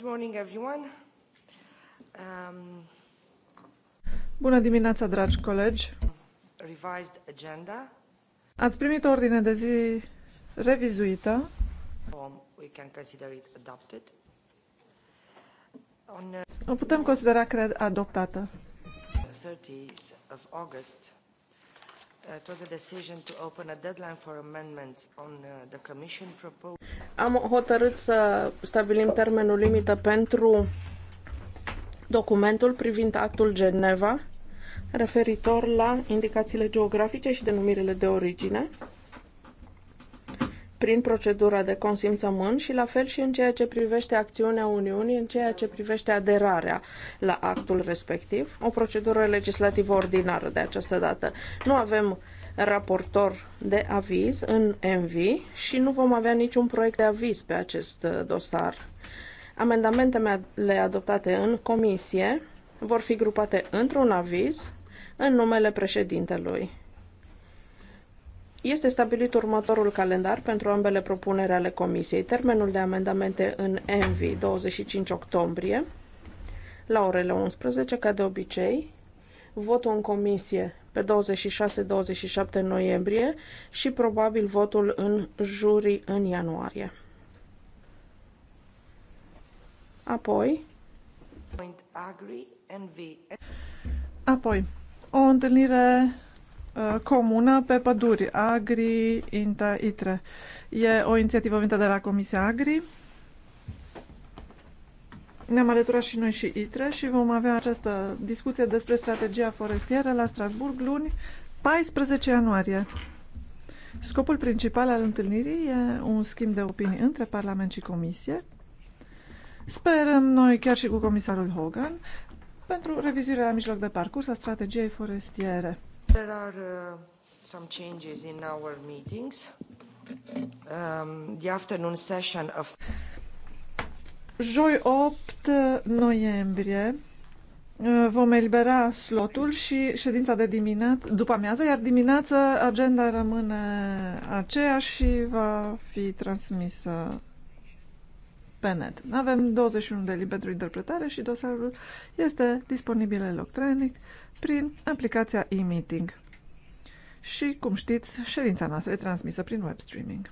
Good morning, everyone. Um... Bună dimineața, dragi colegi. Revised agenda. Ați primit ordine de zi revizuită. Um, we can consider it adopted. On, uh... O putem considera, cred, adoptată. 30 of August Uh, it was a decision to open a deadline for amendments on uh, the commission proposal. Am hotărât să stabilim termenul limită pentru documentul privind actul Geneva referitor la indicațiile geografice și denumirile de origine prin procedura de consimțământ și la fel și în ceea ce privește acțiunea Uniunii, în ceea ce privește aderarea la actul respectiv, o procedură legislativă ordinară de această dată. Nu avem raportor de aviz în MV și nu vom avea niciun proiect de aviz pe acest uh, dosar. Amendamentele adoptate în comisie vor fi grupate într-un aviz în numele președintelui. Este stabilit următorul calendar pentru ambele propuneri ale Comisiei. Termenul de amendamente în ENVI, 25 octombrie, la orele 11, ca de obicei. Votul în comisie pe 26-27 noiembrie și probabil votul în juri în ianuarie. Apoi... Apoi, o întâlnire Uh, comună pe păduri, Agri Inta Itre. E o inițiativă venită de la Comisia Agri. Ne-am alăturat și noi și ITRE și vom avea această discuție despre strategia forestieră la Strasburg luni 14 ianuarie. Scopul principal al întâlnirii e un schimb de opinii între Parlament și Comisie. Sperăm noi, chiar și cu comisarul Hogan, pentru revizuirea la mijloc de parcurs a strategiei forestiere. There are uh, some changes in our meetings. Um, the afternoon session of Joi 8 noiembrie uh, vom elibera slotul și ședința de dimineață, după amiază, iar dimineață agenda rămâne aceeași și va fi transmisă pe net. Avem 21 de liberi de interpretare și dosarul este disponibil electronic prin aplicația e-meeting. Și, cum știți, ședința noastră e transmisă prin web streaming.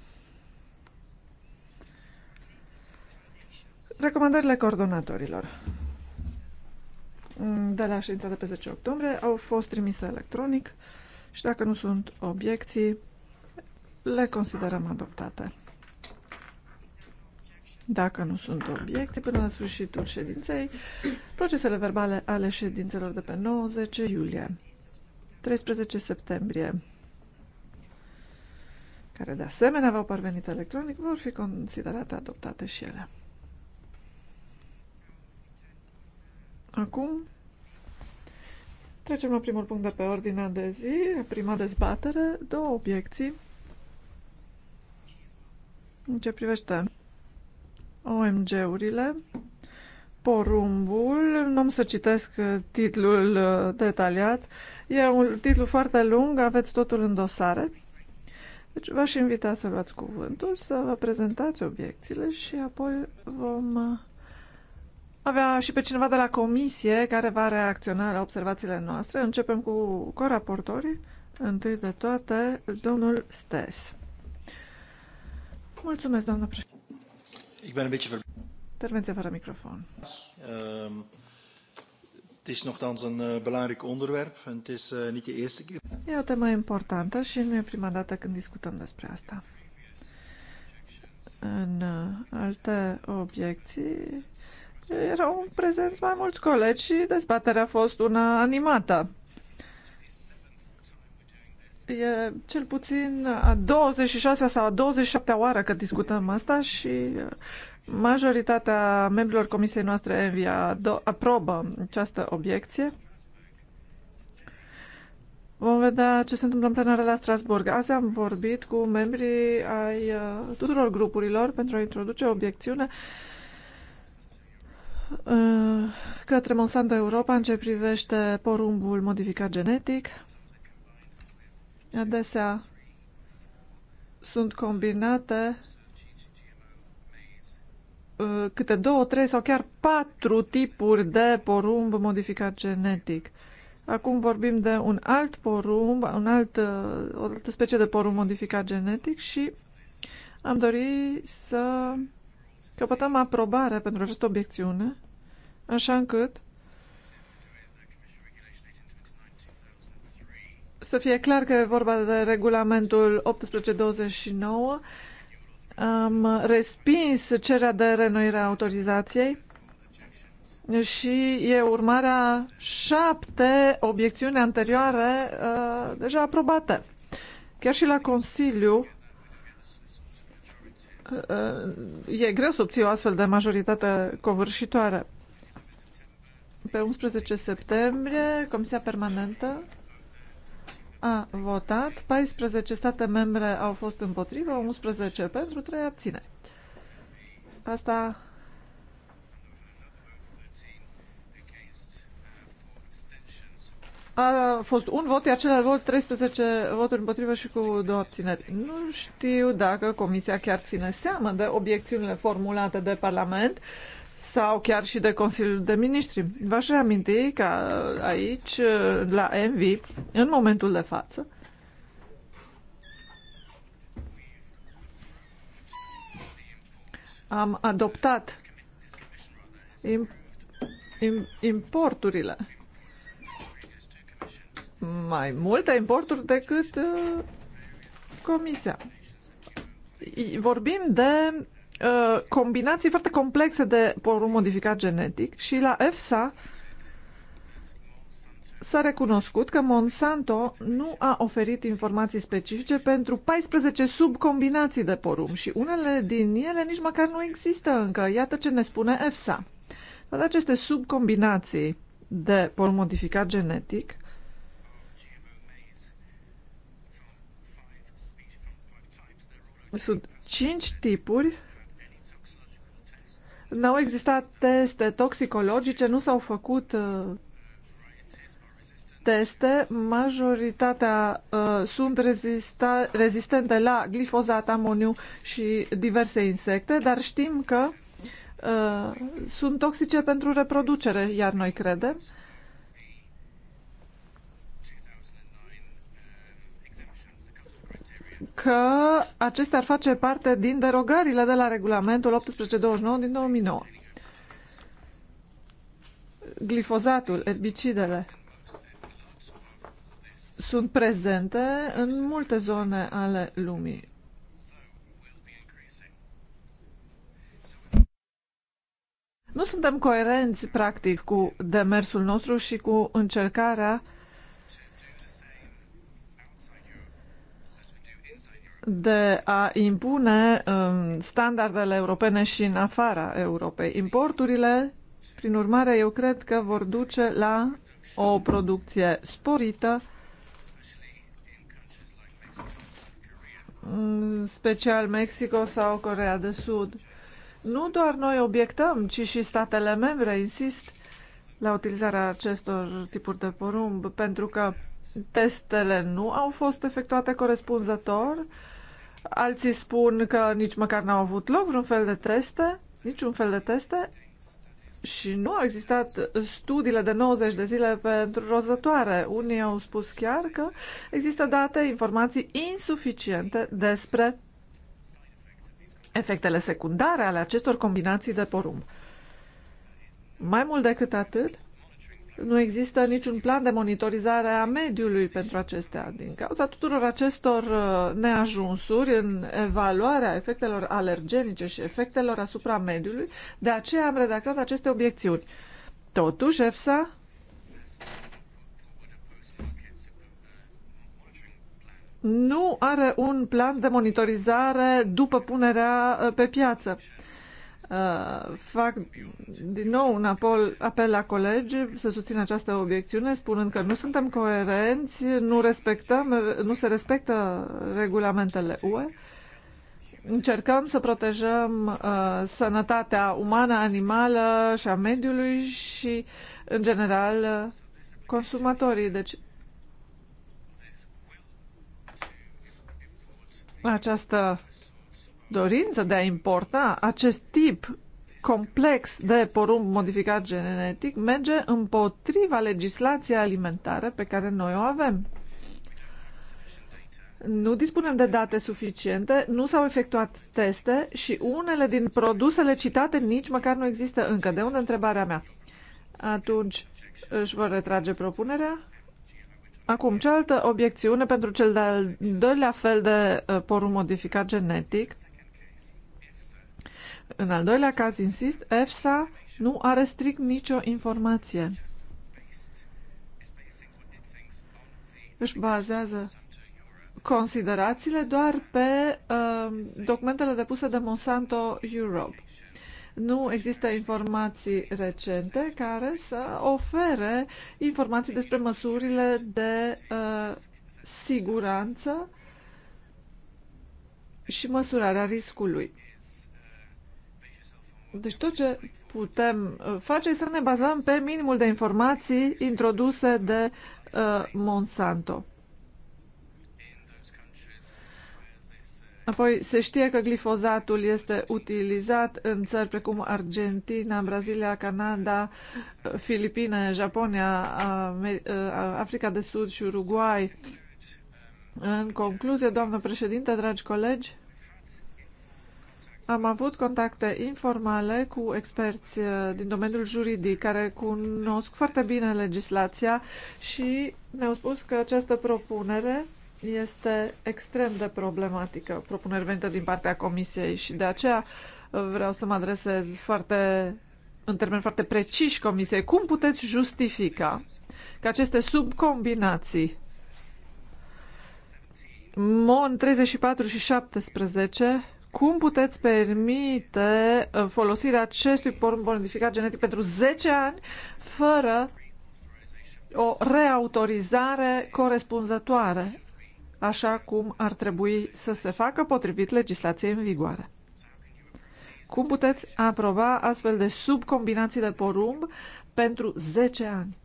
Recomandările coordonatorilor de la ședința de pe 10 octombrie au fost trimise electronic și dacă nu sunt obiecții, le considerăm adoptate. Dacă nu sunt obiecții, până la sfârșitul ședinței, procesele verbale ale ședințelor de pe 90 iulie, 13 septembrie, care de asemenea v-au parvenit electronic, vor fi considerate adoptate și ele. Acum trecem la primul punct de pe ordinea de zi, prima dezbatere, două obiecții în ce privește OMG-urile, porumbul, nu am să citesc uh, titlul uh, detaliat, e un titlu foarte lung, aveți totul în dosare. Deci v-aș invita să luați cuvântul, să vă prezentați obiecțiile și apoi vom uh, avea și pe cineva de la comisie care va reacționa la observațiile noastre. Începem cu coraportorii. Întâi de toate, domnul Stes. Mulțumesc, doamnă președinte. Ik ben een beetje ver... Ehm, het is nogthans een uh, belangrijk onderwerp en het is uh, niet de eerste keer. o temă importantă și nu e prima dată când discutăm despre asta. În eh, alte obiecții erau prezenți mai mulți colegi și dezbaterea a fost una animată. E cel puțin a 26-a sau a 27-a oară că discutăm asta și uh, majoritatea membrilor comisiei noastre Envia aprobă această obiecție. Vom vedea ce se întâmplă în plenară la Strasburg. Azi am vorbit cu membrii ai uh, tuturor grupurilor pentru a introduce o obiecțiune uh, către Monsanto Europa în ce privește porumbul modificat genetic. Adesea sunt combinate uh, câte două, trei sau chiar patru tipuri de porumb modificat genetic. Acum vorbim de un alt porumb, un alt, uh, o altă specie de porumb modificat genetic și am dorit să căpătăm aprobare pentru această obiecțiune, așa încât să fie clar că e vorba de regulamentul 1829. Am respins cererea de renoire a autorizației și e urmarea șapte obiecțiuni anterioare uh, deja aprobate. Chiar și la Consiliu uh, e greu să obții o astfel de majoritate covârșitoare. Pe 11 septembrie, Comisia Permanentă a votat, 14 state membre au fost împotrivă, 11 pentru, 3 abțineri. Asta a fost un vot, iar celălalt vot 13 voturi împotrivă și cu două abțineri. Nu știu dacă Comisia chiar ține seamă de obiecțiunile formulate de Parlament. Uh, sau chiar și de Consiliul de Ministri. V-aș reaminti că aici, la Envi, în momentul de față, am adoptat importurile. Mai multe importuri decât uh, Comisia. Vorbim de Uh, combinații foarte complexe de porumb modificat genetic și la EFSA s-a recunoscut că Monsanto nu a oferit informații specifice pentru 14 subcombinații de porumb și unele din ele nici măcar nu există încă. Iată ce ne spune EFSA. Toate aceste subcombinații de porumb modificat genetic sunt 5 tipuri N-au existat teste toxicologice, nu s-au făcut uh, teste, majoritatea uh, sunt rezista, rezistente la glifozat, amoniu și diverse insecte, dar știm că uh, sunt toxice pentru reproducere, iar noi credem că acestea ar face parte din derogările de la regulamentul 1829 din 2009. Glifozatul, erbicidele, sunt prezente în multe zone ale lumii. Nu suntem coerenți, practic, cu demersul nostru și cu încercarea de a impune um, standardele europene și în afara Europei. Importurile, prin urmare, eu cred că vor duce la o producție sporită, special Mexico sau Corea de Sud. Nu doar noi obiectăm, ci și statele membre insist la utilizarea acestor tipuri de porumb, pentru că testele nu au fost efectuate corespunzător, Alții spun că nici măcar n-au avut loc vreun fel de teste, niciun fel de teste și nu au existat studiile de 90 de zile pentru rozătoare. Unii au spus chiar că există date, informații insuficiente despre efectele secundare ale acestor combinații de porumb. Mai mult decât atât, nu există niciun plan de monitorizare a mediului pentru acestea. Din cauza tuturor acestor uh, neajunsuri în evaluarea efectelor alergenice și efectelor asupra mediului, de aceea am redactat aceste obiecțiuni. Totuși, EFSA nu are un plan de monitorizare după punerea uh, pe piață. Uh, fac din nou un apel, apel la colegi să susțină această obiecțiune, spunând că nu suntem coerenți, nu, respectăm, nu se respectă regulamentele UE. Încercăm să protejăm uh, sănătatea umană, animală și a mediului și, în general, consumatorii. Deci, această dorință de a importa acest tip complex de porumb modificat genetic merge împotriva legislației alimentare pe care noi o avem. Nu dispunem de date suficiente, nu s-au efectuat teste și unele din produsele citate nici măcar nu există încă. De unde întrebarea mea? Atunci își vor retrage propunerea? Acum, cealaltă obiecțiune pentru cel de-al doilea fel de uh, porumb modificat genetic – în al doilea caz, insist, EFSA nu are strict nicio informație. Își bazează considerațiile doar pe uh, documentele depuse de Monsanto Europe. Nu există informații recente care să ofere informații despre măsurile de uh, siguranță și măsurarea riscului. Deci tot ce putem uh, face este să ne bazăm pe minimul de informații introduse de uh, Monsanto. Apoi se știe că glifozatul este utilizat în țări precum Argentina, Brazilia, Canada, uh, Filipine, Japonia, uh, Africa de Sud și Uruguay. În concluzie, doamnă președinte, dragi colegi, am avut contacte informale cu experți uh, din domeniul juridic care cunosc foarte bine legislația și ne-au spus că această propunere este extrem de problematică, propunere venită din partea Comisiei și de aceea uh, vreau să mă adresez foarte, în termeni foarte preciși Comisiei. Cum puteți justifica că aceste subcombinații MON 34 și 17 cum puteți permite uh, folosirea acestui porc modificat genetic pentru 10 ani fără o reautorizare corespunzătoare, așa cum ar trebui să se facă potrivit legislației în vigoare? Cum puteți aproba astfel de subcombinații de porumb pentru 10 ani?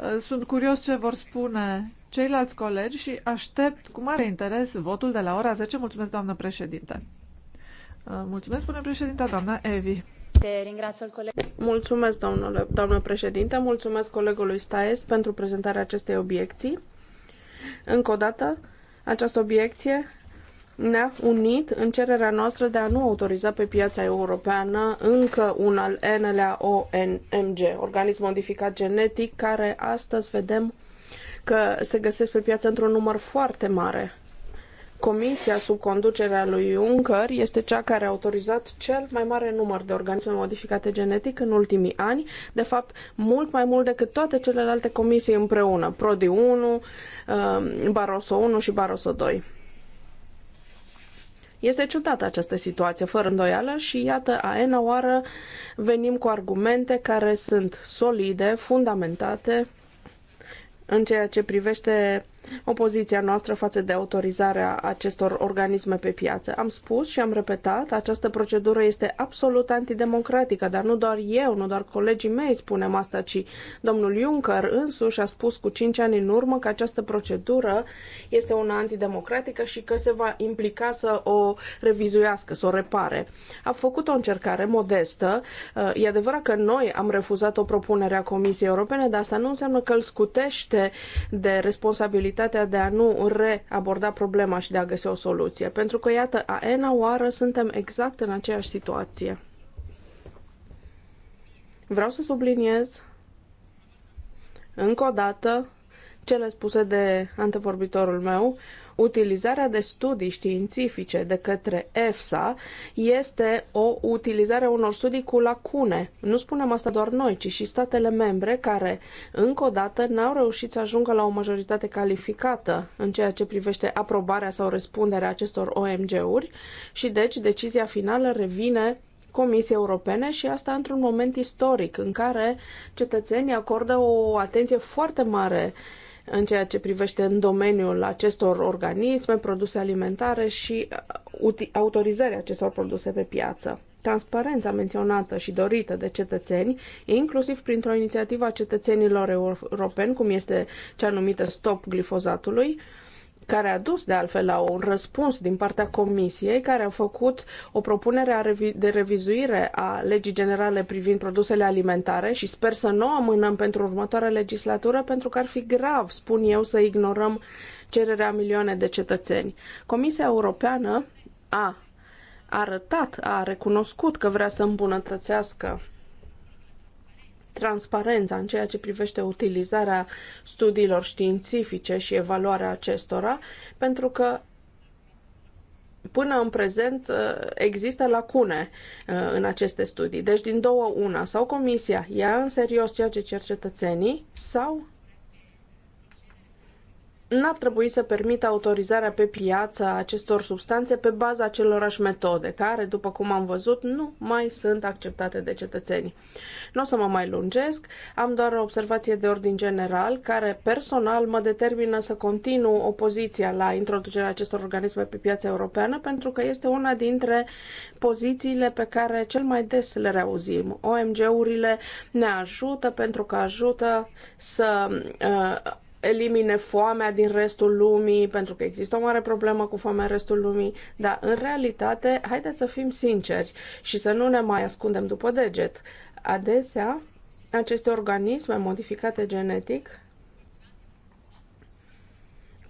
Uh, sunt curios ce vor spune ceilalți colegi și aștept cu mare interes votul de la ora 10. Mulțumesc, doamnă președinte. Uh, mulțumesc, spune președinta, doamna Evi. Mulțumesc, doamnă, doamnă președinte, mulțumesc colegului Staes pentru prezentarea acestei obiecții. Încă o dată, această obiecție ne-a unit în cererea noastră de a nu autoriza pe piața europeană încă un al NLA ONMG, organism modificat genetic, care astăzi vedem că se găsesc pe piață într-un număr foarte mare. Comisia sub conducerea lui Juncker este cea care a autorizat cel mai mare număr de organisme modificate genetic în ultimii ani, de fapt mult mai mult decât toate celelalte comisii împreună, Prodi 1, um, Barroso 1 și Barroso 2. Este ciudată această situație, fără îndoială, și iată, a ena oară venim cu argumente care sunt solide, fundamentate în ceea ce privește opoziția noastră față de autorizarea acestor organisme pe piață. Am spus și am repetat, această procedură este absolut antidemocratică, dar nu doar eu, nu doar colegii mei spunem asta, ci domnul Juncker însuși a spus cu 5 ani în urmă că această procedură este una antidemocratică și că se va implica să o revizuiască, să o repare. A făcut o încercare modestă. E adevărat că noi am refuzat o propunere a Comisiei Europene, dar asta nu înseamnă că îl scutește de responsabilitate posibilitatea de a nu reaborda problema și de a găsi o soluție. Pentru că, iată, a ena oară suntem exact în aceeași situație. Vreau să subliniez încă o dată cele spuse de antevorbitorul meu, Utilizarea de studii științifice de către EFSA este o utilizare a unor studii cu lacune. Nu spunem asta doar noi, ci și statele membre care, încă o dată, n-au reușit să ajungă la o majoritate calificată în ceea ce privește aprobarea sau răspunderea acestor OMG-uri și deci decizia finală revine Comisiei Europene și asta într-un moment istoric în care cetățenii acordă o atenție foarte mare în ceea ce privește în domeniul acestor organisme, produse alimentare și uh, autorizarea acestor produse pe piață. Transparența menționată și dorită de cetățeni, inclusiv printr-o inițiativă a cetățenilor europeni, cum este cea numită Stop Glifozatului, care a dus de altfel la un răspuns din partea Comisiei, care a făcut o propunere de revizuire a legii generale privind produsele alimentare și sper să nu o amânăm pentru următoarea legislatură, pentru că ar fi grav, spun eu, să ignorăm cererea milioane de cetățeni. Comisia Europeană a arătat, a recunoscut că vrea să îmbunătățească transparența în ceea ce privește utilizarea studiilor științifice și evaluarea acestora, pentru că până în prezent uh, există lacune uh, în aceste studii. Deci din două una, sau comisia ia în serios ceea ce cer cetățenii sau n-ar trebui să permită autorizarea pe piață a acestor substanțe pe baza acelorași metode, care, după cum am văzut, nu mai sunt acceptate de cetățeni. Nu o să mă mai lungesc, am doar o observație de ordin general, care personal mă determină să continu opoziția la introducerea acestor organisme pe piața europeană, pentru că este una dintre pozițiile pe care cel mai des le reauzim. OMG-urile ne ajută pentru că ajută să uh, elimine foamea din restul lumii, pentru că există o mare problemă cu foamea în restul lumii, dar în realitate, haideți să fim sinceri și să nu ne mai ascundem după deget. Adesea, aceste organisme modificate genetic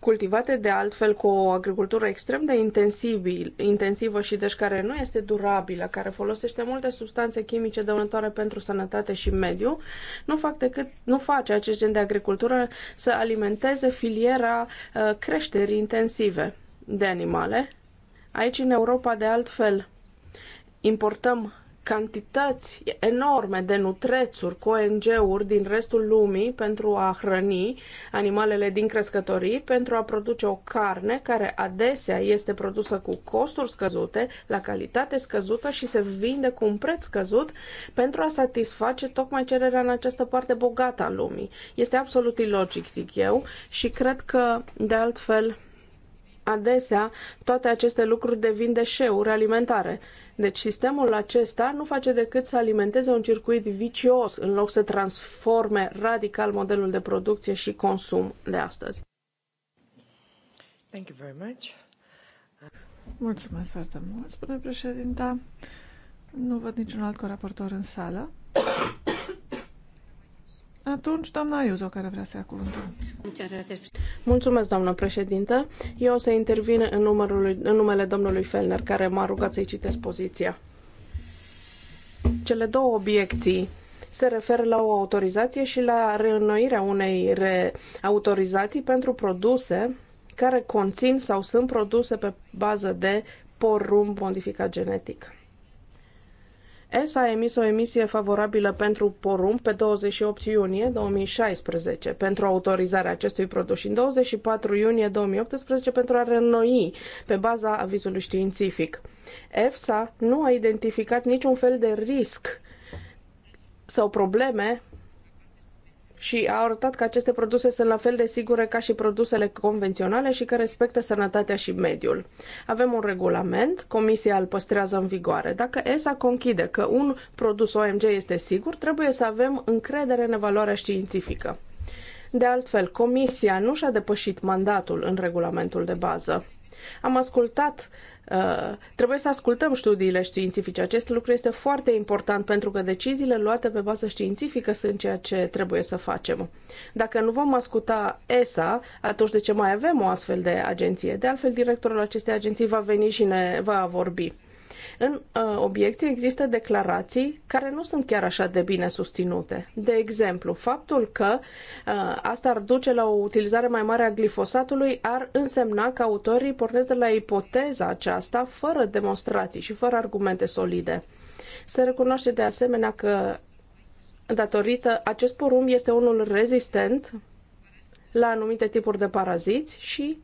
cultivate de altfel cu o agricultură extrem de intensibil, intensivă și deci care nu este durabilă, care folosește multe substanțe chimice dăunătoare pentru sănătate și mediu, nu, fac decât, nu face acest gen de agricultură să alimenteze filiera uh, creșterii intensive de animale. Aici, în Europa, de altfel, importăm cantități enorme de nutrețuri cu ONG-uri din restul lumii pentru a hrăni animalele din crescătorii, pentru a produce o carne care adesea este produsă cu costuri scăzute, la calitate scăzută și se vinde cu un preț scăzut pentru a satisface tocmai cererea în această parte bogată a lumii. Este absolut ilogic, zic eu, și cred că, de altfel, Adesea, toate aceste lucruri devin deșeuri alimentare. Deci sistemul acesta nu face decât să alimenteze un circuit vicios în loc să transforme radical modelul de producție și consum de astăzi. Thank you very much. Mulțumesc foarte mult, spune președinta. Nu văd niciun alt coraportor în sală. Atunci, doamna Iuzo, care vrea să ia cuvântul. Mulțumesc, doamnă președintă. Eu o să intervin în, numărul, în numele domnului Felner, care m-a rugat să-i citesc poziția. Cele două obiecții se referă la o autorizație și la reînnoirea unei re- autorizații pentru produse care conțin sau sunt produse pe bază de porumb modificat genetic. ESA a emis o emisie favorabilă pentru porumb pe 28 iunie 2016 pentru autorizarea acestui produs și în 24 iunie 2018 pentru a renoi pe baza avizului științific. EFSA nu a identificat niciun fel de risc sau probleme și a arătat că aceste produse sunt la fel de sigure ca și produsele convenționale și că respectă sănătatea și mediul. Avem un regulament, comisia îl păstrează în vigoare. Dacă ESA conchide că un produs OMG este sigur, trebuie să avem încredere în evaluarea științifică. De altfel, comisia nu și-a depășit mandatul în regulamentul de bază. Am ascultat Uh, trebuie să ascultăm studiile științifice. Acest lucru este foarte important pentru că deciziile luate pe bază științifică sunt ceea ce trebuie să facem. Dacă nu vom asculta ESA, atunci de ce mai avem o astfel de agenție? De altfel, directorul acestei agenții va veni și ne va vorbi. În uh, obiecții există declarații care nu sunt chiar așa de bine susținute. De exemplu, faptul că uh, asta ar duce la o utilizare mai mare a glifosatului ar însemna că autorii pornesc de la ipoteza aceasta fără demonstrații și fără argumente solide. Se recunoaște de asemenea că datorită acest porumb este unul rezistent la anumite tipuri de paraziți și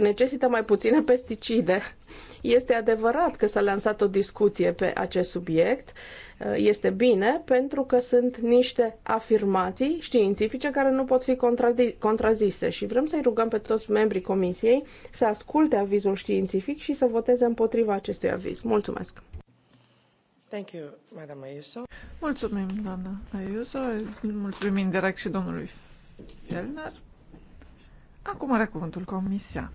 necesită mai puține pesticide. Este adevărat că s-a lansat o discuție pe acest subiect. Este bine pentru că sunt niște afirmații științifice care nu pot fi contrazise și vrem să-i rugăm pe toți membrii comisiei să asculte avizul științific și să voteze împotriva acestui aviz. Mulțumesc! Thank you, Madam Ayuso. Mulțumim, doamna Ayuso. Mulțumim indirect și domnului Fielner. Acum are cuvântul Comisia.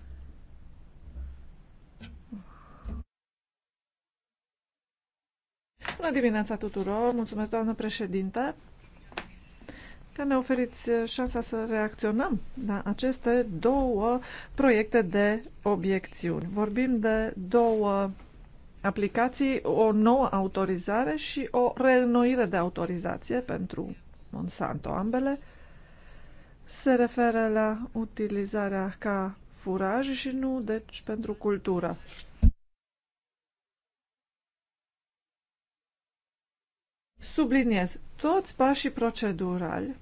Bună dimineața tuturor! Mulțumesc, doamnă președinte, că ne oferiți șansa să reacționăm la aceste două proiecte de obiecțiuni. Vorbim de două aplicații, o nouă autorizare și o reînnoire de autorizație pentru Monsanto, ambele se referă la utilizarea ca furaj și nu, deci, pentru cultură. Subliniez, toți pașii procedurali,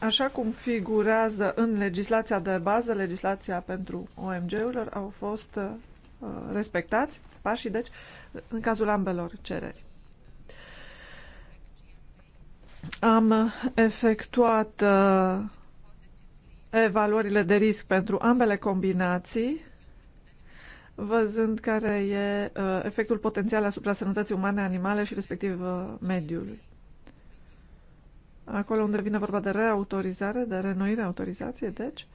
așa cum figurează în legislația de bază, legislația pentru OMG-urilor, au fost uh, respectați, pașii, deci, în cazul ambelor cereri. Am efectuat uh, evaluările de risc pentru ambele combinații, văzând care e uh, efectul potențial asupra sănătății umane, animale și respectiv uh, mediului. Acolo unde vine vorba de reautorizare, de renoire autorizație, deci,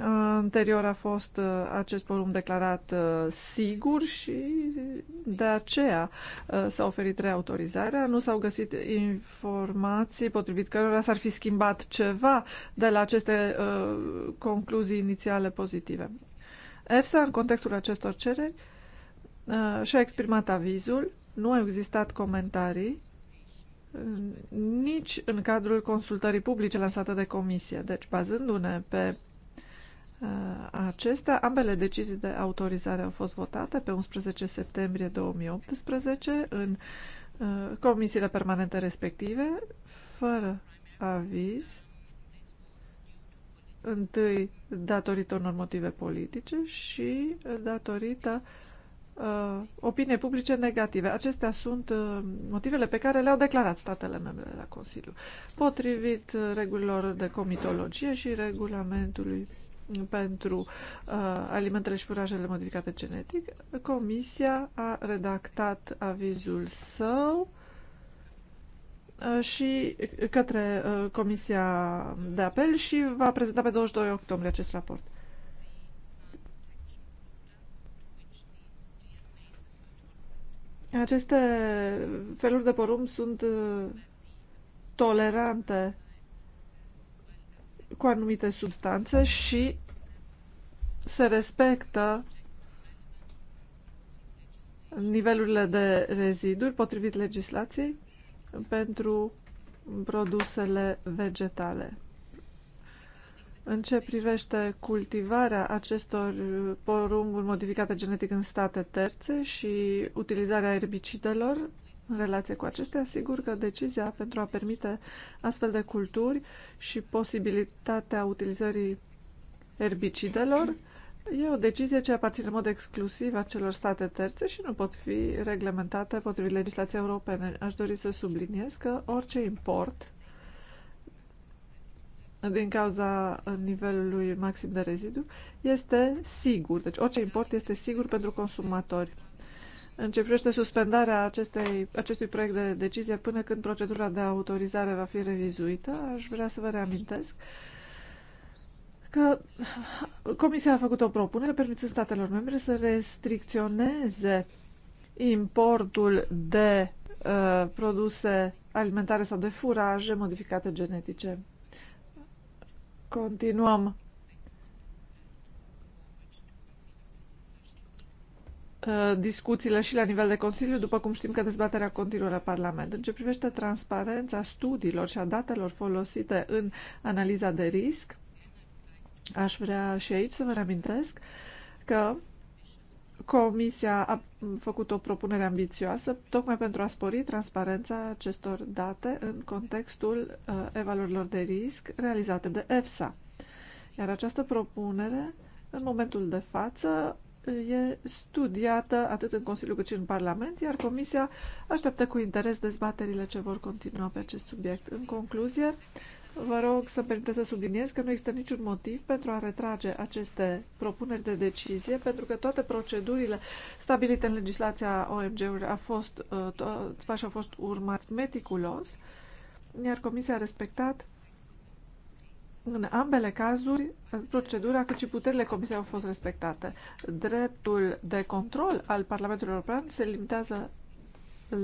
Anterior a fost uh, acest porum declarat uh, sigur și de aceea uh, s-a oferit reautorizarea. Nu s-au găsit informații potrivit cărora s-ar fi schimbat ceva de la aceste concluzii inițiale pozitive. EFSA, în contextul acestor cereri, și-a exprimat avizul, nu au existat comentarii nici în cadrul consultării publice lansate de comisie. Deci, bazându-ne pe Uh, acestea. Ambele decizii de autorizare au fost votate pe 11 septembrie 2018 în uh, comisiile permanente respective, fără aviz, întâi datorită unor motive politice și datorită uh, opiniei publice negative. Acestea sunt uh, motivele pe care le-au declarat statele membre la Consiliu, potrivit uh, regulilor de comitologie și regulamentului pentru uh, alimentele și furajele modificate genetic, Comisia a redactat avizul său uh, și către uh, Comisia de Apel și va prezenta pe 22 octombrie acest raport. Aceste feluri de porumb sunt uh, tolerante cu anumite substanțe și se respectă nivelurile de reziduri potrivit legislației pentru produsele vegetale. În ce privește cultivarea acestor porumburi modificate genetic în state terțe și utilizarea erbicidelor, în relație cu acestea, sigur că decizia pentru a permite astfel de culturi și posibilitatea utilizării erbicidelor, e o decizie ce aparține în mod exclusiv a celor state terțe și nu pot fi reglementate potrivit legislației europene. Aș dori să subliniez că orice import din cauza nivelului maxim de rezidu este sigur. Deci orice import este sigur pentru consumatori. În ce privește suspendarea acestei, acestui proiect de decizie până când procedura de autorizare va fi revizuită, aș vrea să vă reamintesc că Comisia a făcut o propunere permițând statelor membre să restricționeze importul de uh, produse alimentare sau de furaje modificate genetice. Continuăm Uh, discuțiile și la nivel de Consiliu, după cum știm că dezbaterea continuă la Parlament. În ce privește transparența studiilor și a datelor folosite în analiza de risc, aș vrea și aici să vă reamintesc că Comisia a făcut o propunere ambițioasă tocmai pentru a spori transparența acestor date în contextul uh, evaluărilor de risc realizate de EFSA. Iar această propunere, în momentul de față, e studiată atât în Consiliu cât și în Parlament, iar Comisia așteaptă cu interes dezbaterile ce vor continua pe acest subiect. În concluzie, vă rog să permite să subliniez că nu există niciun motiv pentru a retrage aceste propuneri de decizie, pentru că toate procedurile stabilite în legislația omg ului au fost, uh, au fost urmați meticulos, iar Comisia a respectat în ambele cazuri, procedura cât și puterile Comisiei au fost respectate. Dreptul de control al Parlamentului European se limitează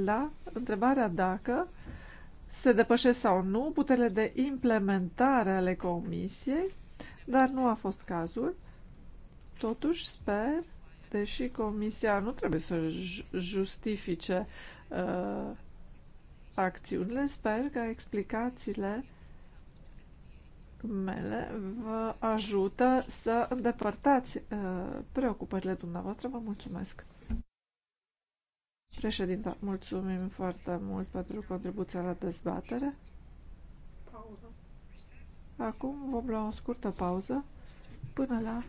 la întrebarea dacă se depășesc sau nu puterile de implementare ale Comisiei, dar nu a fost cazul. Totuși, sper, deși Comisia nu trebuie să justifice uh, acțiunile, sper că explicațiile mele vă ajută să îndepărtați uh, preocupările dumneavoastră. Vă mulțumesc! Președinta, mulțumim foarte mult pentru contribuția la dezbatere. Acum vom lua o scurtă pauză până la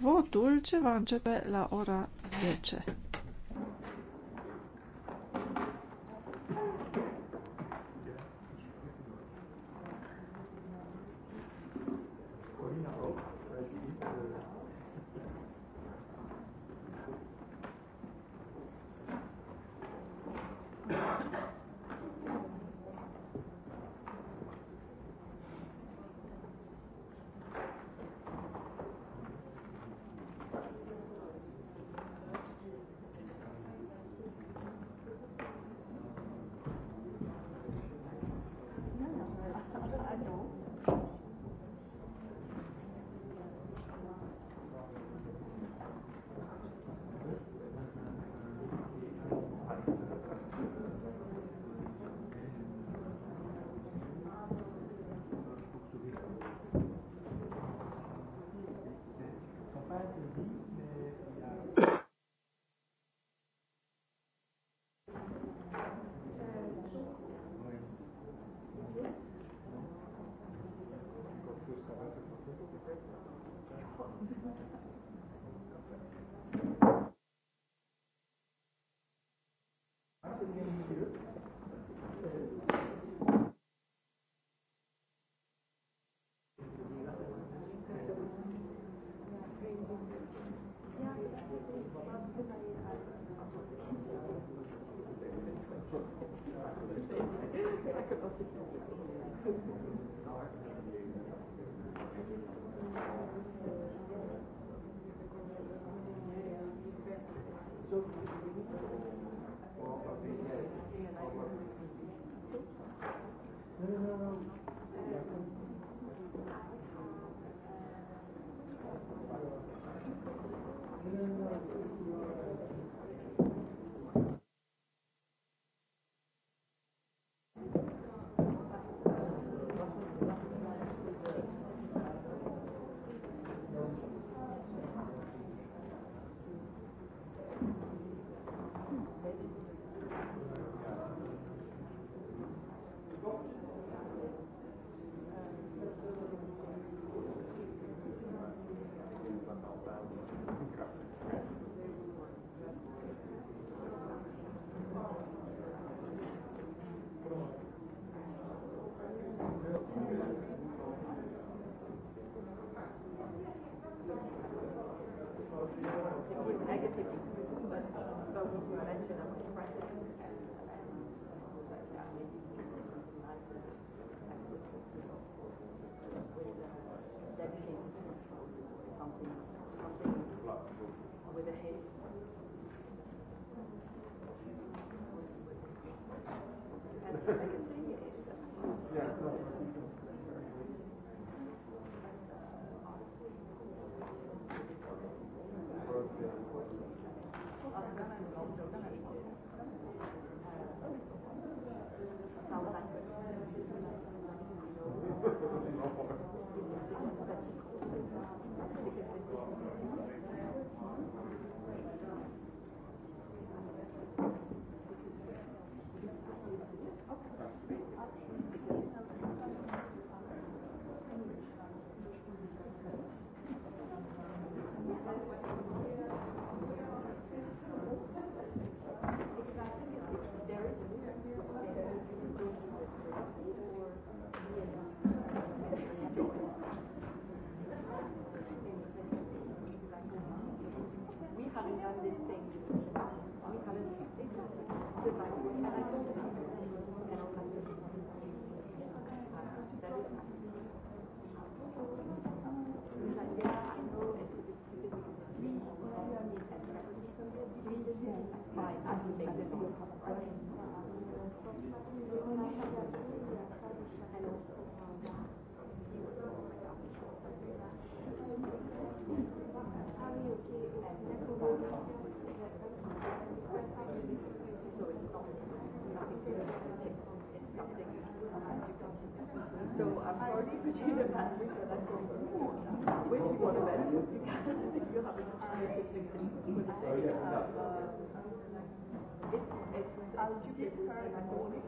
votul ce va începe la ora 10. quarterback. you It's, it's, I'll give her a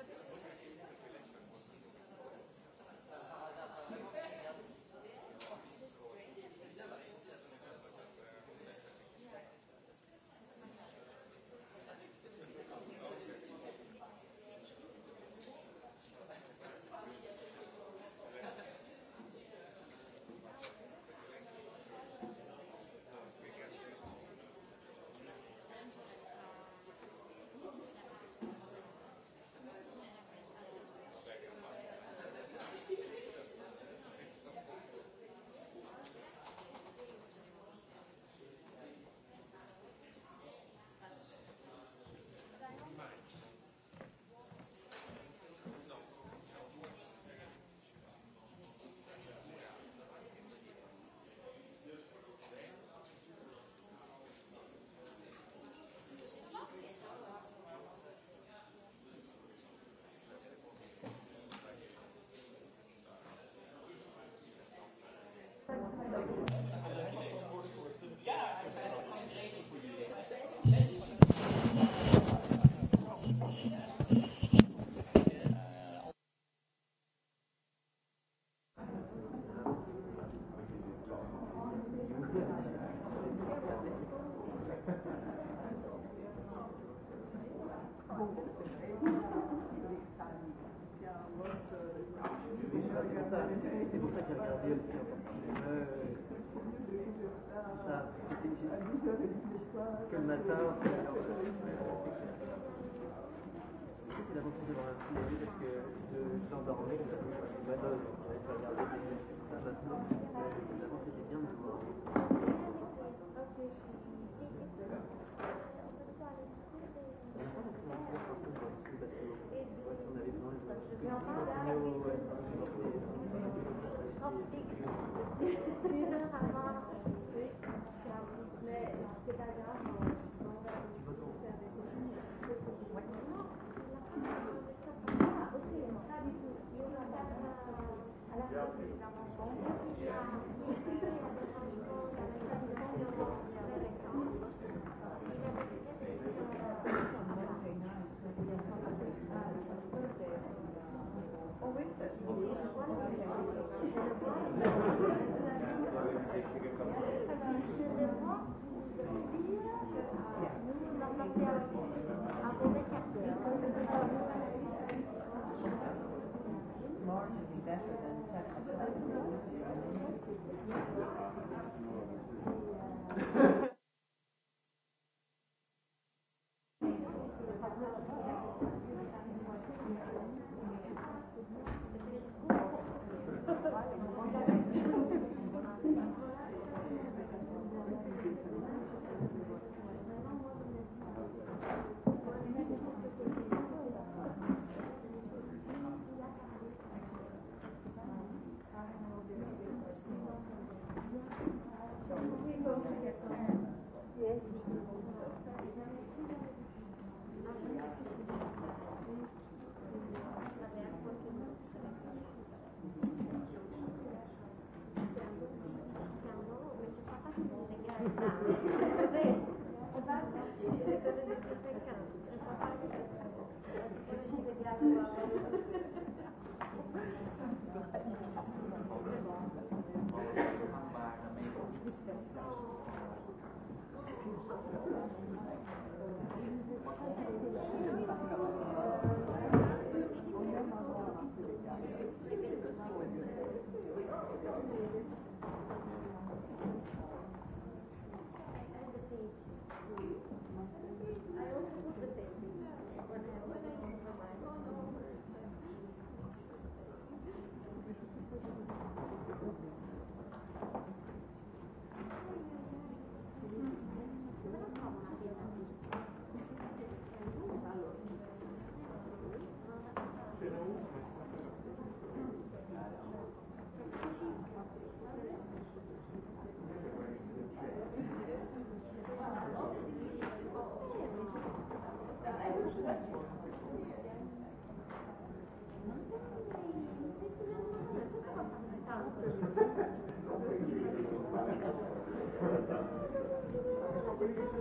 Thank you.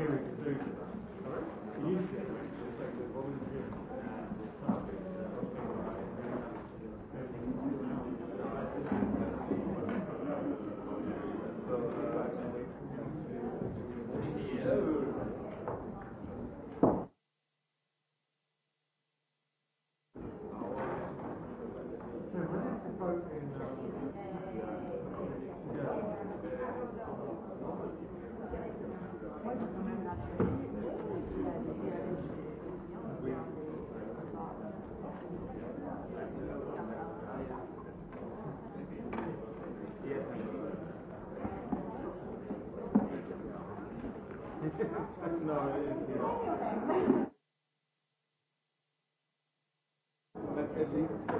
spirit Thank you.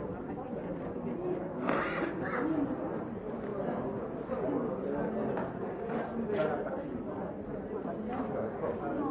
Amen.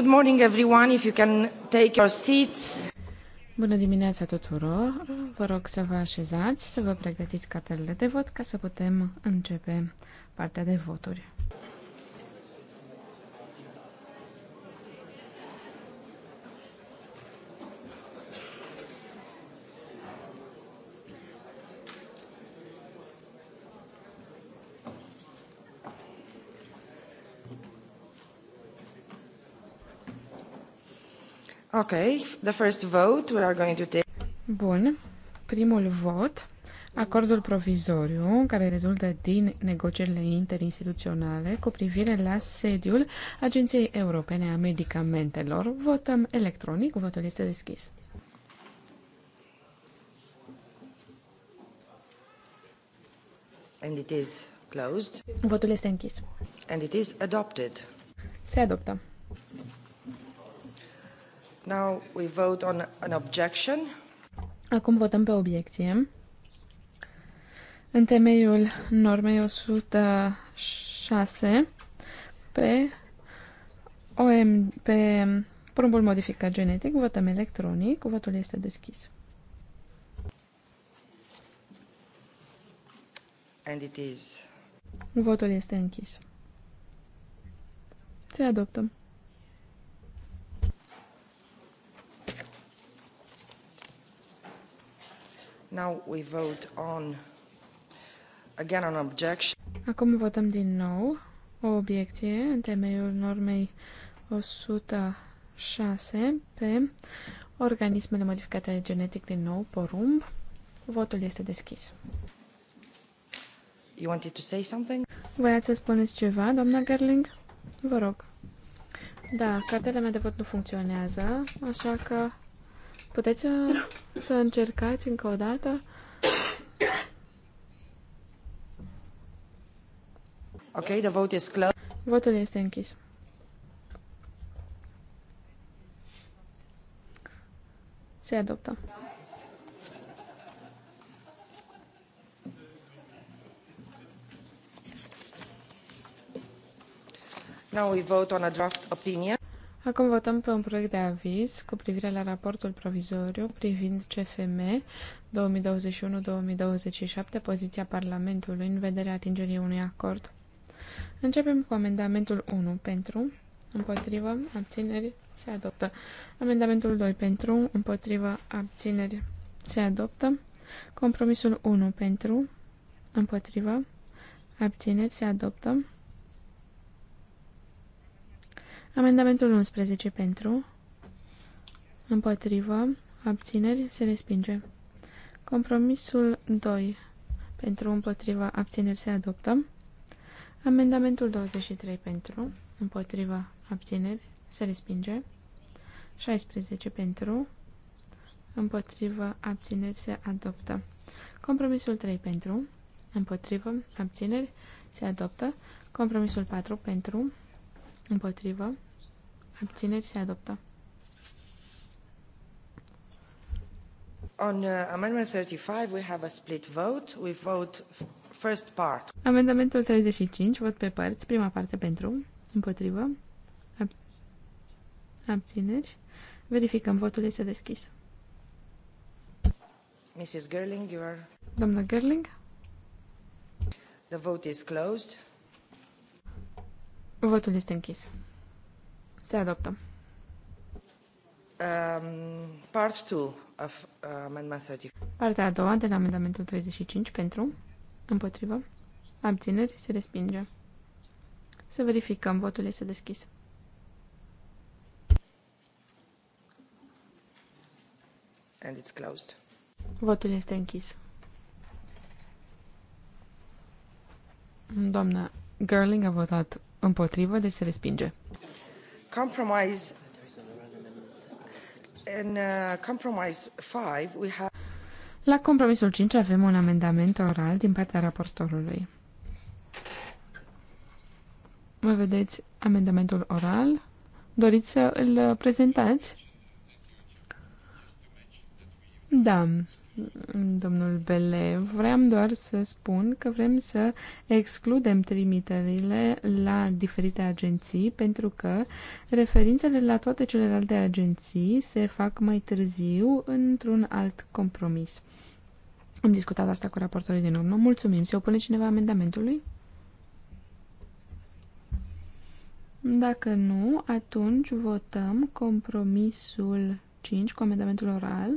Good morning everyone, if you can take your seats. Bună dimineața tuturor! Vă rog să vă așezați, să vă pregătiți cartelele de vot ca să putem începe partea de voturi. Okay, the first vote we are going to take. Bun. Primul vot, acordul provizoriu care rezultă din negocierile interinstituționale cu privire la sediul Agenției Europene a Medicamentelor. Votăm electronic, votul este deschis. And it is closed. Votul este închis. And it is adopted. Se adoptă. Now we vote on an objection. Acum votăm pe obiecție. În temeiul normei 106 pe, OM, pe prumbul modificat genetic, votăm electronic, votul este deschis. And it is. Votul este închis. Se adoptă. Now we vote on again on objection. Acum votăm din nou o obiecție în temeiul normei 106 pe organismele modificate genetic din nou, porumb. Votul este deschis. You wanted to say something? Voiați să spuneți ceva, doamna Gerling? Vă rog. Da, cartela mea de vot nu funcționează, așa că Puteți uh, să încercați încă o dată? Ok, the vote is closed. Votul este închis. Se adoptă. Now we vote on a draft opinion. Acum votăm pe un proiect de aviz cu privire la raportul provizoriu privind CFM 2021-2027, poziția Parlamentului în vederea atingerii unui acord. Începem cu amendamentul 1 pentru, împotrivă, abțineri, se adoptă. Amendamentul 2 pentru, împotrivă, abțineri, se adoptă. Compromisul 1 pentru, împotrivă, abțineri, se adoptă. Amendamentul 11 pentru, împotrivă, abțineri, se respinge. Compromisul 2 pentru, împotriva, abțineri, se adoptă. Amendamentul 23 pentru, împotriva, abțineri, se respinge. 16 pentru, împotrivă, abțineri, se adoptă. Compromisul 3 pentru, împotrivă, abțineri, se adoptă. Compromisul 4 pentru, Împotrivă. Abțineri se adoptă. On uh, amendment 35 we have a split vote. We vote first part. Amendamentul 35, vot pe părți, prima parte pentru, împotrivă, ab abțineri. Verificăm, votul este deschis. Mrs. Gerling, you are... Doamna Gerling? The vote is closed. Votul este închis. Se adoptă. Um, part of uh, Partea a doua de la amendamentul 35 pentru, împotrivă, abțineri, se respinge. Să verificăm, votul este deschis. And it's closed. Votul este închis. Doamna Gerling a votat Împotrivă, deci se respinge. Compromise. In, uh, compromise 5, we have... La compromisul 5 avem un amendament oral din partea raportorului. Mă vedeți amendamentul oral? Doriți să îl prezentați? Da, domnul Bele. Vreau doar să spun că vrem să excludem trimiterile la diferite agenții, pentru că referințele la toate celelalte agenții se fac mai târziu într-un alt compromis. Am discutat asta cu raportorii din urmă. Mulțumim. Se opune cineva amendamentului? Dacă nu, atunci votăm compromisul 5 cu amendamentul oral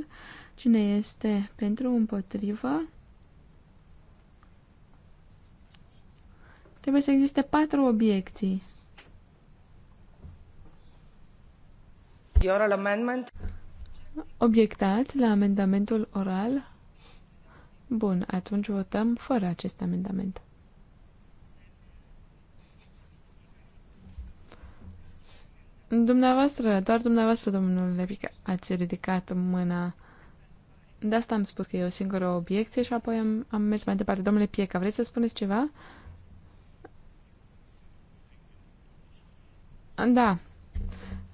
Cine este pentru, împotrivă? Trebuie să existe patru obiecții. Oral amendment. Obiectați la amendamentul oral? Bun, atunci votăm fără acest amendament. Dumneavoastră, doar dumneavoastră, domnule Lepic, ați ridicat mâna de asta am spus că e o singură obiecție și apoi am, am mers mai departe. Domnule Pieca, vreți să spuneți ceva? Da,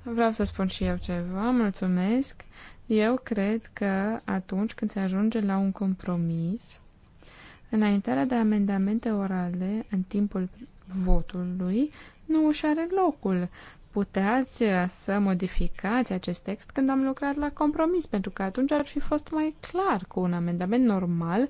vreau să spun și eu ceva, mulțumesc. Eu cred că atunci când se ajunge la un compromis, înaintarea de amendamente orale în timpul votului nu își are locul, puteați uh, să modificați acest text când am lucrat la compromis, pentru că atunci ar fi fost mai clar cu un amendament normal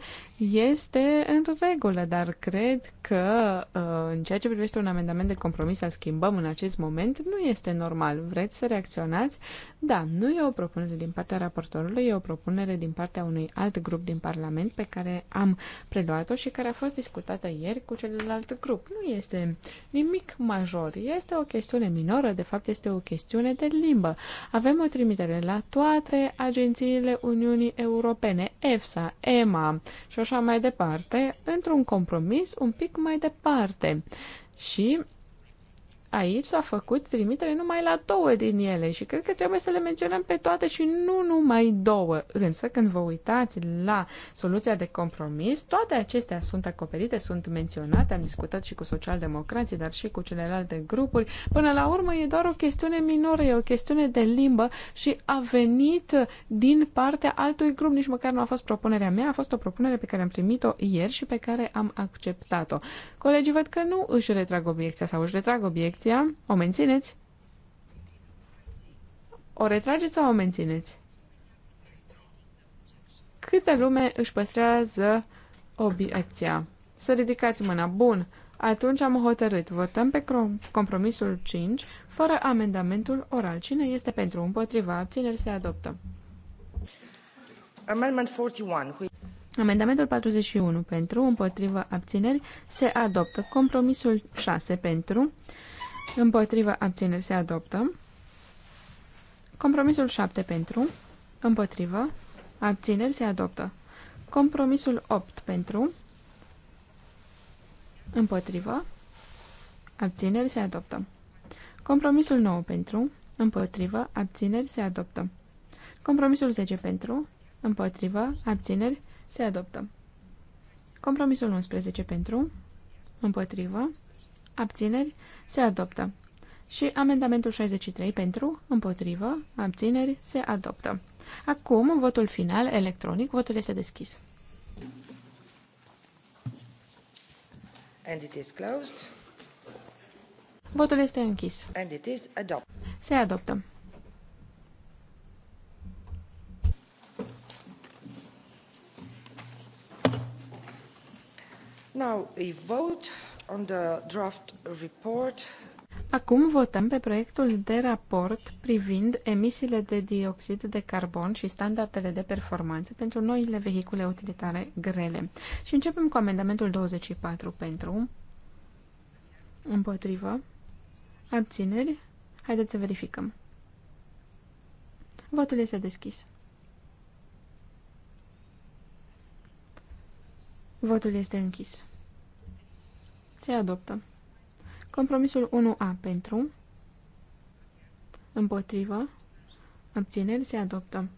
este în regulă, dar cred că uh, în ceea ce privește un amendament de compromis să schimbăm în acest moment nu este normal. Vreți să reacționați? Da, nu e o propunere din partea raportorului, e o propunere din partea unui alt grup din Parlament pe care am preluat-o și care a fost discutată ieri cu celălalt grup. Nu este nimic major, este o chestiune minoră, de fapt este o chestiune de limbă. Avem o trimitere la toate agențiile Uniunii Europene, EFSA, EMA și așa așa mai departe, într-un compromis un pic mai departe. Și aici s-a făcut trimitere numai la două din ele și cred că trebuie să le menționăm pe toate și nu numai două. Însă când vă uitați la soluția de compromis, toate acestea sunt acoperite, sunt menționate, am discutat și cu socialdemocrații, dar și cu celelalte grupuri. Până la urmă e doar o chestiune minoră, e o chestiune de limbă și a venit din partea altui grup, nici măcar nu a fost propunerea mea, a fost o propunere pe care am primit-o ieri și pe care am acceptat-o. Colegii văd că nu își retrag obiecția sau își retrag obiecția Abția? O mențineți? O retrageți sau o mențineți? Câte lume își păstrează obiecția? Să ridicați mâna. Bun. Atunci am hotărât. Votăm pe compromisul 5, fără amendamentul oral. Cine este pentru? Împotriva. Abțineri se adoptă. Amendment 41. Amendamentul 41 pentru, împotriva abțineri, se adoptă. Compromisul 6 pentru, Împotrivă abțineri se adoptă. Compromisul 7 pentru. Împotrivă. Abțineri se adoptă. Compromisul 8 pentru. Împotrivă. Abțineri se adoptă. Compromisul 9 pentru. Împotrivă. Abțineri se adoptă. Compromisul 10 pentru. Împotrivă. Abțineri se adoptă. Compromisul 11 pentru. Împotrivă abțineri, se adoptă. Și amendamentul 63 pentru, împotrivă, abțineri, se adoptă. Acum, votul final, electronic, votul este deschis. And it is closed. Votul este închis. And it is adopt. Se adoptă. Now we vote on the draft report. Acum votăm pe proiectul de raport privind emisiile de dioxid de carbon și standardele de performanță pentru noile vehicule utilitare grele. Și începem cu amendamentul 24 pentru, împotrivă, abțineri. Haideți să verificăm. Votul este deschis. Votul este închis. Se adoptă. Compromisul 1A pentru, împotrivă, abțineri, se adoptă.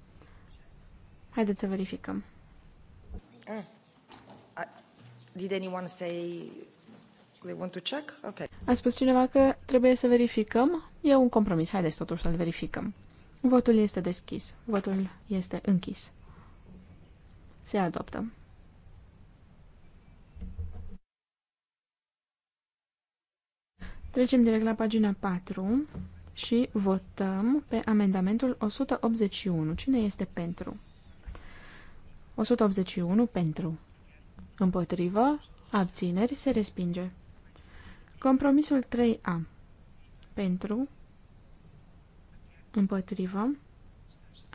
Haideți să verificăm. Ah. Did anyone say they want to check? Okay. A spus cineva că trebuie să verificăm. E un compromis. Haideți totuși să-l verificăm. Votul este deschis. Votul este închis. Se adoptă. Trecem direct la pagina 4 și votăm pe amendamentul 181. Cine este pentru? 181 pentru. Împotrivă, abțineri, se respinge. Compromisul 3A. Pentru, împotrivă,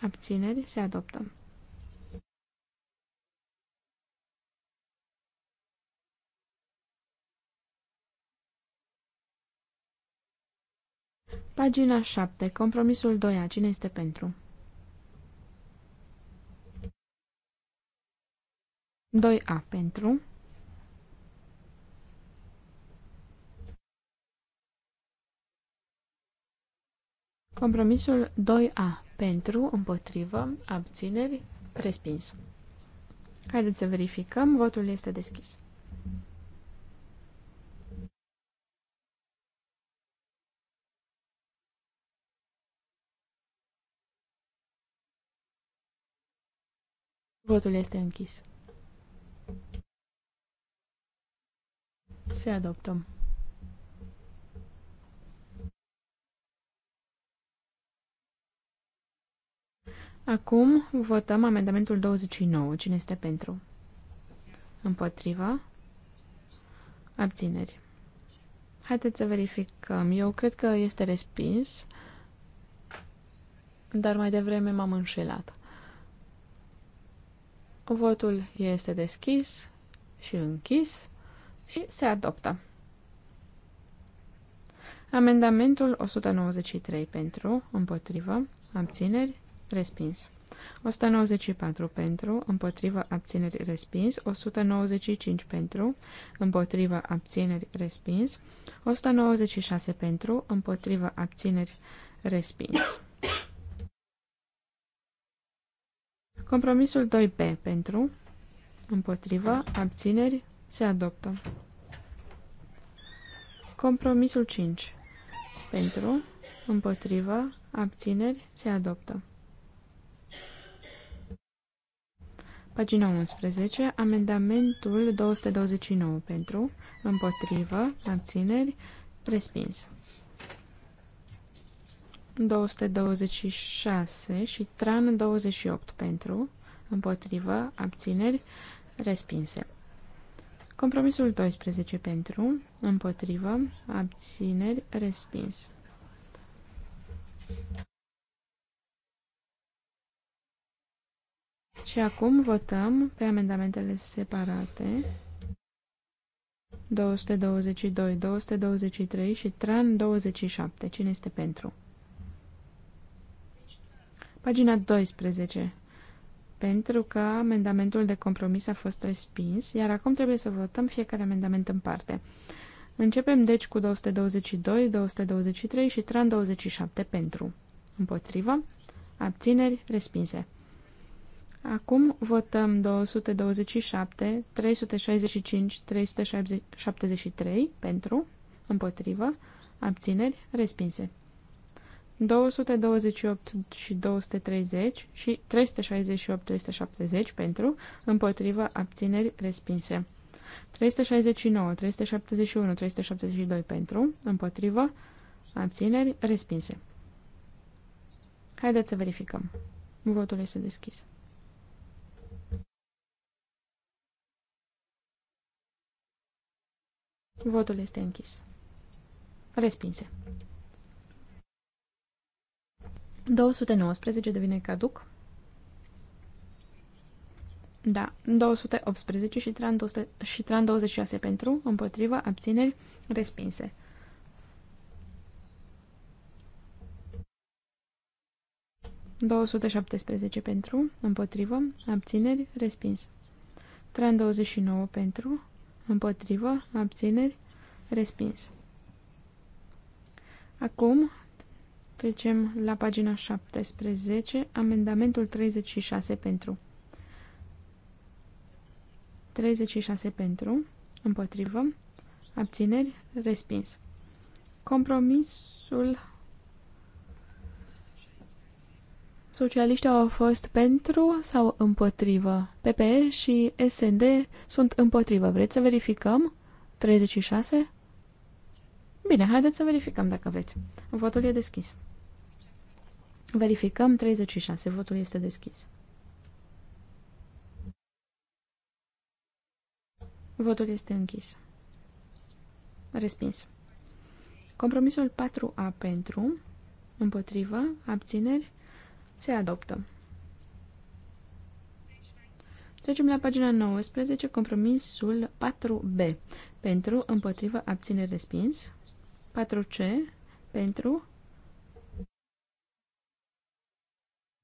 abțineri, se adoptă. Pagina 7. Compromisul 2A. Cine este pentru? 2A pentru. Compromisul 2A pentru, împotrivă, abțineri, respins. Haideți să verificăm. Votul este deschis. Votul este închis. Se adoptă. Acum votăm amendamentul 29. Cine este pentru? Împotrivă? Abțineri. Haideți să verificăm. Eu cred că este respins, dar mai devreme m-am înșelat. Votul este deschis și închis și se adoptă. Amendamentul 193 pentru, împotrivă, abțineri, respins. 194 pentru, împotrivă, abțineri, respins. 195 pentru, împotrivă, abțineri, respins. 196 pentru, împotrivă, abțineri, respins. Compromisul 2B pentru, împotrivă, abțineri, se adoptă. Compromisul 5 pentru, împotrivă, abțineri, se adoptă. Pagina 11, amendamentul 229 pentru, împotrivă, abțineri, respins. 226 și Tran 28 pentru, împotrivă, abțineri, respinse. Compromisul 12 pentru, împotrivă, abțineri, respins. Și acum votăm pe amendamentele separate. 222, 223 și TRAN 27. Cine este pentru? Pagina 12. Pentru că amendamentul de compromis a fost respins, iar acum trebuie să votăm fiecare amendament în parte. Începem deci cu 222, 223 și tran 27 pentru. Împotrivă. Abțineri respinse. Acum votăm 227, 365, 373 pentru, împotrivă, abțineri, respinse. 228 și 230 și 368-370 pentru, împotriva abțineri, respinse. 369, 371, 372 pentru, împotriva abțineri, respinse. Haideți să verificăm. Votul este deschis. Votul este închis. Respinse. 219 devine caduc. Da, 218 și tran, 200, și tran 26 pentru, împotriva abțineri, respinse. ...217 pentru, împotrivă, abțineri, respins. Tran 29 pentru, împotrivă, abțineri, respins. Acum Trecem la pagina 17, amendamentul 36 pentru. 36 pentru, împotrivă, abțineri, respins. Compromisul Socialiștii au fost pentru sau împotrivă? PPE și SND sunt împotrivă. Vreți să verificăm? 36? Bine, haideți să verificăm dacă vreți. Votul e deschis. Verificăm 36. Votul este deschis. Votul este închis. Respins. Compromisul 4A pentru, împotrivă, abțineri, se adoptă. Trecem la pagina 19, compromisul 4B, pentru, împotrivă, abțineri, respins, 4C, pentru,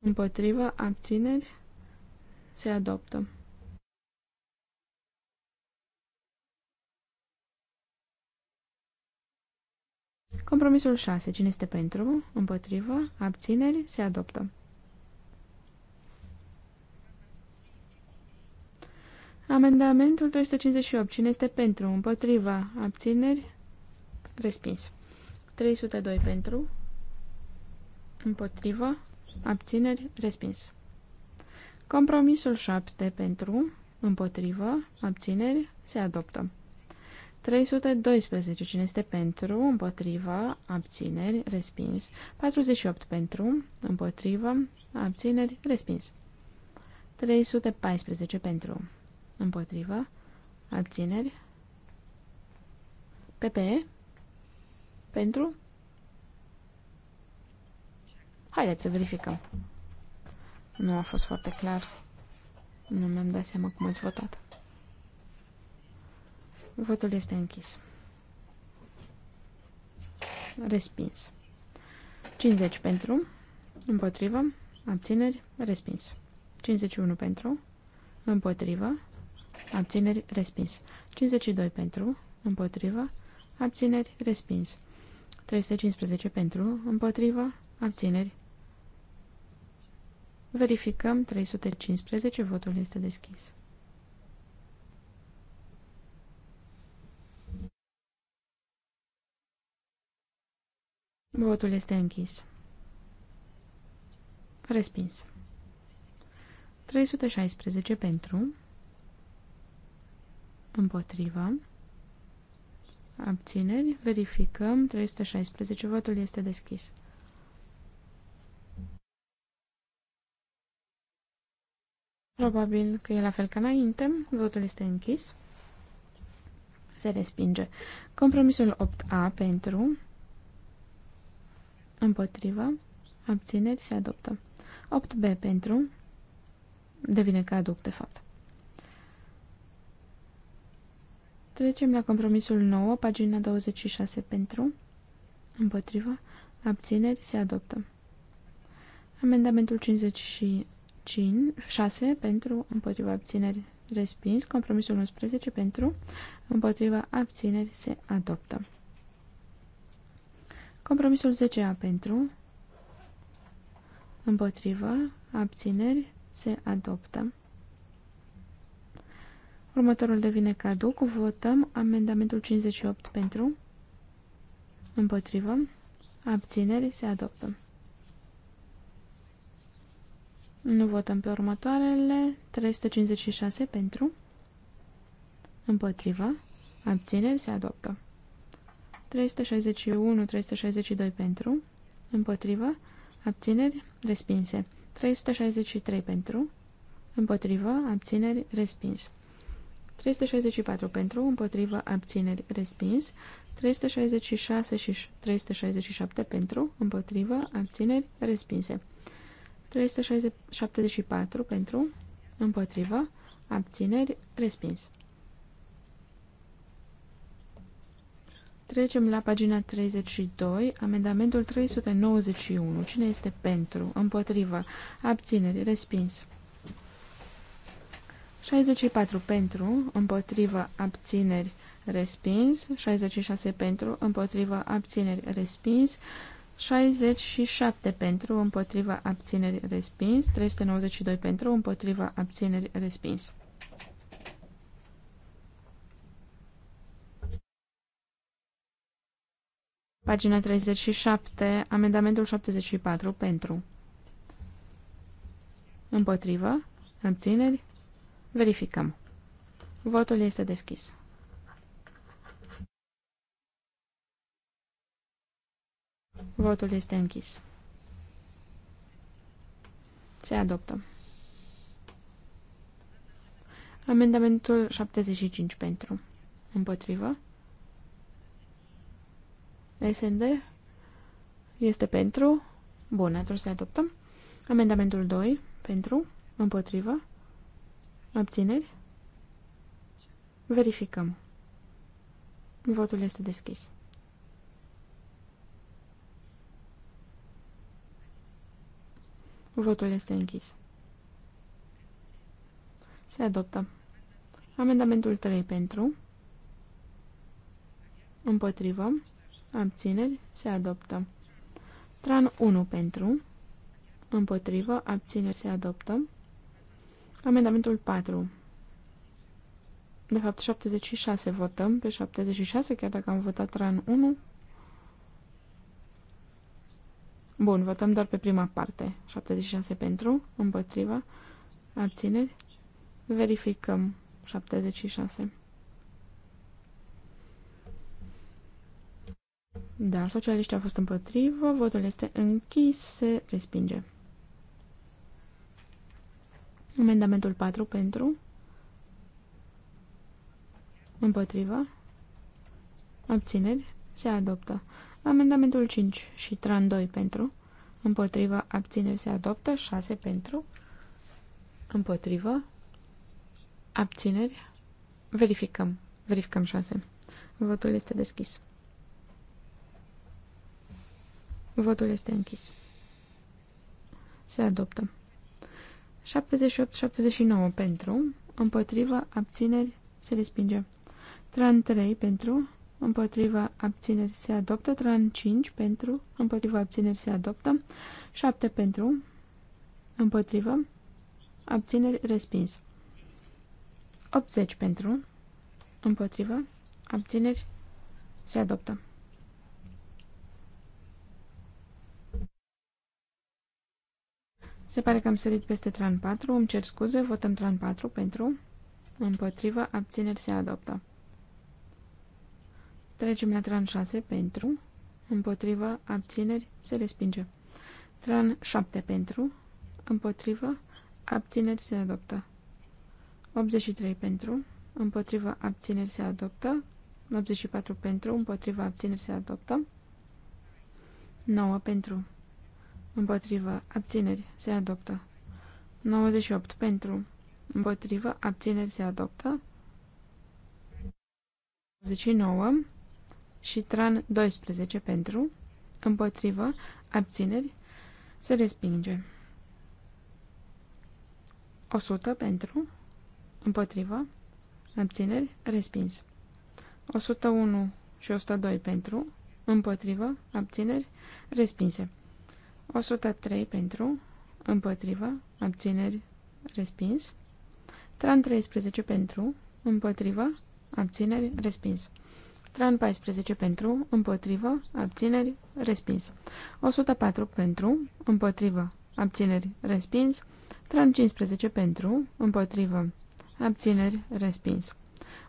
Împotrivă, abțineri, se adoptă. Compromisul 6. Cine este pentru? Împotrivă? Abțineri? Se adoptă. Amendamentul 358. Cine este pentru? Împotrivă? Abțineri? Respins. 302 pentru. Împotrivă. Abțineri. Respins. Compromisul 7 pentru. Împotrivă. Abțineri. Se adoptă. 312. Cine este pentru? Împotrivă. Abțineri. Respins. 48 pentru. Împotrivă. Abțineri. Respins. 314 pentru. Împotrivă. Abțineri. PP. Pentru. Haideți să verificăm. Nu a fost foarte clar. Nu mi-am dat seama cum ați votat. Votul este închis. Respins. 50 pentru, împotrivă, abțineri, respins. 51 pentru, împotrivă, abțineri, respins. 52 pentru, împotrivă, abțineri, respins. 315 pentru, împotrivă, abțineri, Verificăm 315, votul este deschis. Votul este închis. Respins. 316 pentru. Împotriva. Abțineri. Verificăm. 316. Votul este deschis. Probabil că e la fel ca înainte. Votul este închis. Se respinge. Compromisul 8A pentru împotriva abțineri se adoptă. 8B pentru devine caduc, de fapt. Trecem la compromisul 9, pagina 26 pentru împotriva abțineri se adoptă. Amendamentul 50 și, 5, 6 pentru împotriva abțineri respins, compromisul 11 pentru împotriva abțineri se adoptă. Compromisul 10A pentru împotriva abțineri se adoptă. Următorul devine caduc. Votăm amendamentul 58 pentru împotriva abțineri se adoptă. Nu votăm pe următoarele. 356 pentru. Împotrivă. Abțineri se adoptă. 361, 362 pentru. Împotrivă. Abțineri respinse. 363 pentru. Împotrivă. Abțineri respins. 364 pentru, împotrivă, abțineri, respins. 366 și 367 pentru, împotrivă, abțineri, respinse. 374 pentru, împotrivă, abțineri, respins. Trecem la pagina 32, amendamentul 391. Cine este pentru? Împotrivă. Abțineri. Respins. 64 pentru, împotrivă, abțineri, respins. 66 pentru, împotrivă, abțineri, respins. 67 pentru, împotriva abțineri respins, 392 pentru, împotriva abțineri respins. Pagina 37, amendamentul 74 pentru, împotriva, abțineri, verificăm. Votul este deschis. Votul este închis. Se adoptă. Amendamentul 75 pentru. Împotrivă. SND este pentru. Bun, atunci se adoptă. Amendamentul 2 pentru. Împotrivă. Abțineri. Verificăm. Votul este deschis. Votul este închis. Se adoptă. Amendamentul 3 pentru. Împotrivă. Abțineri. Se adoptă. Tran 1 pentru. Împotrivă. Abțineri. Se adoptă. Amendamentul 4. De fapt, 76 votăm pe 76, chiar dacă am votat Tran 1. Bun, votăm doar pe prima parte. 76 pentru, împotriva, abțineri. Verificăm 76. Da, socialiștii au fost împotrivă, votul este închis, se respinge. Amendamentul 4 pentru, împotrivă, abțineri, se adoptă. Amendamentul 5 și tran 2 pentru. Împotrivă abține se adoptă. 6 pentru. Împotrivă. Abțineri. Verificăm. Verificăm 6. Votul este deschis. Votul este închis. Se adoptă. 78-79 pentru. Împotrivă abțineri se respinge. Tran 3 pentru împotriva abțineri se adoptă, tran 5 pentru, împotriva abțineri se adoptă, 7 pentru, împotriva, abțineri respins, 80 pentru, împotriva, abțineri se adoptă. Se pare că am sărit peste tran 4, îmi cer scuze, votăm tran 4 pentru, împotriva, abțineri se adoptă. Trecem la tran 6 pentru, împotriva, abțineri, se respinge. Tran 7 pentru, împotriva, abțineri, se adoptă. 83 pentru, împotriva, abțineri, se adoptă. 84 pentru, împotriva, abțineri, se adoptă. 9 pentru, împotriva, abțineri, se adoptă. 98 pentru, împotriva, abțineri, se adoptă. 29 și tran 12 pentru, împotrivă, abțineri, se respinge. 100 pentru, împotrivă, abțineri, respins. 101 și 102 pentru, împotrivă, abțineri, respinse. 103 pentru, împotrivă, abțineri, respins. Tran 13 pentru, împotrivă, abțineri, respins. Tran 14 pentru, împotrivă, abțineri, respins. 104 pentru, împotrivă, abțineri, respins. Tran 15 pentru, împotrivă, abțineri, respins.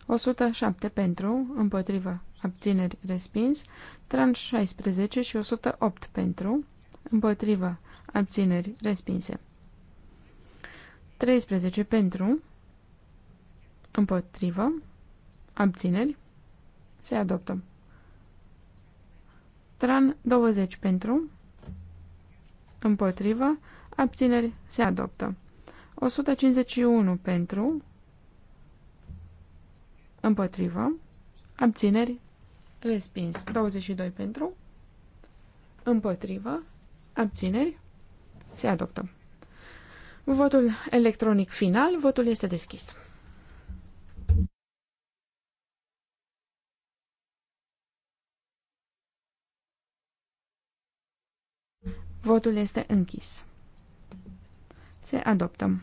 107 pentru, împotrivă, abțineri, respins. Tran 16 și 108 pentru, împotrivă, abțineri, respinse. 13 pentru, împotrivă, abțineri, se adoptă. Tran 20 pentru. Împotrivă. Abțineri. Se adoptă. 151 pentru. Împotrivă. Abțineri. Respins. 22 pentru. Împotrivă. Abțineri. Se adoptă. Votul electronic final. Votul este deschis. Votul este închis. Se adoptă.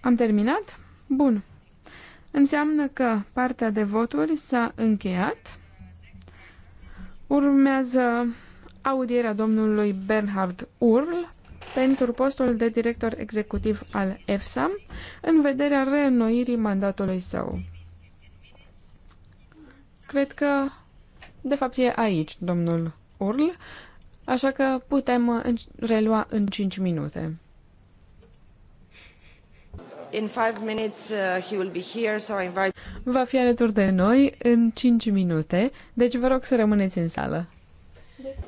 Am terminat? Bun. Înseamnă că partea de voturi s-a încheiat. Urmează audierea domnului Bernhard Url pentru postul de director executiv al EFSA în vederea reînnoirii mandatului său. Cred că, de fapt, e aici domnul Url, așa că putem uh, în- relua în 5 minute. In five minutes, uh, he will be here, so I invite... Va fi alături de noi în 5 minute, deci vă rog să rămâneți în sală. De deci-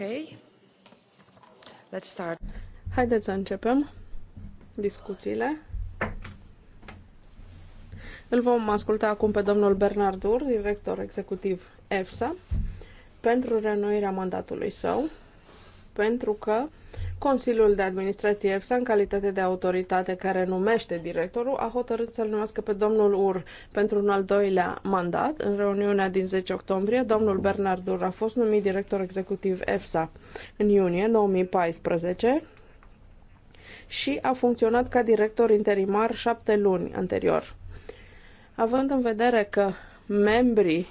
Ok. Let's start. Haideți să începem discuțiile. Îl vom asculta acum pe domnul Bernard Ur, director executiv EFSA, pentru reînnoirea mandatului său, pentru că Consiliul de Administrație EFSA, în calitate de autoritate care numește directorul, a hotărât să-l numească pe domnul Ur pentru un al doilea mandat. În reuniunea din 10 octombrie, domnul Bernard Ur a fost numit director executiv EFSA în iunie 2014 și a funcționat ca director interimar șapte luni anterior. Având în vedere că membrii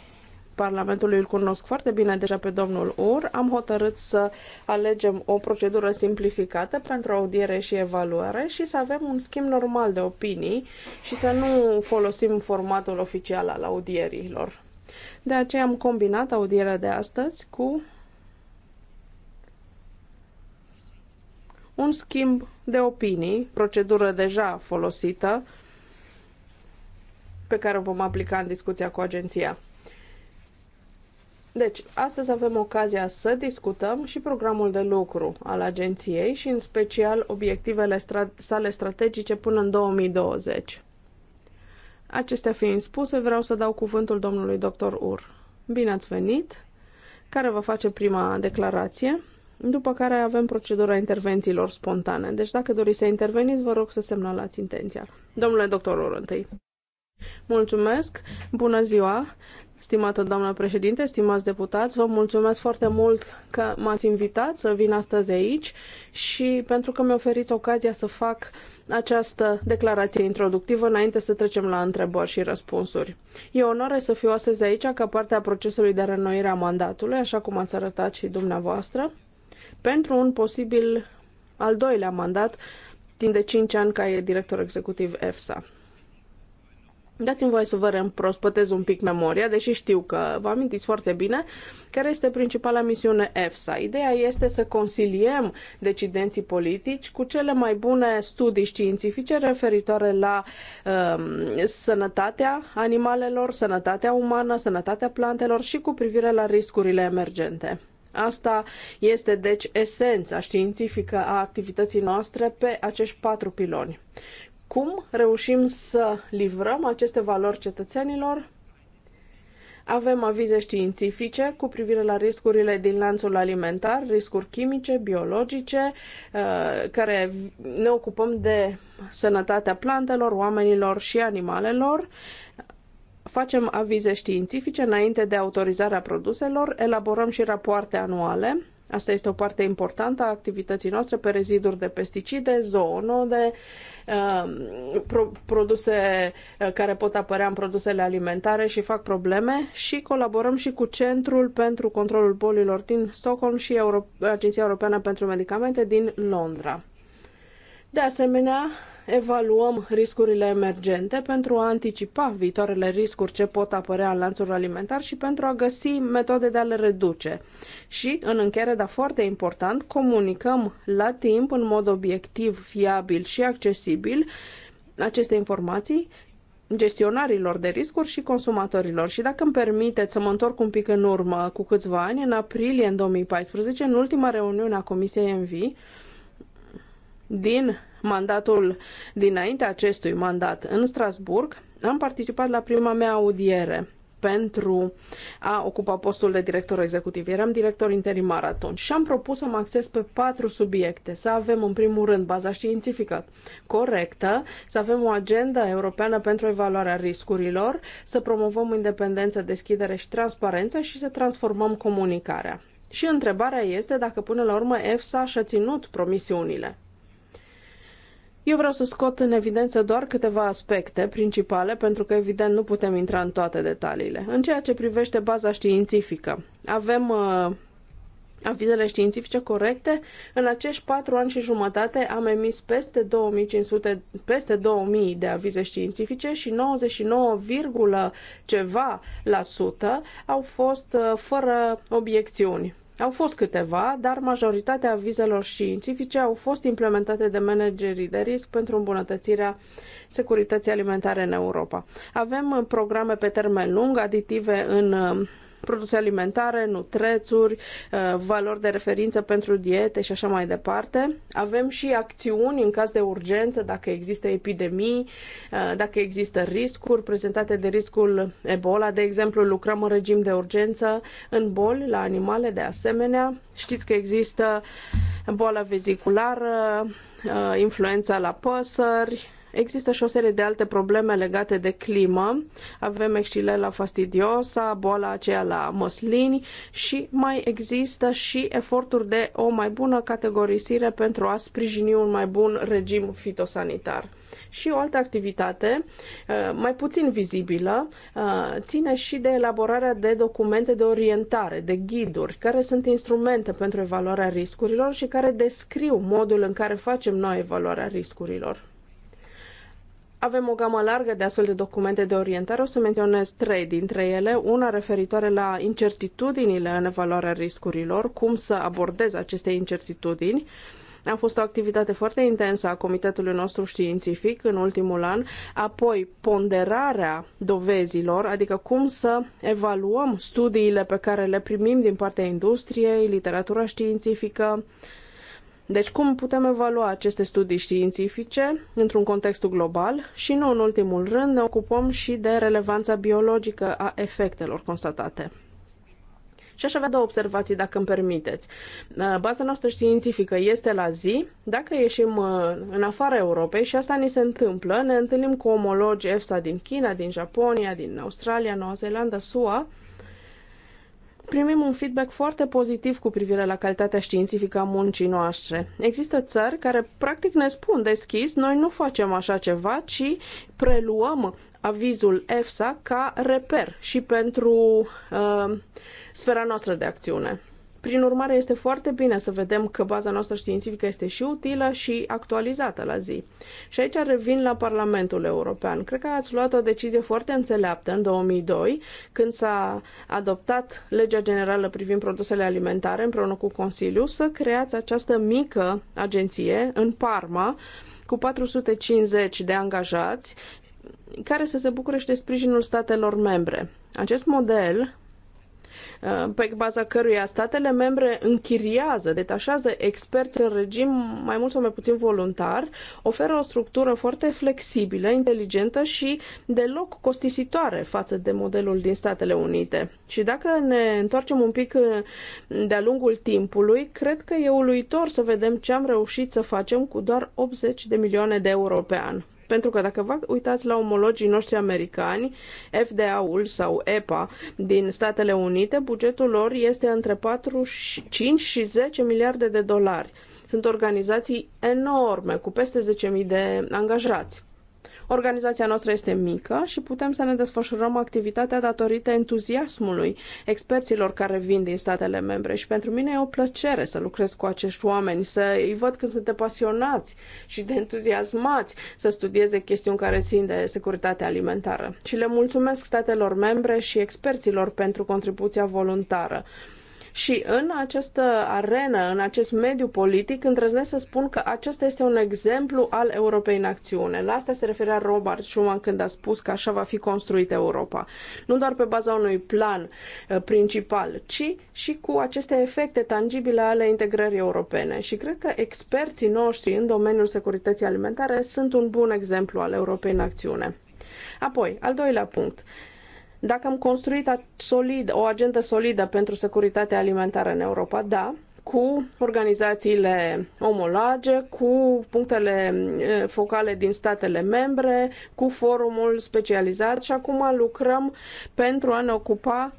Parlamentului îl cunosc foarte bine deja pe domnul Ur, am hotărât să alegem o procedură simplificată pentru audiere și evaluare și să avem un schimb normal de opinii și să nu folosim formatul oficial al audierilor. De aceea am combinat audierea de astăzi cu un schimb de opinii, procedură deja folosită, pe care o vom aplica în discuția cu agenția. Deci, astăzi avem ocazia să discutăm și programul de lucru al agenției și, în special, obiectivele stra- sale strategice până în 2020. Acestea fiind spuse, vreau să dau cuvântul domnului dr. Ur. Bine ați venit! Care va face prima declarație? După care avem procedura intervențiilor spontane. Deci, dacă doriți să interveniți, vă rog să semnalați intenția. Domnule doctor Ur, întâi. Mulțumesc! Bună ziua! Stimată doamnă președinte, stimați deputați, vă mulțumesc foarte mult că m-ați invitat să vin astăzi aici și pentru că mi oferiți ocazia să fac această declarație introductivă înainte să trecem la întrebări și răspunsuri. E onoare să fiu astăzi aici ca parte a procesului de renoire a mandatului, așa cum ați arătat și dumneavoastră, pentru un posibil al doilea mandat timp de 5 ani ca director executiv EFSA. Dați-mi voie să vă reîmprospătez un pic memoria, deși știu că vă amintiți foarte bine care este principala misiune EFSA. Ideea este să consiliem decidenții politici cu cele mai bune studii științifice referitoare la um, sănătatea animalelor, sănătatea umană, sănătatea plantelor și cu privire la riscurile emergente. Asta este, deci, esența științifică a activității noastre pe acești patru piloni. Cum reușim să livrăm aceste valori cetățenilor? Avem avize științifice cu privire la riscurile din lanțul alimentar, riscuri chimice, biologice, uh, care ne ocupăm de sănătatea plantelor, oamenilor și animalelor. Facem avize științifice înainte de autorizarea produselor, elaborăm și rapoarte anuale Asta este o parte importantă a activității noastre pe reziduri de pesticide, zoonode, um, produse uh, care pot apărea în produsele alimentare și fac probleme și colaborăm și cu Centrul pentru Controlul Bolilor din Stockholm și Agenția Europeană pentru Medicamente din Londra. De asemenea, evaluăm riscurile emergente pentru a anticipa viitoarele riscuri ce pot apărea în lanțul alimentar și pentru a găsi metode de a le reduce. Și, în încheiere, dar foarte important, comunicăm la timp, în mod obiectiv, fiabil și accesibil, aceste informații gestionarilor de riscuri și consumatorilor. Și dacă îmi permiteți să mă întorc un pic în urmă cu câțiva ani, în aprilie în 2014, în ultima reuniune a Comisiei MV, din mandatul dinainte acestui mandat în Strasburg, am participat la prima mea audiere pentru a ocupa postul de director executiv. Eram director interimar atunci și am propus să mă acces pe patru subiecte. Să avem, în primul rând, baza științifică corectă, să avem o agenda europeană pentru evaluarea riscurilor, să promovăm independența, deschidere și transparență și să transformăm comunicarea. Și întrebarea este dacă până la urmă EFSA și-a ținut promisiunile. Eu vreau să scot în evidență doar câteva aspecte principale, pentru că evident nu putem intra în toate detaliile. În ceea ce privește baza științifică, avem uh, avizele științifice corecte. În acești patru ani și jumătate am emis peste 2500, peste 2000 de avize științifice și 99, ceva la sută au fost uh, fără obiecțiuni. Au fost câteva, dar majoritatea vizelor științifice au fost implementate de managerii de risc pentru îmbunătățirea securității alimentare în Europa. Avem uh, programe pe termen lung, aditive în uh, produse alimentare, nutrețuri, uh, valori de referință pentru diete și așa mai departe. Avem și acțiuni în caz de urgență, dacă există epidemii, uh, dacă există riscuri prezentate de riscul Ebola. De exemplu, lucrăm în regim de urgență în boli la animale de asemenea. Știți că există boala veziculară, uh, influența la păsări, Există și o serie de alte probleme legate de climă. Avem excilela fastidiosa, boala aceea la măslini și mai există și eforturi de o mai bună categorisire pentru a sprijini un mai bun regim fitosanitar. Și o altă activitate, uh, mai puțin vizibilă, uh, ține și de elaborarea de documente de orientare, de ghiduri, care sunt instrumente pentru evaluarea riscurilor și care descriu modul în care facem noi evaluarea riscurilor. Avem o gamă largă de astfel de documente de orientare. O să menționez trei dintre ele. Una referitoare la incertitudinile în evaluarea riscurilor, cum să abordez aceste incertitudini. A fost o activitate foarte intensă a comitetului nostru științific în ultimul an, apoi ponderarea dovezilor, adică cum să evaluăm studiile pe care le primim din partea industriei, literatura științifică, deci cum putem evalua aceste studii științifice într-un context global și nu în ultimul rând ne ocupăm și de relevanța biologică a efectelor constatate. Și aș avea două observații, dacă îmi permiteți. Uh, baza noastră științifică este la zi. Dacă ieșim uh, în afara Europei, și asta ni se întâmplă, ne întâlnim cu omologi EFSA din China, din Japonia, din Australia, Noua Zeelandă, SUA, primim un feedback foarte pozitiv cu privire la calitatea științifică a muncii noastre. Există țări care practic ne spun deschis, noi nu facem așa ceva, ci preluăm avizul EFSA ca reper și pentru uh, sfera noastră de acțiune. Prin urmare, este foarte bine să vedem că baza noastră științifică este și utilă și actualizată la zi. Și aici revin la Parlamentul European. Cred că ați luat o decizie foarte înțeleaptă în 2002, când s-a adoptat legea generală privind produsele alimentare împreună cu Consiliu, să creați această mică agenție în Parma, cu 450 de angajați care să se bucure și de sprijinul statelor membre. Acest model Uh, pe baza căruia statele membre închiriază, detașează experți în regim mai mult sau mai puțin voluntar, oferă o structură foarte flexibilă, inteligentă și deloc costisitoare față de modelul din Statele Unite. Și dacă ne întoarcem un pic uh, de-a lungul timpului, cred că e uluitor să vedem ce am reușit să facem cu doar 80 de milioane de euro pe an. Pentru că dacă vă uitați la omologii noștri americani, FDA-ul sau EPA din Statele Unite, bugetul lor este între 4, 5 și 10 miliarde de dolari. Sunt organizații enorme, cu peste 10.000 de angajați. Organizația noastră este mică și putem să ne desfășurăm activitatea datorită entuziasmului experților care vin din statele membre și pentru mine e o plăcere să lucrez cu acești oameni, să îi văd când sunt pasionați și de entuziasmați să studieze chestiuni care țin de securitate alimentară. Și le mulțumesc statelor membre și experților pentru contribuția voluntară. Și în această arenă, în acest mediu politic, îndrăznesc să spun că acesta este un exemplu al Europei în acțiune. La asta se referea Robert Schuman când a spus că așa va fi construită Europa. Nu doar pe baza unui plan uh, principal, ci și cu aceste efecte tangibile ale integrării europene. Și cred că experții noștri în domeniul securității alimentare sunt un bun exemplu al Europei în acțiune. Apoi, al doilea punct. Uh, dacă am construit solid, o agendă solidă pentru securitatea alimentară în Europa, da, cu organizațiile omologe, cu punctele focale din statele membre, cu forumul specializat și acum lucrăm pentru a ne ocupa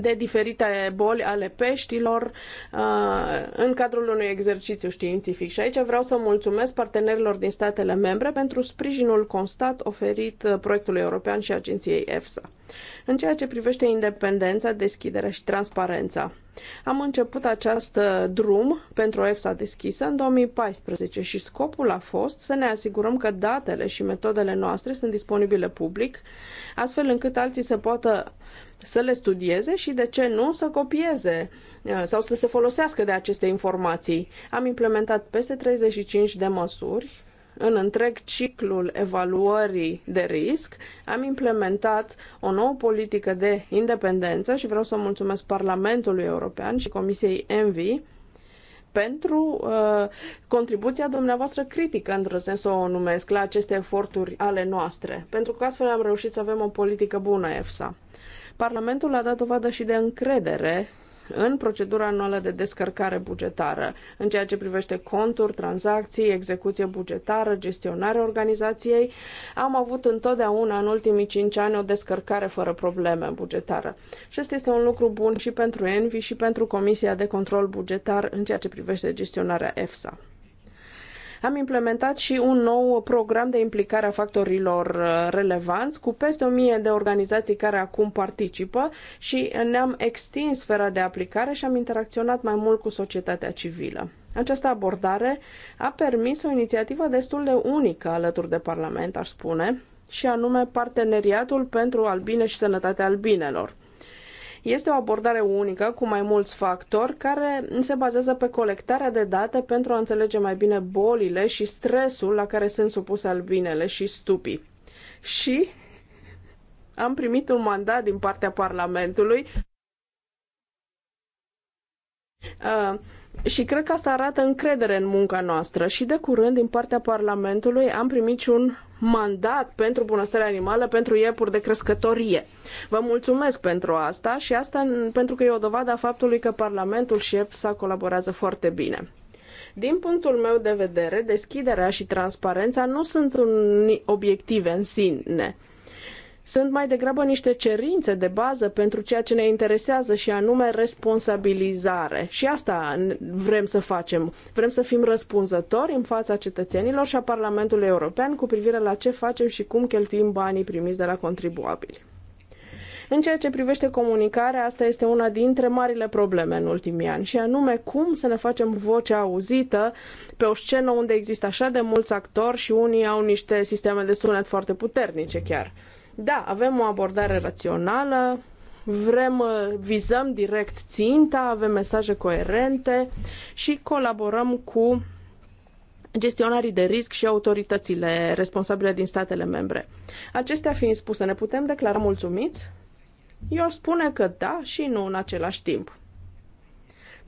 de diferite boli ale peștilor uh, în cadrul unui exercițiu științific. Și aici vreau să mulțumesc partenerilor din statele membre pentru sprijinul constat oferit uh, proiectului european și agenției EFSA. În ceea ce privește independența, deschiderea și transparența, am început acest drum pentru EFSA deschisă în 2014 și scopul a fost să ne asigurăm că datele și metodele noastre sunt disponibile public, astfel încât alții să poată să le studieze și, de ce nu, să copieze uh, sau să se folosească de aceste informații. Am implementat peste 35 de măsuri în întreg ciclul evaluării de risc, am implementat o nouă politică de independență și vreau să mulțumesc Parlamentului European și Comisiei ENVI pentru uh, contribuția dumneavoastră critică, îndrăznesc să o numesc, la aceste eforturi ale noastre, pentru că astfel am reușit să avem o politică bună EFSA. Parlamentul a dat dovadă și de încredere în procedura anuală de descărcare bugetară, în ceea ce privește conturi, tranzacții, execuție bugetară, gestionarea organizației. Am avut întotdeauna în ultimii cinci ani o descărcare fără probleme bugetară. Și asta este un lucru bun și pentru Envi și pentru Comisia de Control Bugetar în ceea ce privește gestionarea EFSA. Am implementat și un nou program de implicare a factorilor uh, relevanți cu peste 1000 de organizații care acum participă și ne-am extins sfera de aplicare și am interacționat mai mult cu societatea civilă. Această abordare a permis o inițiativă destul de unică alături de Parlament, aș spune, și anume Parteneriatul pentru Albine și Sănătatea Albinelor. Este o abordare unică cu mai mulți factori care se bazează pe colectarea de date pentru a înțelege mai bine bolile și stresul la care sunt supuse albinele și stupii. Și am primit un mandat din partea Parlamentului. Uh, și cred că asta arată încredere în munca noastră. Și de curând, din partea Parlamentului, am primit și un mandat pentru bunăstarea animală pentru iepuri de crescătorie. Vă mulțumesc pentru asta și asta pentru că e o dovadă a faptului că Parlamentul și EPSA colaborează foarte bine. Din punctul meu de vedere, deschiderea și transparența nu sunt un obiective în sine, sunt mai degrabă niște cerințe de bază pentru ceea ce ne interesează și anume responsabilizare. Și asta vrem să facem. Vrem să fim răspunzători în fața cetățenilor și a Parlamentului European cu privire la ce facem și cum cheltuim banii primiți de la contribuabili. În ceea ce privește comunicarea, asta este una dintre marile probleme în ultimii ani, și anume cum să ne facem vocea auzită pe o scenă unde există așa de mulți actori și unii au niște sisteme de sunet foarte puternice chiar. Da, avem o abordare rațională, vrem, uh, vizăm direct ținta, avem mesaje coerente și colaborăm cu gestionarii de risc și autoritățile responsabile din statele membre. Acestea fiind spuse, ne putem declara mulțumiți? Eu spune că da și nu în același timp.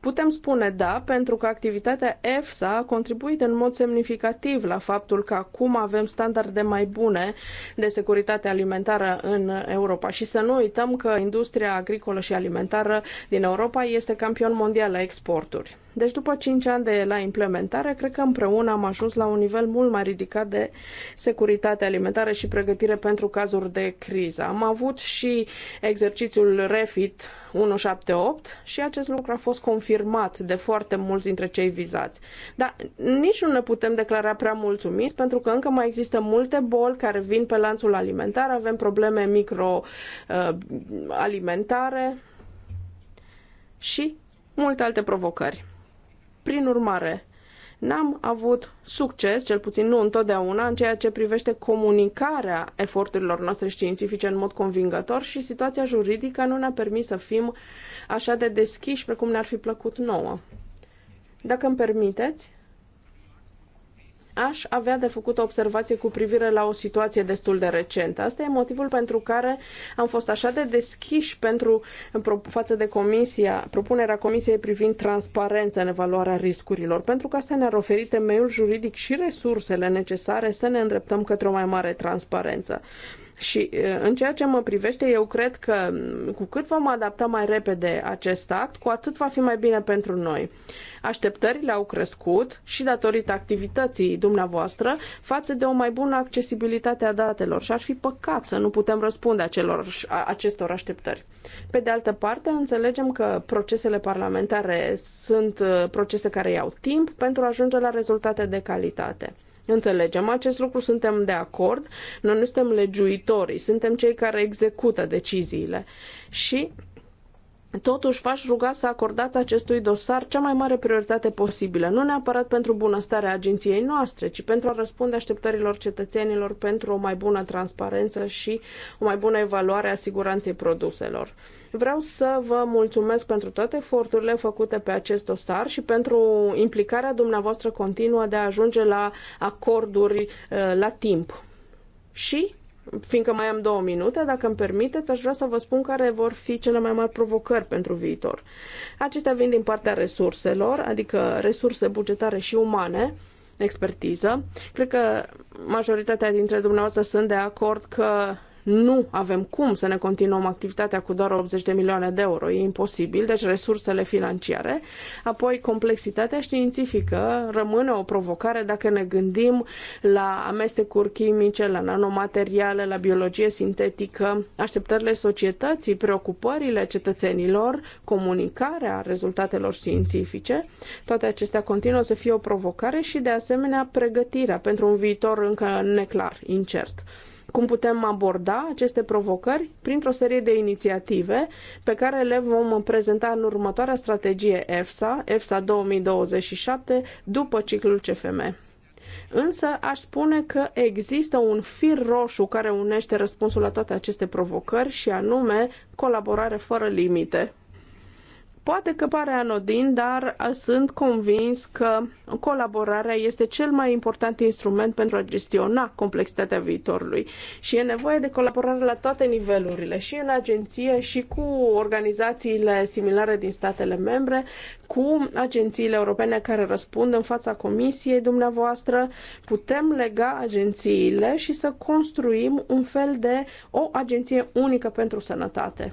Putem spune da, pentru că activitatea EFSA a contribuit în mod semnificativ la faptul că acum avem standarde mai bune de securitate alimentară în Europa. Și să nu uităm că industria agricolă și alimentară din Europa este campion mondial la exporturi. Deci după 5 ani de la implementare, cred că împreună am ajuns la un nivel mult mai ridicat de securitate alimentară și pregătire pentru cazuri de criză. Am avut și exercițiul REFIT 178 și acest lucru a fost confirmat de foarte mulți dintre cei vizați. Dar nici nu ne putem declara prea mulțumiți pentru că încă mai există multe boli care vin pe lanțul alimentar, avem probleme microalimentare uh, și multe alte provocări. Prin urmare, n-am avut succes, cel puțin nu întotdeauna, în ceea ce privește comunicarea eforturilor noastre științifice în mod convingător și situația juridică nu ne-a permis să fim așa de deschiși precum ne-ar fi plăcut nouă. Dacă îmi permiteți, aș avea de făcut o observație cu privire la o situație destul de recentă. Asta e motivul pentru care am fost așa de deschiși pentru, față de comisia, propunerea comisiei privind transparența în evaluarea riscurilor, pentru că asta ne-ar oferi temeiul juridic și resursele necesare să ne îndreptăm către o mai mare transparență. Și în ceea ce mă privește, eu cred că cu cât vom adapta mai repede acest act, cu atât va fi mai bine pentru noi. Așteptările au crescut și datorită activității dumneavoastră față de o mai bună accesibilitate a datelor și ar fi păcat să nu putem răspunde acelor, acestor așteptări. Pe de altă parte, înțelegem că procesele parlamentare sunt procese care iau timp pentru a ajunge la rezultate de calitate. Înțelegem acest lucru, suntem de acord, noi nu suntem legiuitorii, suntem cei care execută deciziile. Și Totuși, v-aș ruga să acordați acestui dosar cea mai mare prioritate posibilă, nu neapărat pentru bunăstarea agenției noastre, ci pentru a răspunde așteptărilor cetățenilor pentru o mai bună transparență și o mai bună evaluare a siguranței produselor. Vreau să vă mulțumesc pentru toate eforturile făcute pe acest dosar și pentru implicarea dumneavoastră continuă de a ajunge la acorduri eh, la timp. Și Fiindcă mai am două minute, dacă îmi permiteți, aș vrea să vă spun care vor fi cele mai mari provocări pentru viitor. Acestea vin din partea resurselor, adică resurse bugetare și umane, expertiză. Cred că majoritatea dintre dumneavoastră sunt de acord că nu avem cum să ne continuăm activitatea cu doar 80 de milioane de euro, e imposibil, deci resursele financiare. Apoi, complexitatea științifică rămâne o provocare dacă ne gândim la amestecuri chimice, la nanomateriale, la biologie sintetică, așteptările societății, preocupările cetățenilor, comunicarea rezultatelor științifice. Toate acestea continuă să fie o provocare și, de asemenea, pregătirea pentru un viitor încă neclar, incert. Cum putem aborda aceste provocări? Printr-o serie de inițiative pe care le vom prezenta în următoarea strategie EFSA, EFSA 2027, după ciclul CFM. Însă aș spune că există un fir roșu care unește răspunsul la toate aceste provocări și anume colaborare fără limite. Poate că pare anodin, dar sunt convins că colaborarea este cel mai important instrument pentru a gestiona complexitatea viitorului și e nevoie de colaborare la toate nivelurile, și în agenție, și cu organizațiile similare din statele membre, cu agențiile europene care răspund în fața comisiei dumneavoastră. Putem lega agențiile și să construim un fel de o agenție unică pentru sănătate.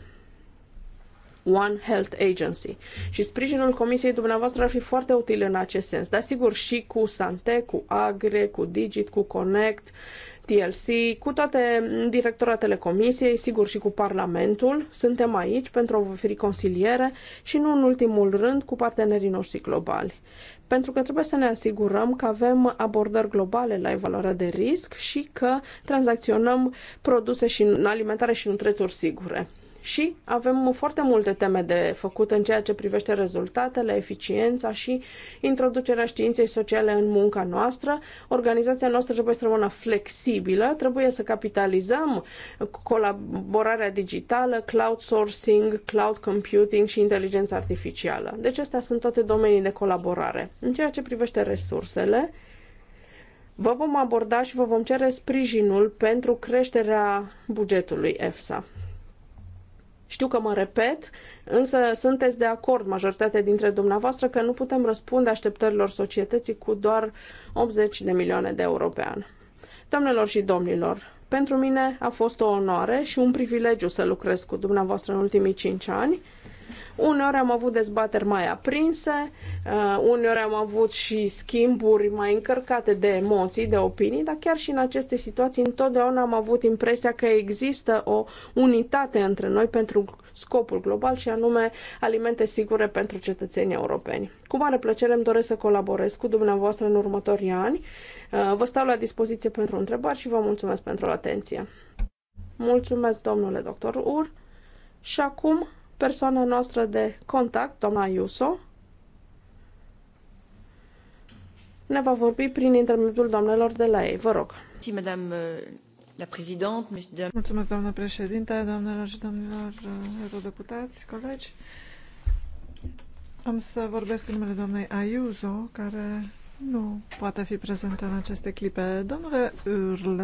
One Health Agency. Și sprijinul comisiei dumneavoastră ar fi foarte util în acest sens. Dar sigur și cu Sante, cu Agre, cu Digit, cu Connect, TLC, cu toate directoratele comisiei, sigur și cu Parlamentul. Suntem aici pentru a vă oferi consiliere și nu în ultimul rând cu partenerii noștri globali. Pentru că trebuie să ne asigurăm că avem abordări globale la evaluarea de risc și că tranzacționăm produse și alimentare și nutrețuri sigure și avem foarte multe teme de făcut în ceea ce privește rezultatele, eficiența și introducerea științei sociale în munca noastră. Organizația noastră trebuie să rămână flexibilă, trebuie să capitalizăm colaborarea digitală, cloud sourcing, cloud computing și inteligența artificială. Deci astea sunt toate domenii de colaborare. În ceea ce privește resursele, Vă vom aborda și vă vom cere sprijinul pentru creșterea bugetului EFSA. Știu că mă repet, însă sunteți de acord, majoritatea dintre dumneavoastră, că nu putem răspunde așteptărilor societății cu doar 80 de milioane de euro pe an. Doamnelor și domnilor, pentru mine a fost o onoare și un privilegiu să lucrez cu dumneavoastră în ultimii 5 ani. Uneori am avut dezbateri mai aprinse, uh, uneori am avut și schimburi mai încărcate de emoții, de opinii, dar chiar și în aceste situații întotdeauna am avut impresia că există o unitate între noi pentru scopul global și anume alimente sigure pentru cetățenii europeni. Cu mare plăcere îmi doresc să colaborez cu dumneavoastră în următorii ani. Uh, vă stau la dispoziție pentru întrebări și vă mulțumesc pentru atenție. Mulțumesc, domnule doctor Ur. Și acum persoana noastră de contact, doamna Iuso, ne va vorbi prin intermediul doamnelor de la ei. Vă rog. Euh, Mulțumesc, doamnă președinte, doamnelor și domnilor uh, eurodeputați, colegi. Am să vorbesc în numele doamnei Ayuso, care nu poate fi prezentă în aceste clipe. Domnule Url,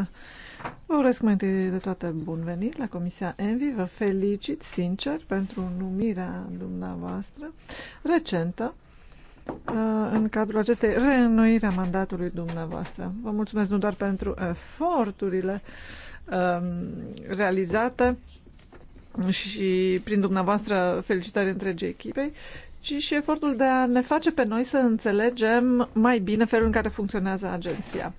Vă urez mai întâi de toate bun venit la Comisia Envi. Vă felicit sincer pentru numirea dumneavoastră recentă uh, în cadrul acestei reînnoiri a mandatului dumneavoastră. Vă mulțumesc nu doar pentru eforturile um, realizate și prin dumneavoastră felicitări întregii echipei, ci și efortul de a ne face pe noi să înțelegem mai bine felul în care funcționează agenția.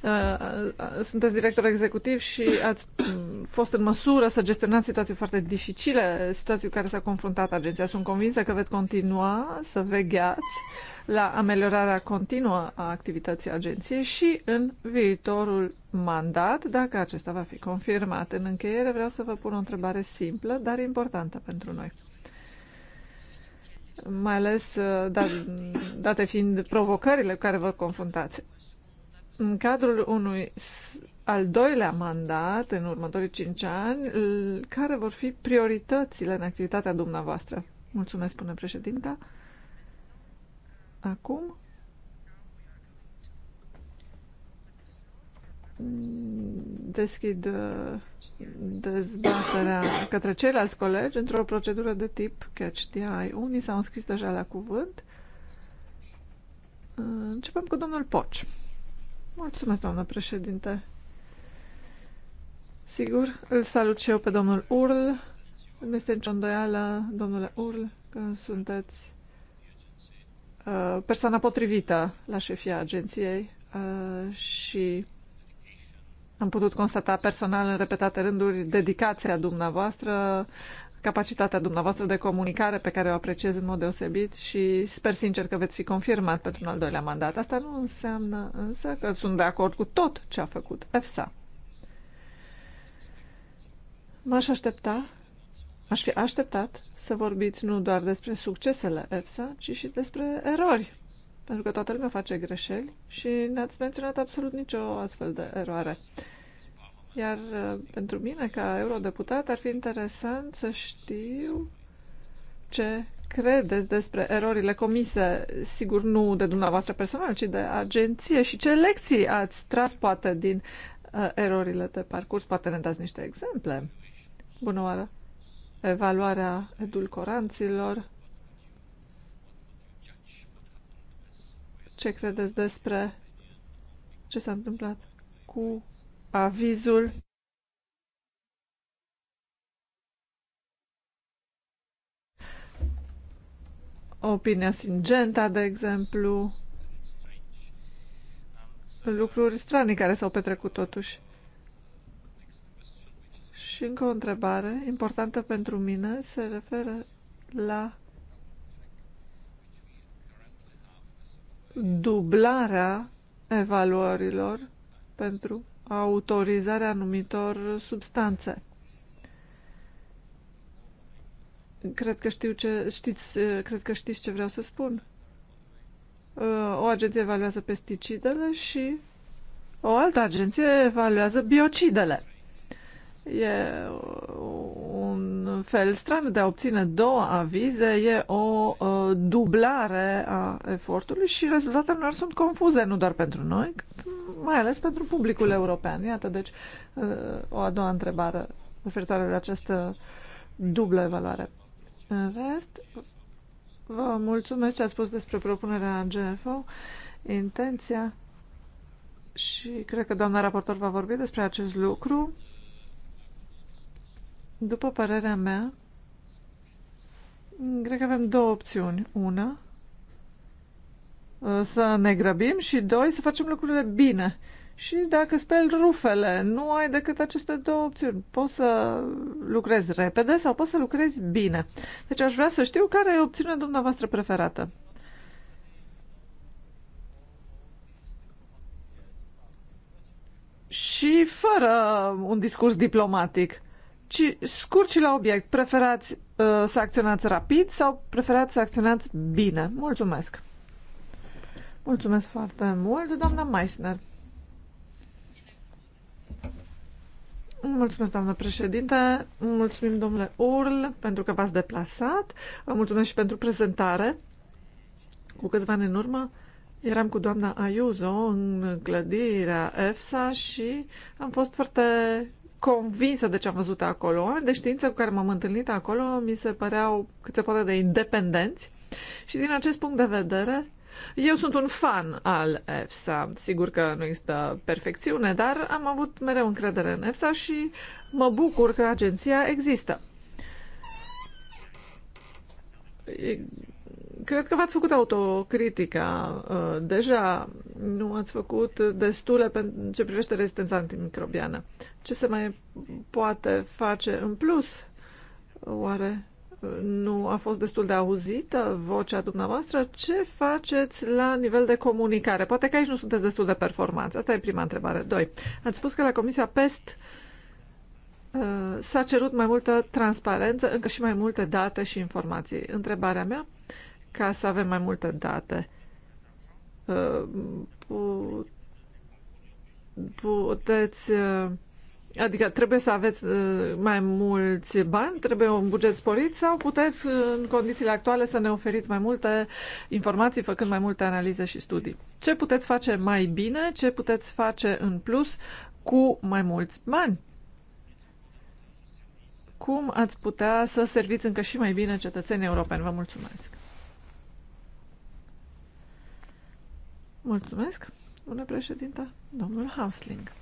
Uh, sunteți director executiv și ați mm, fost în măsură să gestionați situații foarte dificile, situații cu care s-a confruntat agenția. Sunt convinsă că veți continua să vegheați la ameliorarea continuă a activității agenției și în viitorul mandat, dacă acesta va fi confirmat. În încheiere vreau să vă pun o întrebare simplă, dar importantă pentru noi mai ales uh, dat, date fiind provocările cu care vă confruntați în cadrul unui al doilea mandat în următorii cinci ani, care vor fi prioritățile în activitatea dumneavoastră? Mulțumesc, spune președinta. Acum deschid uh, dezbaterea către ceilalți colegi într-o procedură de tip catch the eye. Unii s-au înscris deja la cuvânt. Începem cu domnul Poci. Mulțumesc, doamnă președinte. Sigur, îl salut și eu pe domnul Url. Nu este nicio îndoială, domnule Url, că sunteți uh, persoana potrivită la șefia agenției uh, și am putut constata personal în repetate rânduri dedicația dumneavoastră, capacitatea dumneavoastră de comunicare pe care o apreciez în mod deosebit și sper sincer că veți fi confirmat pentru un al doilea mandat. Asta nu înseamnă însă că sunt de acord cu tot ce a făcut EFSA. M-aș aștepta, aș fi așteptat să vorbiți nu doar despre succesele EFSA, ci și despre erori. Pentru că toată lumea face greșeli și n-ați menționat absolut nicio astfel de eroare. Iar uh, pentru mine, ca eurodeputat, ar fi interesant să știu ce credeți despre erorile comise, sigur nu de dumneavoastră personal, ci de agenție și ce lecții ați tras poate din uh, erorile de parcurs? Poate ne dați niște exemple. Bună oară! Evaluarea edulcoranților. Ce credeți despre ce s-a întâmplat cu avizul opinia singenta, de exemplu, lucruri stranii care s-au petrecut totuși. Și încă o întrebare importantă pentru mine se referă la dublarea evaluărilor pentru autorizarea anumitor substanțe. Cred că știu ce, știți, cred că știți ce vreau să spun. Uh, o agenție evaluează pesticidele și o altă agenție evaluează biocidele. E un fel stran de a obține două avize, e o uh, dublare a efortului și rezultatele noastre sunt confuze, nu doar pentru noi, cât mai ales pentru publicul european. Iată, deci, uh, o a doua întrebare referitoare la această dublă evaluare. În rest, vă mulțumesc ce ați spus despre propunerea GFO, intenția și cred că doamna raportor va vorbi despre acest lucru după părerea mea, cred că avem două opțiuni. Una, uh, să ne grăbim și doi, să facem lucrurile bine. Și dacă speli rufele, nu ai decât aceste două opțiuni. Poți să lucrezi repede sau poți să lucrezi bine. Deci aș vrea să știu care e opțiunea dumneavoastră preferată. Și fără un discurs diplomatic ci scurt și la obiect. Preferați uh, să acționați rapid sau preferați să acționați bine? Mulțumesc! Mulțumesc foarte mult, doamna Meissner. Mulțumesc, doamnă președinte. Mulțumim, domnule Url, pentru că v-ați deplasat. Vă mulțumesc și pentru prezentare. Cu câțiva ani în urmă eram cu doamna Ayuso în clădirea EFSA și am fost foarte convinsă de ce am văzut acolo. Oameni de știință cu care m-am întâlnit acolo mi se păreau cât se poate de independenți și din acest punct de vedere eu sunt un fan al EFSA. Sigur că nu există perfecțiune, dar am avut mereu încredere în EFSA și mă bucur că agenția există. Cred că v-ați făcut autocritica uh, deja, nu ați făcut destule pentru ce privește rezistența antimicrobiană. Ce se mai poate face în plus? Oare uh, nu a fost destul de auzită vocea dumneavoastră? Ce faceți la nivel de comunicare? Poate că aici nu sunteți destul de performanți. Asta e prima întrebare. Doi, ați spus că la Comisia PEST uh, s-a cerut mai multă transparență, încă și mai multe date și informații. Întrebarea mea ca să avem mai multe date. Uh, puteți uh, Adică trebuie să aveți uh, mai mulți bani, trebuie un buget sporit sau puteți în condițiile actuale să ne oferiți mai multe informații făcând mai multe analize și studii. Ce puteți face mai bine, ce puteți face în plus cu mai mulți bani? Cum ați putea să serviți încă și mai bine cetățenii europeni? Vă mulțumesc! Mulțumesc, domnule președinte, domnul Hausling.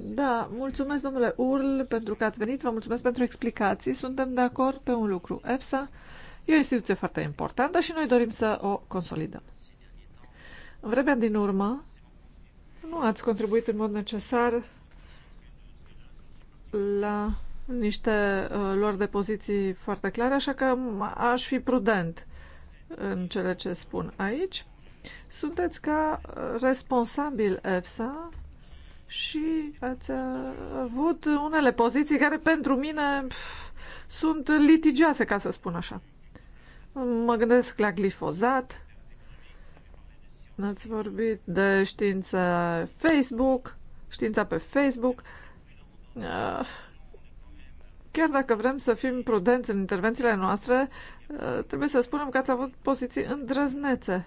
Da, mulțumesc, domnule Url, pentru că ați venit, vă mulțumesc pentru explicații. Suntem de acord pe un lucru. EFSA e o instituție foarte importantă și noi dorim să o consolidăm. În vremea din urmă, nu ați contribuit în mod necesar la niște uh, lor de poziții foarte clare, așa că aș fi prudent în cele ce spun aici. Sunteți ca uh, responsabil EFSA și ați uh, avut unele poziții care pentru mine pf, sunt litigioase, ca să spun așa. Mă gândesc la glifozat, ați vorbit de știință Facebook, știința pe Facebook. Uh, chiar dacă vrem să fim prudenți în intervențiile noastre, Eh, trebuie să spunem că ați avut poziții îndrăznețe.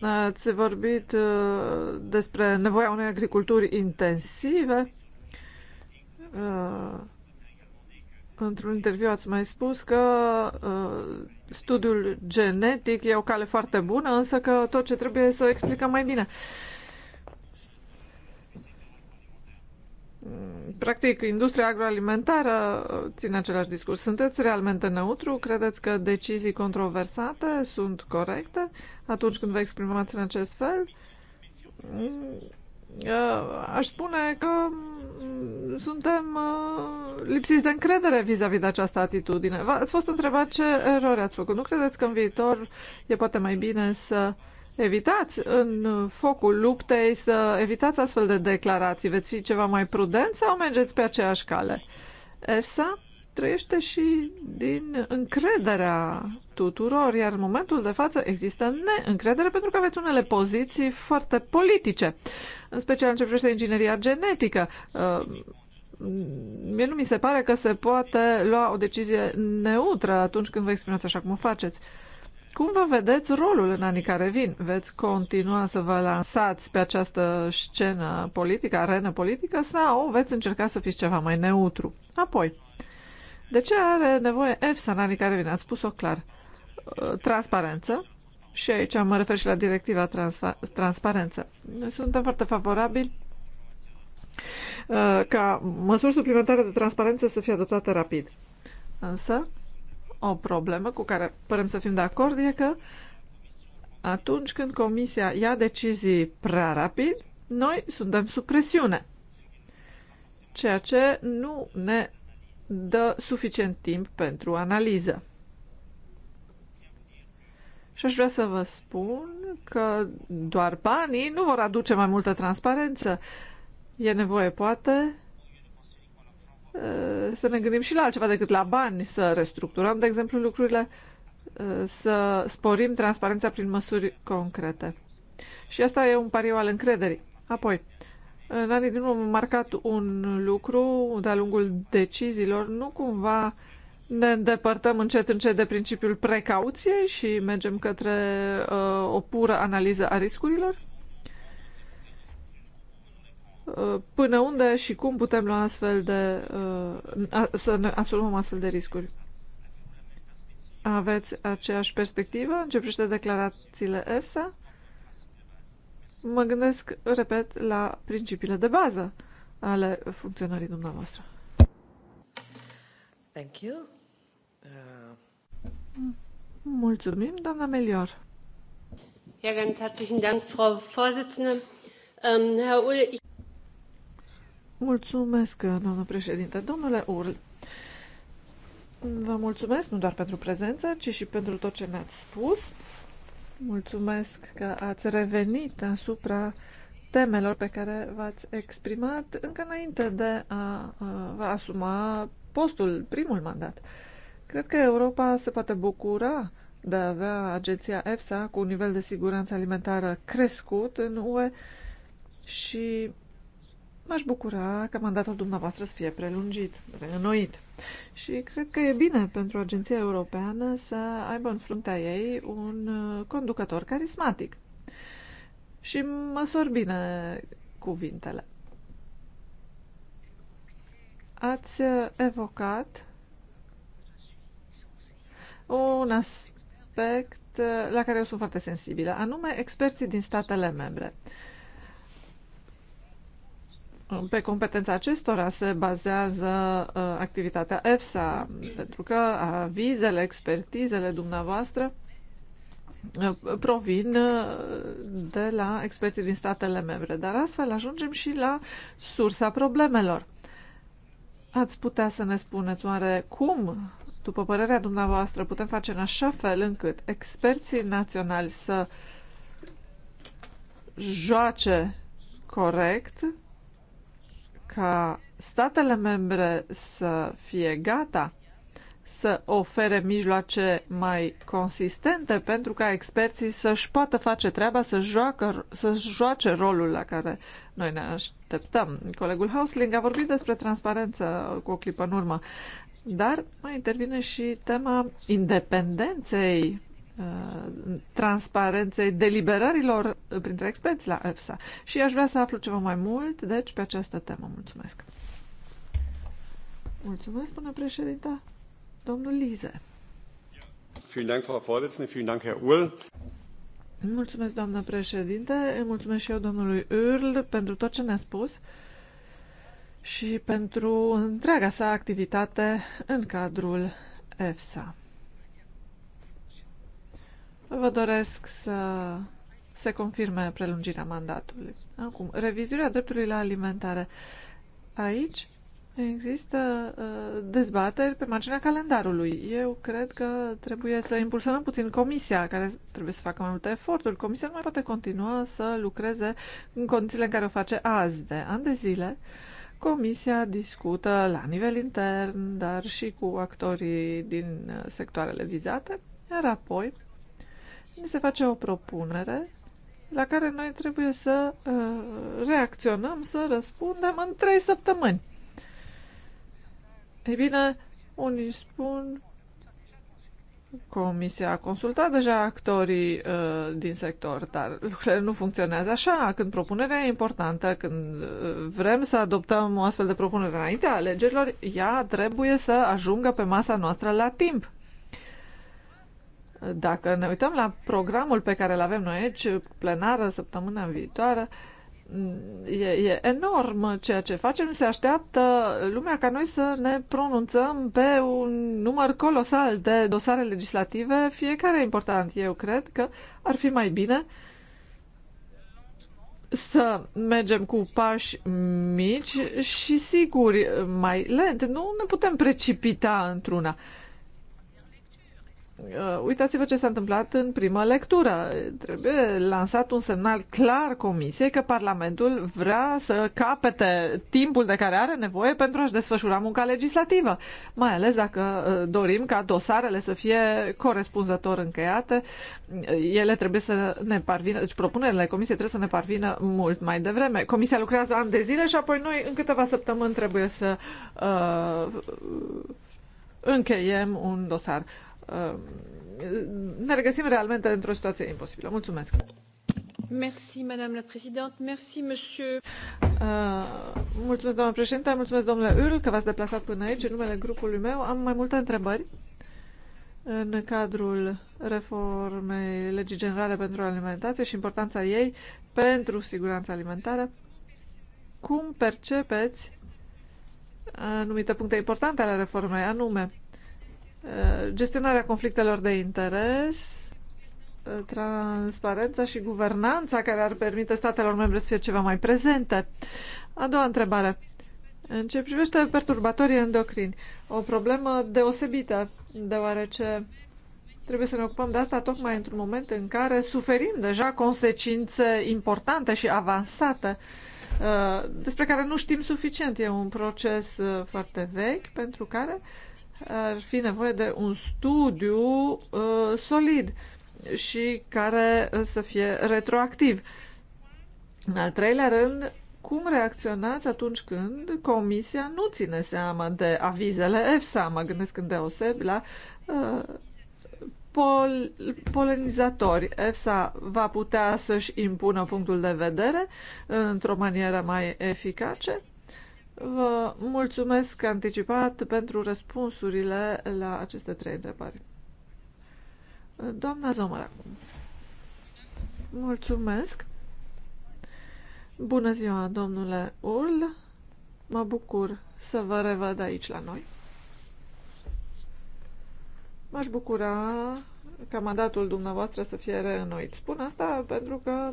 Ați vorbit eh, despre nevoia unei agriculturi intensive. Eh, într-un interviu ați mai spus că studiul genetic e o cale foarte bună, însă că tot ce trebuie să explicăm mai bine. practic, industria agroalimentară uh, ține același discurs. Sunteți realmente neutru? Credeți că decizii controversate sunt corecte atunci când vă exprimați în acest fel? Mm, uh, aș spune că mm, suntem uh, lipsiți de încredere vis-a-vis -vis de această atitudine. Ați fost întrebat ce erori ați făcut. Nu credeți că în viitor e poate mai bine să uh, evitați în focul luptei să evitați astfel de declarații? Veți fi ceva mai prudent sau mergeți pe aceeași cale? EFSA trăiește și din încrederea tuturor, iar în momentul de față există neîncredere pentru că aveți unele poziții foarte politice, în special în ce privește ingineria genetică. Uh, mie nu mi se pare că se poate lua o decizie neutră atunci când vă exprimați așa cum o faceți. Cum vă vedeți rolul în anii care vin? Veți continua să vă lansați pe această scenă politică, arenă politică sau veți încerca să fiți ceva mai neutru? Apoi, de ce are nevoie EFSA în anii care vin? Ați spus-o clar. Uh, transparență, și aici mă refer și la directiva transparență. Noi suntem foarte favorabili uh, ca măsuri suplimentare de transparență să fie adoptate rapid. Însă, o problemă cu care părem să fim de acord e că atunci când Comisia ia decizii prea rapid, noi suntem sub presiune, ceea ce nu ne dă suficient timp pentru analiză. Și aș vrea să vă spun că doar banii nu vor aduce mai multă transparență. E nevoie, poate, Eh, să ne gândim și la altceva decât la bani, să restructurăm, de exemplu, lucrurile, eh, să sporim transparența prin măsuri concrete. Și asta e un pariu al încrederii. Apoi, în anii din urmă am marcat un lucru de-a lungul deciziilor, nu cumva ne îndepărtăm încet încet de principiul precauției și mergem către uh, o pură analiză a riscurilor? Uh, până unde și cum putem lua astfel de, uh, să ne asumăm astfel de riscuri. Aveți aceeași perspectivă în ce privește declarațiile EFSA? Mă gândesc, repet, la principiile de bază ale funcționării dumneavoastră. Thank you. Uh... Mulțumim, doamna Melior. Ja, ganz herzlichen Dank, Frau Vorsitzende. Um, Herr Ull, ich Mulțumesc, doamnă președinte. Domnule Url, vă mulțumesc nu doar pentru prezență, ci și pentru tot ce ne-ați spus. Mulțumesc că ați revenit asupra temelor pe care v-ați exprimat încă înainte de a vă asuma postul, primul mandat. Cred că Europa se poate bucura de a avea agenția EFSA cu un nivel de siguranță alimentară crescut în UE și M-aș bucura că mandatul dumneavoastră să fie prelungit, reînnoit. Și cred că e bine pentru Agenția Europeană să aibă în fruntea ei un uh, conducător carismatic. Și măsor bine cuvintele. Ați uh, evocat un aspect uh, la care eu sunt foarte sensibilă, anume experții din statele membre pe competența acestora se bazează uh, activitatea EFSA, pentru că uh, avizele, expertizele dumneavoastră uh, provin uh, de la experții din statele membre. Dar astfel ajungem și la sursa problemelor. Ați putea să ne spuneți oare cum, după părerea dumneavoastră, putem face în așa fel încât experții naționali să joace corect ca statele membre să fie gata să ofere mijloace mai consistente pentru ca experții să-și poată face treaba, să joacă, să joace rolul la care noi ne așteptăm. Colegul Hausling a vorbit despre transparență cu o clipă în urmă, dar mai intervine și tema independenței Uh, transparenței deliberărilor printre experți la EFSA. Și aș vrea să aflu ceva mai mult, deci, pe această temă. Mulțumesc. Mulțumesc, până președinta. Domnul Lize. Mulțumesc, doamnă președinte. Îi mulțumesc și eu domnului Url pentru tot ce ne-a spus și pentru întreaga sa activitate în cadrul EFSA. Vă doresc să se confirme prelungirea mandatului. Acum, revizuirea dreptului la alimentare. Aici există uh, dezbateri pe marginea calendarului. Eu cred că trebuie să impulsionăm puțin comisia, care trebuie să facă mai multe eforturi. Comisia nu mai poate continua să lucreze în condițiile în care o face azi, de ani de zile. Comisia discută la nivel intern, dar și cu actorii din uh, sectoarele vizate, iar apoi ni se face o propunere la care noi trebuie să uh, reacționăm, să răspundem în trei săptămâni. Ei bine, unii spun Comisia a consultat deja actorii uh, din sector, dar lucrurile nu funcționează așa. Când propunerea e importantă, când uh, vrem să adoptăm o astfel de propunere înainte alegerilor, ea trebuie să ajungă pe masa noastră la timp. Dacă ne uităm la programul pe care îl avem noi aici, plenară săptămâna viitoare, e, e enorm ceea ce facem. Se așteaptă lumea ca noi să ne pronunțăm pe un număr colosal de dosare legislative, fiecare important. Eu cred că ar fi mai bine să mergem cu pași mici și siguri mai lent. Nu ne putem precipita într-una. Uh, uitați-vă ce s-a întâmplat în prima lectură. Trebuie lansat un semnal clar Comisiei că Parlamentul vrea să capete timpul de care are nevoie pentru a-și desfășura munca legislativă, mai ales dacă uh, dorim ca dosarele să fie corespunzător încheiate. Uh, ele trebuie să ne parvină, deci propunerile Comisiei trebuie să ne parvină mult mai devreme. Comisia lucrează ani de zile și apoi noi în câteva săptămâni trebuie să uh, încheiem un dosar. Ehm, ne regăsim realmente într-o situație imposibilă. Mulțumesc! Merci, Madame la Présidente. Merci, Monsieur. Uh, mulțumesc, doamnă președinte. Mulțumesc, domnule Url, că v-ați deplasat până aici. În numele grupului meu am mai multe întrebări în cadrul reformei legii generale pentru alimentație și importanța ei pentru siguranța alimentară. Cum percepeți anumite puncte importante ale reformei, anume Eh, gestionarea conflictelor de interes, eh, transparența și guvernanța care ar permite statelor membre să fie ceva mai prezente. A doua întrebare. În ce privește perturbatorii endocrini, o problemă deosebită, deoarece trebuie să ne ocupăm de asta tocmai într-un moment în care suferim deja consecințe importante și avansate eh, despre care nu știm suficient. E un proces foarte vechi pentru care ar fi nevoie de un studiu uh, solid și care uh, să fie retroactiv. În al treilea rând, cum reacționați atunci când Comisia nu ține seama de avizele EFSA? Mă gândesc în deoseb la uh, pol polenizatori. EFSA va putea să-și impună punctul de vedere uh, într-o manieră mai eficace Vă mulțumesc anticipat pentru răspunsurile la aceste trei întrebări. Doamna Zomăr acum. Mulțumesc. Bună ziua, domnule Url. Mă bucur să vă revăd aici la noi. M-aș bucura ca mandatul dumneavoastră să fie reînnoit. Spun asta pentru că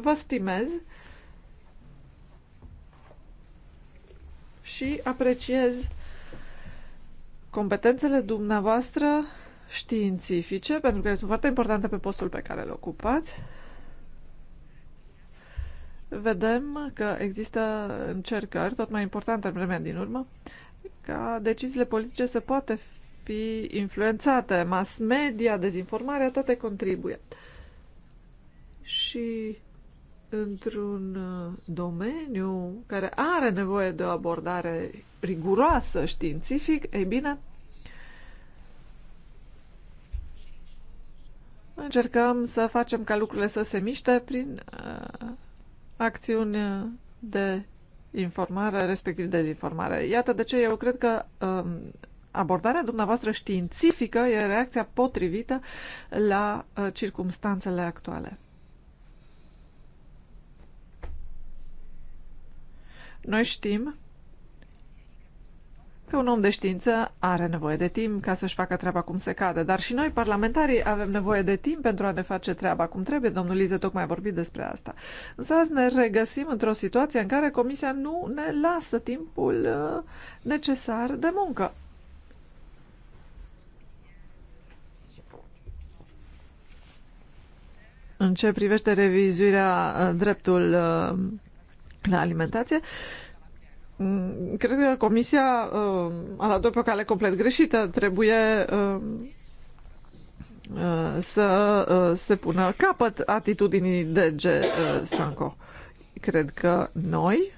vă stimez și apreciez competențele dumneavoastră științifice, pentru că ele sunt foarte importante pe postul pe care îl ocupați. Vedem că există încercări tot mai importante în vremea din urmă ca deciziile politice să poate fi influențate. Mass media, dezinformarea, toate contribuie. Și într-un uh, domeniu care are nevoie de o abordare riguroasă științific, ei bine, încercăm să facem ca lucrurile să se miște prin uh, acțiuni de informare, respectiv dezinformare. Iată de ce eu cred că um, abordarea dumneavoastră științifică e reacția potrivită la uh, circumstanțele actuale. Noi știm că un om de știință are nevoie de timp ca să-și facă treaba cum se cade, dar și noi, parlamentarii, avem nevoie de timp pentru a ne face treaba cum trebuie. Domnul Lize tocmai a vorbit despre asta. Însă azi ne regăsim într-o situație în care Comisia nu ne lasă timpul uh, necesar de muncă. În ce privește revizuirea uh, dreptul uh, la alimentație, mm, cred că Comisia uh, a luat-o pe o cale complet greșită. Trebuie uh, uh să uh, se pună capăt atitudinii DG uh, Sanco. Cred că noi,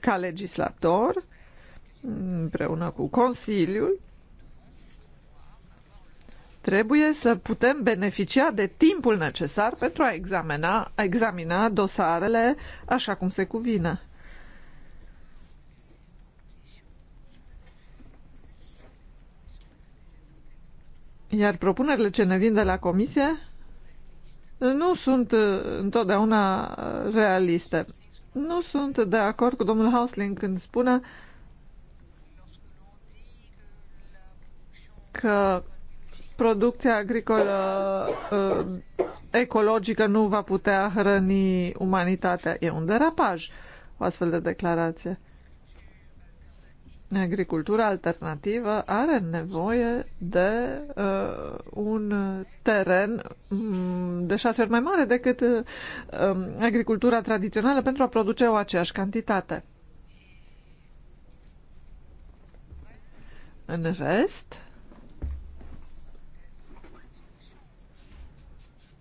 ca legislator, împreună cu Consiliul, Trebuie să putem beneficia de timpul necesar pentru a examina, a examina dosarele așa cum se cuvine. Iar propunerile ce ne vin de la comisie nu sunt uh, întotdeauna uh, realiste. Nu sunt de acord cu domnul Hausling când spune că producția agricolă uh, ecologică nu va putea hrăni umanitatea. E un derapaj o astfel de declarație. Agricultura alternativă are nevoie de uh, un teren mm, de șase ori mai mare decât uh, um, agricultura tradițională pentru a produce o aceeași cantitate. În rest,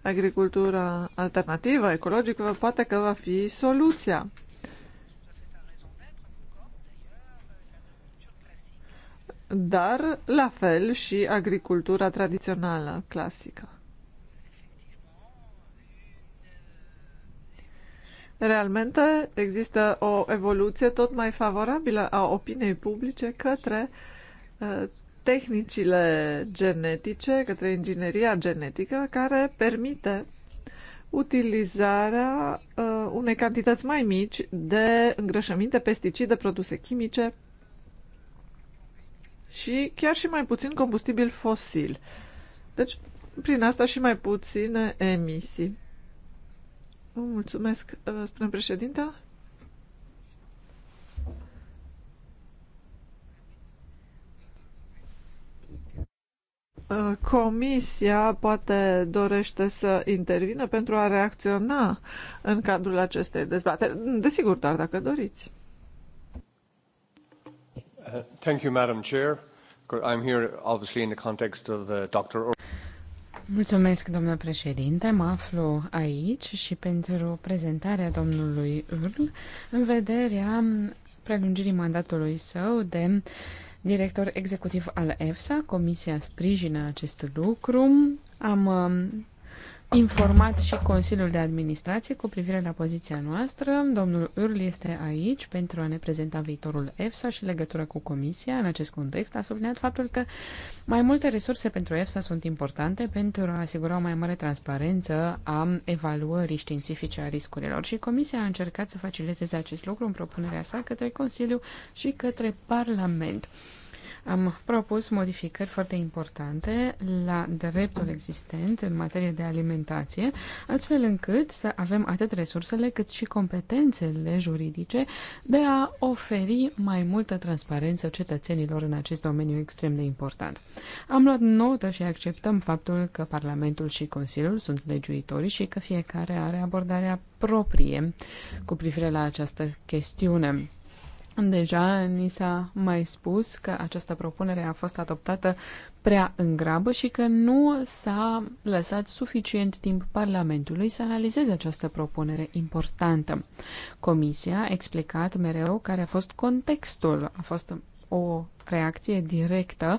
agricultura alternativă, ecologică, poate că va fi soluția. Dar, la fel, și agricultura tradițională, clasică. Realmente există o evoluție tot mai favorabilă a opiniei publice către uh, tehnicile genetice, către ingineria genetică, care permite utilizarea uh, unei cantități mai mici de îngrășăminte, pesticide, produse chimice și chiar și mai puțin combustibil fosil. Deci, prin asta și mai puține emisii. Vă mulțumesc, uh, spune președinta. Uh, comisia poate dorește să intervină pentru a reacționa în cadrul acestei dezbateri. Desigur, doar dacă doriți. Uh, thank you, Madam Chair. I'm here, obviously, in the context of uh, Dr. Or Mulțumesc, domnule președinte. Mă aflu aici și pentru prezentarea domnului Url în vederea prelungirii mandatului său de uh, director executiv al EFSA. Comisia sprijină acest lucru. Am um, informat și Consiliul de Administrație cu privire la poziția noastră. Domnul Url este aici pentru a ne prezenta viitorul EFSA și legătura cu Comisia. În acest context a subliniat faptul că mai multe resurse pentru EFSA sunt importante pentru a asigura o mai mare transparență a evaluării științifice a riscurilor și Comisia a încercat să faciliteze acest lucru în propunerea sa către Consiliu și către Parlament. Am propus modificări foarte importante la dreptul existent în materie de alimentație, astfel încât să avem atât resursele cât și competențele juridice de a oferi mai multă transparență cetățenilor în acest domeniu extrem de important. Am luat notă și acceptăm faptul că Parlamentul și Consiliul sunt legiuitori și că fiecare are abordarea proprie cu privire la această chestiune. Deja ni s-a mai spus că această propunere a fost adoptată prea îngrabă și că nu s-a lăsat suficient timp Parlamentului să analizeze această propunere importantă. Comisia a explicat mereu care a fost contextul. A fost o reacție directă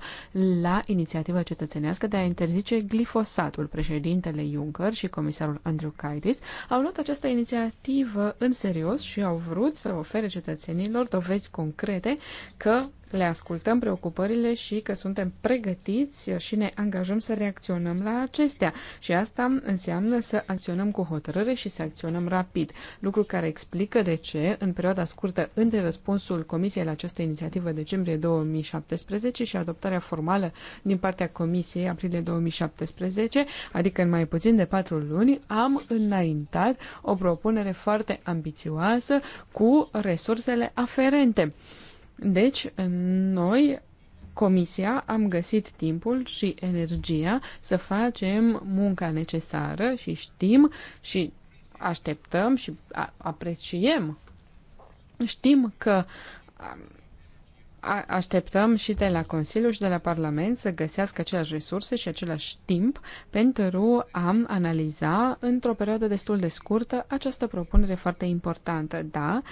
la inițiativa cetățenească de a interzice glifosatul. Președintele Juncker și comisarul Andrew Kaitis au luat această inițiativă în serios și au vrut să ofere cetățenilor dovezi concrete că le ascultăm preocupările și că suntem pregătiți și ne angajăm să reacționăm la acestea. Și asta înseamnă să acționăm cu hotărâre și să acționăm rapid, lucru care explică de ce, în perioada scurtă între răspunsul Comisiei la această inițiativă decembrie 2017 și adoptarea formală din partea Comisiei aprilie 2017, adică în mai puțin de patru luni, am înaintat o propunere foarte ambițioasă cu resursele aferente. Deci, noi, Comisia, am găsit timpul și energia să facem munca necesară și știm și așteptăm și apreciem. Știm că așteptăm și de la Consiliu și de la Parlament să găsească aceleași resurse și același timp pentru a analiza într-o perioadă destul de scurtă această propunere foarte importantă. Da,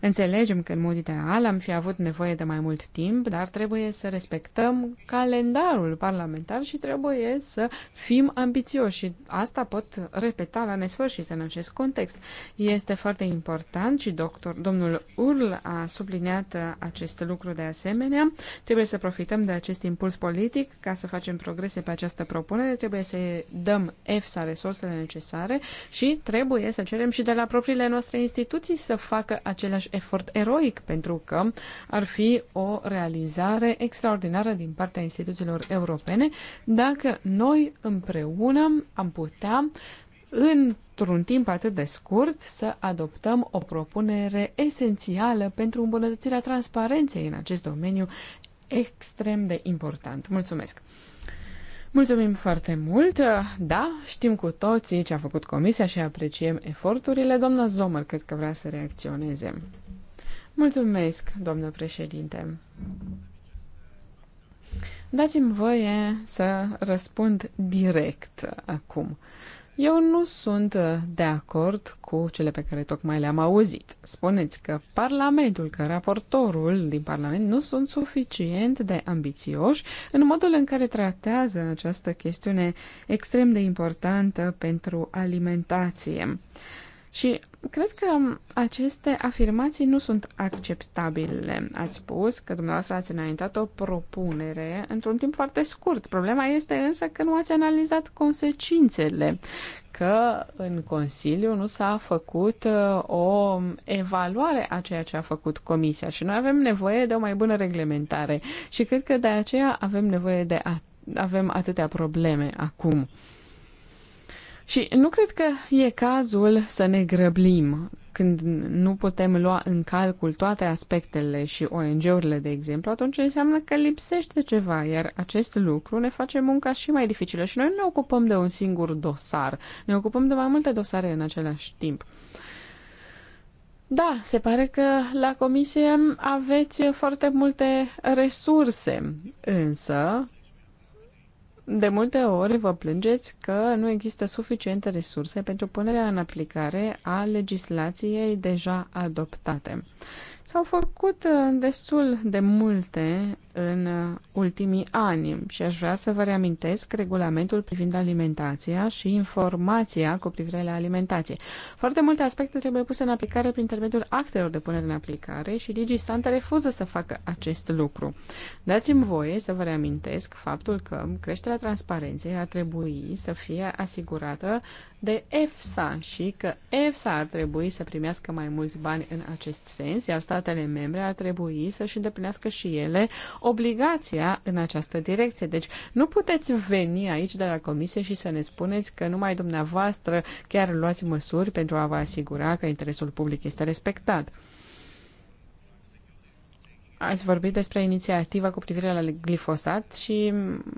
înțelegem că în mod ideal am fi avut nevoie de mai mult timp, dar trebuie să respectăm calendarul parlamentar și trebuie să fim ambițioși și asta pot repeta la nesfârșit în acest context. Este foarte important și doctor, domnul Url a subliniat acest lucru de asemenea, trebuie să profităm de acest impuls politic ca să facem progrese pe această propunere, trebuie să dăm EFSA resursele necesare și trebuie să cerem și de la propriile noastre instituții să facă același efort eroic, pentru că ar fi o realizare extraordinară din partea instituțiilor europene dacă noi împreună am putea într-un timp atât de scurt, să adoptăm o propunere esențială pentru îmbunătățirea transparenței în acest domeniu extrem de important. Mulțumesc! Mulțumim foarte mult! Da, știm cu toții ce a făcut comisia și apreciem eforturile. Doamna Zomăr, cred că vrea să reacționeze. Mulțumesc, doamnă președinte! Dați-mi voie să răspund direct acum. Eu nu sunt uh, de acord cu cele pe care tocmai le-am auzit. Spuneți că Parlamentul, că raportorul din Parlament nu sunt suficient de ambițioși în modul în care tratează această chestiune extrem de importantă pentru alimentație. Și Cred că aceste afirmații nu sunt acceptabile. Ați spus că dumneavoastră ați înaintat o propunere într-un timp foarte scurt. Problema este însă că nu ați analizat consecințele, că în Consiliu nu s-a făcut uh, o evaluare a ceea ce a făcut Comisia și noi avem nevoie de o mai bună reglementare și cred că de aceea avem nevoie de a- avem atâtea probleme acum. Și nu cred că e cazul să ne grăblim când nu putem lua în calcul toate aspectele și ONG-urile, de exemplu, atunci înseamnă că lipsește ceva, iar acest lucru ne face munca și mai dificilă și noi nu ne ocupăm de un singur dosar, ne ocupăm de mai multe dosare în același timp. Da, se pare că la comisie aveți foarte multe resurse, însă de multe ori vă plângeți că nu există suficiente resurse pentru punerea în aplicare a legislației deja adoptate. S-au făcut uh, destul de multe în uh, ultimii ani și aș vrea să vă reamintesc regulamentul privind alimentația și informația cu privire la alimentație. Foarte multe aspecte trebuie puse în aplicare prin intermediul actelor de punere în aplicare și DigiSanta refuză să facă acest lucru. Dați-mi voie să vă reamintesc faptul că creșterea transparenței ar trebui să fie asigurată de EFSA și că EFSA ar trebui să primească mai mulți bani în acest sens, iar statele membre ar trebui să-și îndeplinească și ele obligația în această direcție. Deci nu puteți veni aici de la comisie și să ne spuneți că numai dumneavoastră chiar luați măsuri pentru a vă asigura că interesul public este respectat. Ați vorbit despre inițiativa cu privire la glifosat și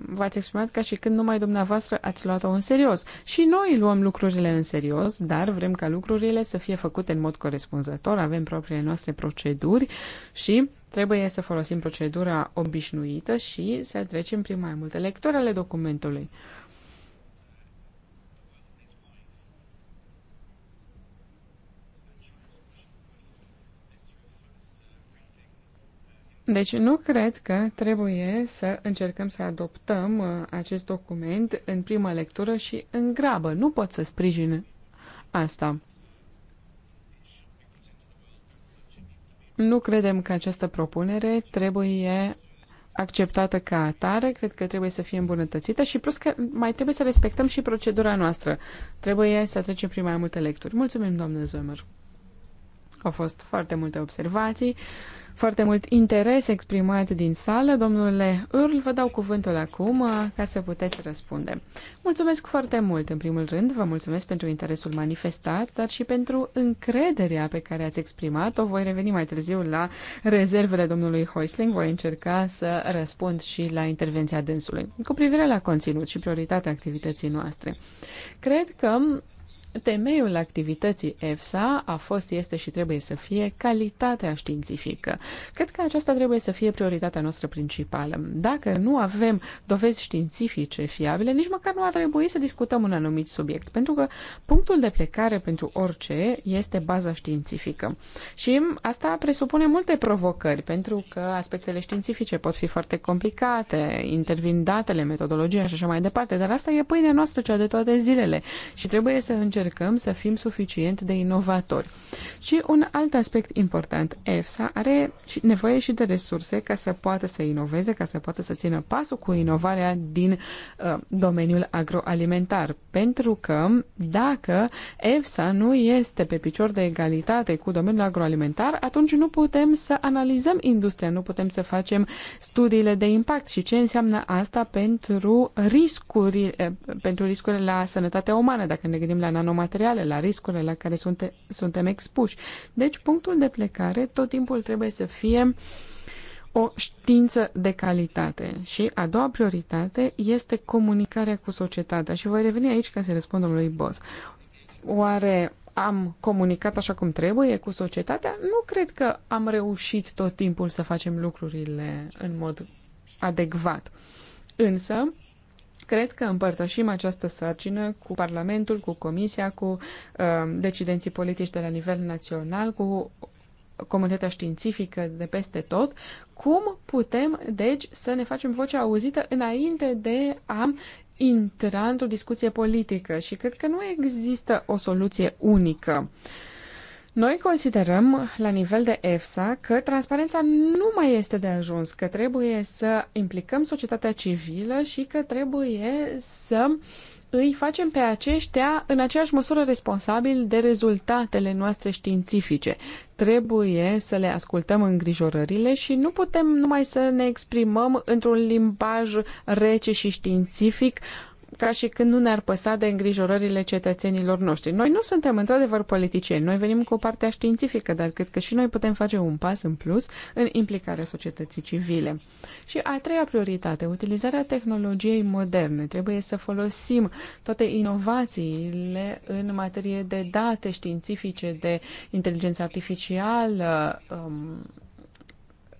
v-ați exprimat ca și când numai dumneavoastră ați luat-o în serios. Și noi luăm lucrurile în serios, dar vrem ca lucrurile să fie făcute în mod corespunzător, avem propriile noastre proceduri și Trebuie să folosim procedura obișnuită și să trecem prin mai multe lecturi ale documentului. Deci nu cred că trebuie să încercăm să adoptăm uh, acest document în prima lectură și în grabă. Nu pot să sprijin asta. Nu credem că această propunere trebuie acceptată ca atare, cred că trebuie să fie îmbunătățită și plus că mai trebuie să respectăm și procedura noastră. Trebuie să trecem prin mai multe lecturi. Mulțumim, doamnă Zömer. Au fost foarte multe observații, foarte mult interes exprimat din sală. Domnule Url, vă dau cuvântul acum uh, ca să puteți răspunde. Mulțumesc foarte mult, în primul rând, vă mulțumesc pentru interesul manifestat, dar și pentru încrederea pe care ați exprimat-o. Voi reveni mai târziu la rezervele domnului Hoisling, voi încerca să răspund și la intervenția dânsului. Cu privire la conținut și prioritatea activității noastre, cred că Temeiul activității EFSA a fost, este și trebuie să fie calitatea științifică. Cred că aceasta trebuie să fie prioritatea noastră principală. Dacă nu avem dovezi științifice fiabile, nici măcar nu ar trebui să discutăm un anumit subiect, pentru că punctul de plecare pentru orice este baza științifică. Și asta presupune multe provocări, pentru că aspectele științifice pot fi foarte complicate, intervin datele, metodologia și așa mai departe, dar asta e pâinea noastră cea de toate zilele și trebuie să încercăm încercăm să fim suficient de inovatori. Și un alt aspect important, EFSA are nevoie și de resurse ca să poată să inoveze, ca să poată să țină pasul cu inovarea din uh, domeniul agroalimentar. Pentru că dacă EFSA nu este pe picior de egalitate cu domeniul agroalimentar, atunci nu putem să analizăm industria, nu putem să facem studiile de impact și ce înseamnă asta pentru riscuri, uh, pentru riscurile la sănătatea umană, dacă ne gândim la nano materiale, la riscurile la care sunte, suntem expuși. Deci, punctul de plecare tot timpul trebuie să fie o știință de calitate. Și a doua prioritate este comunicarea cu societatea. Și voi reveni aici ca să răspundem lui Boss. Oare am comunicat așa cum trebuie cu societatea? Nu cred că am reușit tot timpul să facem lucrurile în mod adecvat. Însă, Cred că împărtășim această sarcină cu Parlamentul, cu Comisia, cu uh, decidenții politici de la nivel național, cu comunitatea științifică de peste tot, cum putem, deci, să ne facem vocea auzită înainte de a intra într-o discuție politică și cred că nu există o soluție unică. Uh, noi considerăm la nivel de EFSA că transparența nu mai este de ajuns, că trebuie să implicăm societatea civilă și că trebuie să îi facem pe aceștia în aceeași măsură responsabili de rezultatele noastre științifice. Trebuie să le ascultăm îngrijorările și nu putem numai să ne exprimăm într-un limbaj rece și științific, uh, ca și când nu ne-ar păsa de îngrijorările cetățenilor noștri. Noi nu suntem într-adevăr politicieni, noi venim cu o partea științifică, dar cred că și noi putem face un pas în plus în implicarea societății civile. Și a treia prioritate, utilizarea tehnologiei moderne. Trebuie să folosim toate inovațiile în materie de date științifice, de inteligență artificială, um,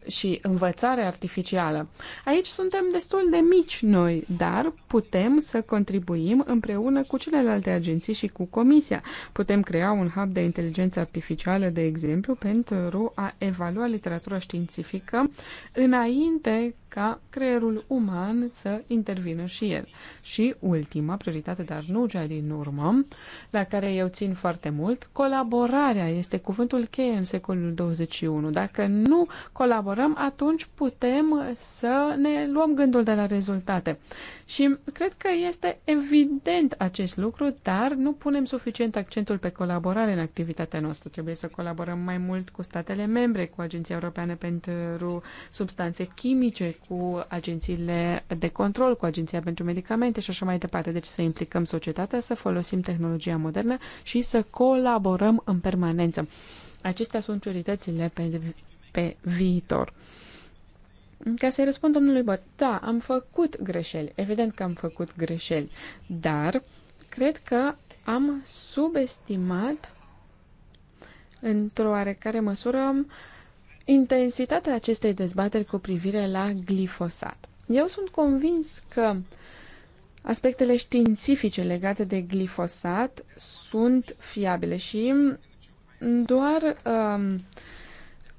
și învățare artificială. Aici suntem destul de mici noi, dar putem să contribuim împreună cu celelalte agenții și cu Comisia. Putem crea un hub de inteligență artificială, de exemplu, pentru a evalua literatura științifică înainte ca creierul uman să intervină și el. Și ultima prioritate, dar nu cea din urmă, la care eu țin foarte mult, colaborarea este cuvântul cheie în secolul 21. Dacă nu colaborăm, atunci putem să ne luăm gândul de la rezultate. Și cred că este evident acest lucru, dar nu punem suficient accentul pe colaborare în activitatea noastră. Trebuie să colaborăm mai mult cu statele membre, cu Agenția Europeană pentru Substanțe Chimice, cu agențiile de control, cu Agenția pentru Medicamente și așa mai departe. Deci să implicăm societatea, să folosim tehnologia modernă și să colaborăm în permanență. Acestea sunt prioritățile pe, pe viitor. Ca să-i răspund domnului Băt, da, am făcut greșeli, evident că am făcut greșeli, dar cred că am subestimat într-o oarecare măsură uh, intensitatea acestei dezbateri cu privire la glifosat. Eu sunt convins că aspectele științifice legate de glifosat sunt fiabile și doar uh,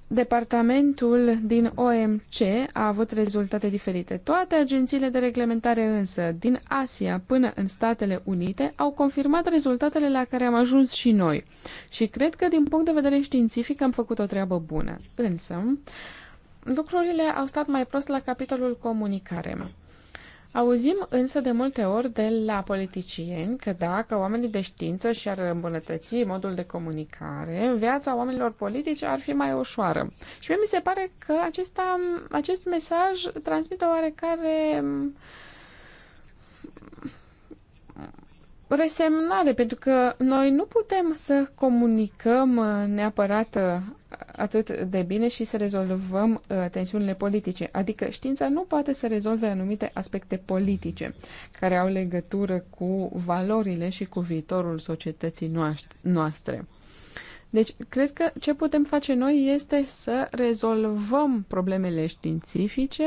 Departamentul din OMC a avut rezultate diferite. Toate agențiile de reglementare însă, din Asia până în Statele Unite, au confirmat rezultatele la care am ajuns și noi. Și cred că, din punct de vedere științific, am făcut o treabă bună. Însă, lucrurile au stat mai prost la capitolul comunicare. Auzim însă de multe ori de la politicieni că dacă oamenii de știință și-ar îmbunătăți modul de comunicare, viața oamenilor politici ar fi mai ușoară. Și mie mi se pare că acesta, acest mesaj transmite oarecare resemnare, pentru că noi nu putem să comunicăm uh, neapărat uh, atât de bine și să rezolvăm uh, tensiunile politice. Adică știința nu poate să rezolve anumite aspecte politice care au legătură cu valorile și cu viitorul societății noastre. Deci, cred că ce putem face noi este să rezolvăm problemele științifice,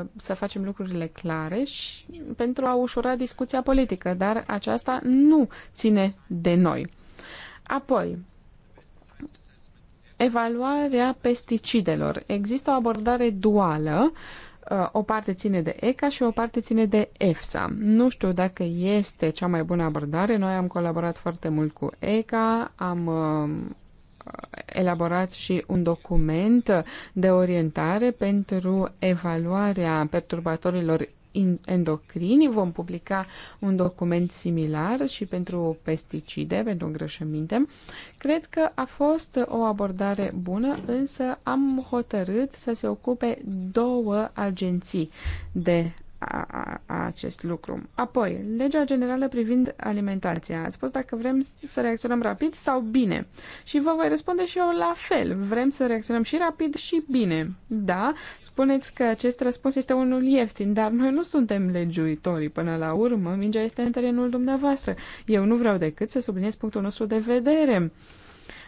ă, să facem lucrurile clare și pentru a ușura discuția politică, dar aceasta nu ține de noi. Apoi, evaluarea pesticidelor. Există o abordare duală uh, Uh, o parte ține de ECA și o parte ține de EFSA. Nu știu dacă este cea mai bună abordare. Noi am colaborat foarte mult cu ECA, am uh, elaborat și un document de orientare pentru evaluarea perturbatorilor endocrini. Vom publica un document similar și pentru pesticide, pentru îngrășăminte. Cred că a fost o abordare bună, însă am hotărât să se ocupe două agenții de a, a, a acest lucru. Apoi, legea generală privind alimentația. Ați spus dacă vrem să reacționăm rapid sau bine. Și vă voi răspunde și eu la fel. Vrem să reacționăm și rapid și bine. Da, spuneți că acest răspuns este unul ieftin, dar noi nu suntem legiuitorii. Până la urmă, mingea este în terenul dumneavoastră. Eu nu vreau decât să subliniez punctul nostru de vedere.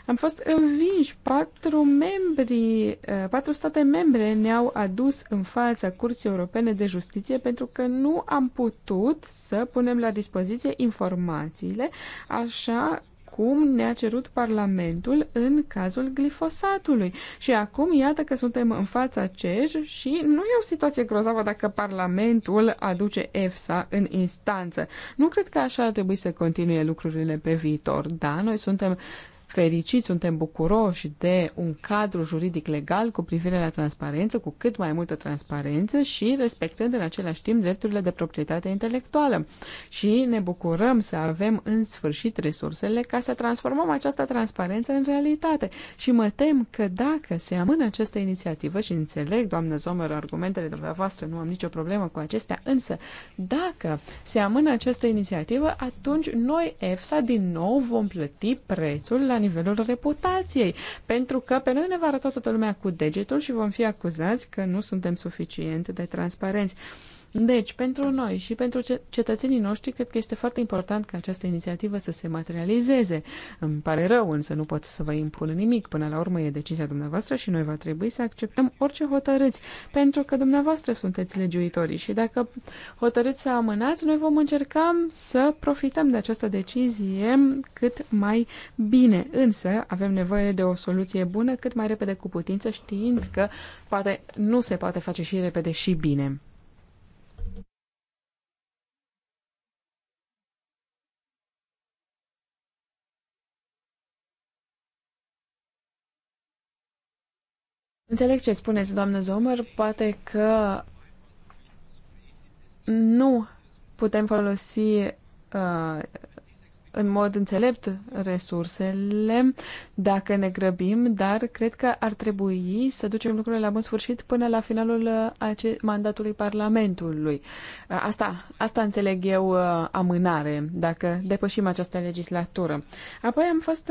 Am fost învinși. Patru, membri, eh, patru state membre ne-au adus în fața Curții Europene de Justiție pentru că nu am putut să punem la dispoziție informațiile așa cum ne-a cerut Parlamentul în cazul glifosatului. Și acum, iată că suntem în fața CEJ și nu e o situație grozavă dacă Parlamentul aduce EFSA în instanță. Nu cred că așa ar trebui să continue lucrurile pe viitor. Da, noi suntem uh, fericiți, suntem bucuroși de un cadru juridic legal cu privire la transparență, cu cât mai multă transparență și respectând în același timp drepturile de proprietate intelectuală. Și ne bucurăm să avem în sfârșit resursele ca să transformăm această transparență în realitate. Și mă tem că dacă se amână această inițiativă și înțeleg, doamnă Zomer, argumentele dumneavoastră, nu am nicio problemă cu acestea, însă dacă se amână această inițiativă, atunci noi, EFSA, din nou vom plăti prețul la la nivelul reputației, pentru că pe noi ne va arăta toată lumea cu degetul și vom fi acuzați că nu suntem suficient de transparenți. Deci, pentru noi și pentru cetățenii noștri, cred că este foarte important ca această inițiativă să se materializeze. Îmi pare rău, însă nu pot să vă impun nimic. Până la urmă e decizia dumneavoastră și noi va trebui să acceptăm orice hotărâți, pentru că dumneavoastră sunteți legiuitorii și dacă hotărâți să amânați, noi vom încerca să profităm de această decizie cât mai bine. Însă, avem nevoie de o soluție bună cât mai repede cu putință, știind că poate nu se poate face și repede și bine. Înțeleg ce spuneți, doamnă Zomer, poate că nu putem folosi uh, în mod înțelept resursele dacă ne grăbim, dar cred că ar trebui să ducem lucrurile la bun sfârșit până la finalul uh, mandatului Parlamentului. Uh, asta, asta înțeleg eu uh, amânare, dacă depășim această legislatură. Apoi am fost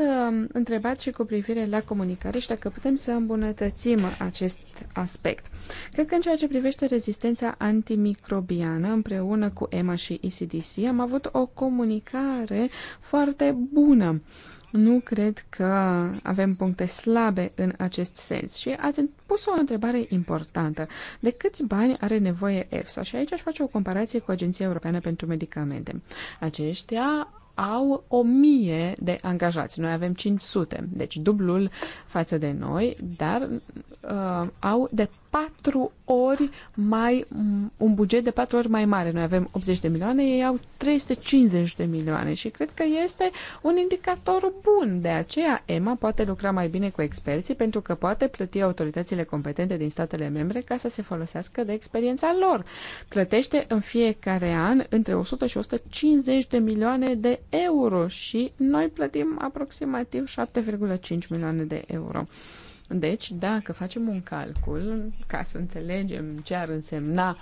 întrebat și cu privire la comunicare și dacă putem să îmbunătățim acest aspect. Cred că în ceea ce privește rezistența antimicrobiană împreună cu EMA și ECDC am avut o comunicare foarte bună. Nu cred că avem puncte slabe în acest sens. Și ați pus o întrebare importantă. De câți bani are nevoie EFSA? Și aici aș face o comparație cu Agenția Europeană pentru Medicamente. Aceștia au o mie de angajați. Noi avem 500, deci dublul față de noi, dar uh, au de patru ori mai, un buget de patru ori mai mare. Noi avem 80 de milioane, ei au 350 de milioane și cred că este un indicator bun. De aceea EMA poate lucra mai bine cu experții pentru că poate plăti autoritățile competente din statele membre ca să se folosească de experiența lor. Plătește în fiecare an între 100 și 150 de milioane de euro și noi plătim aproximativ 7,5 milioane de euro. Deci, dacă facem un calcul ca să înțelegem ce ar însemna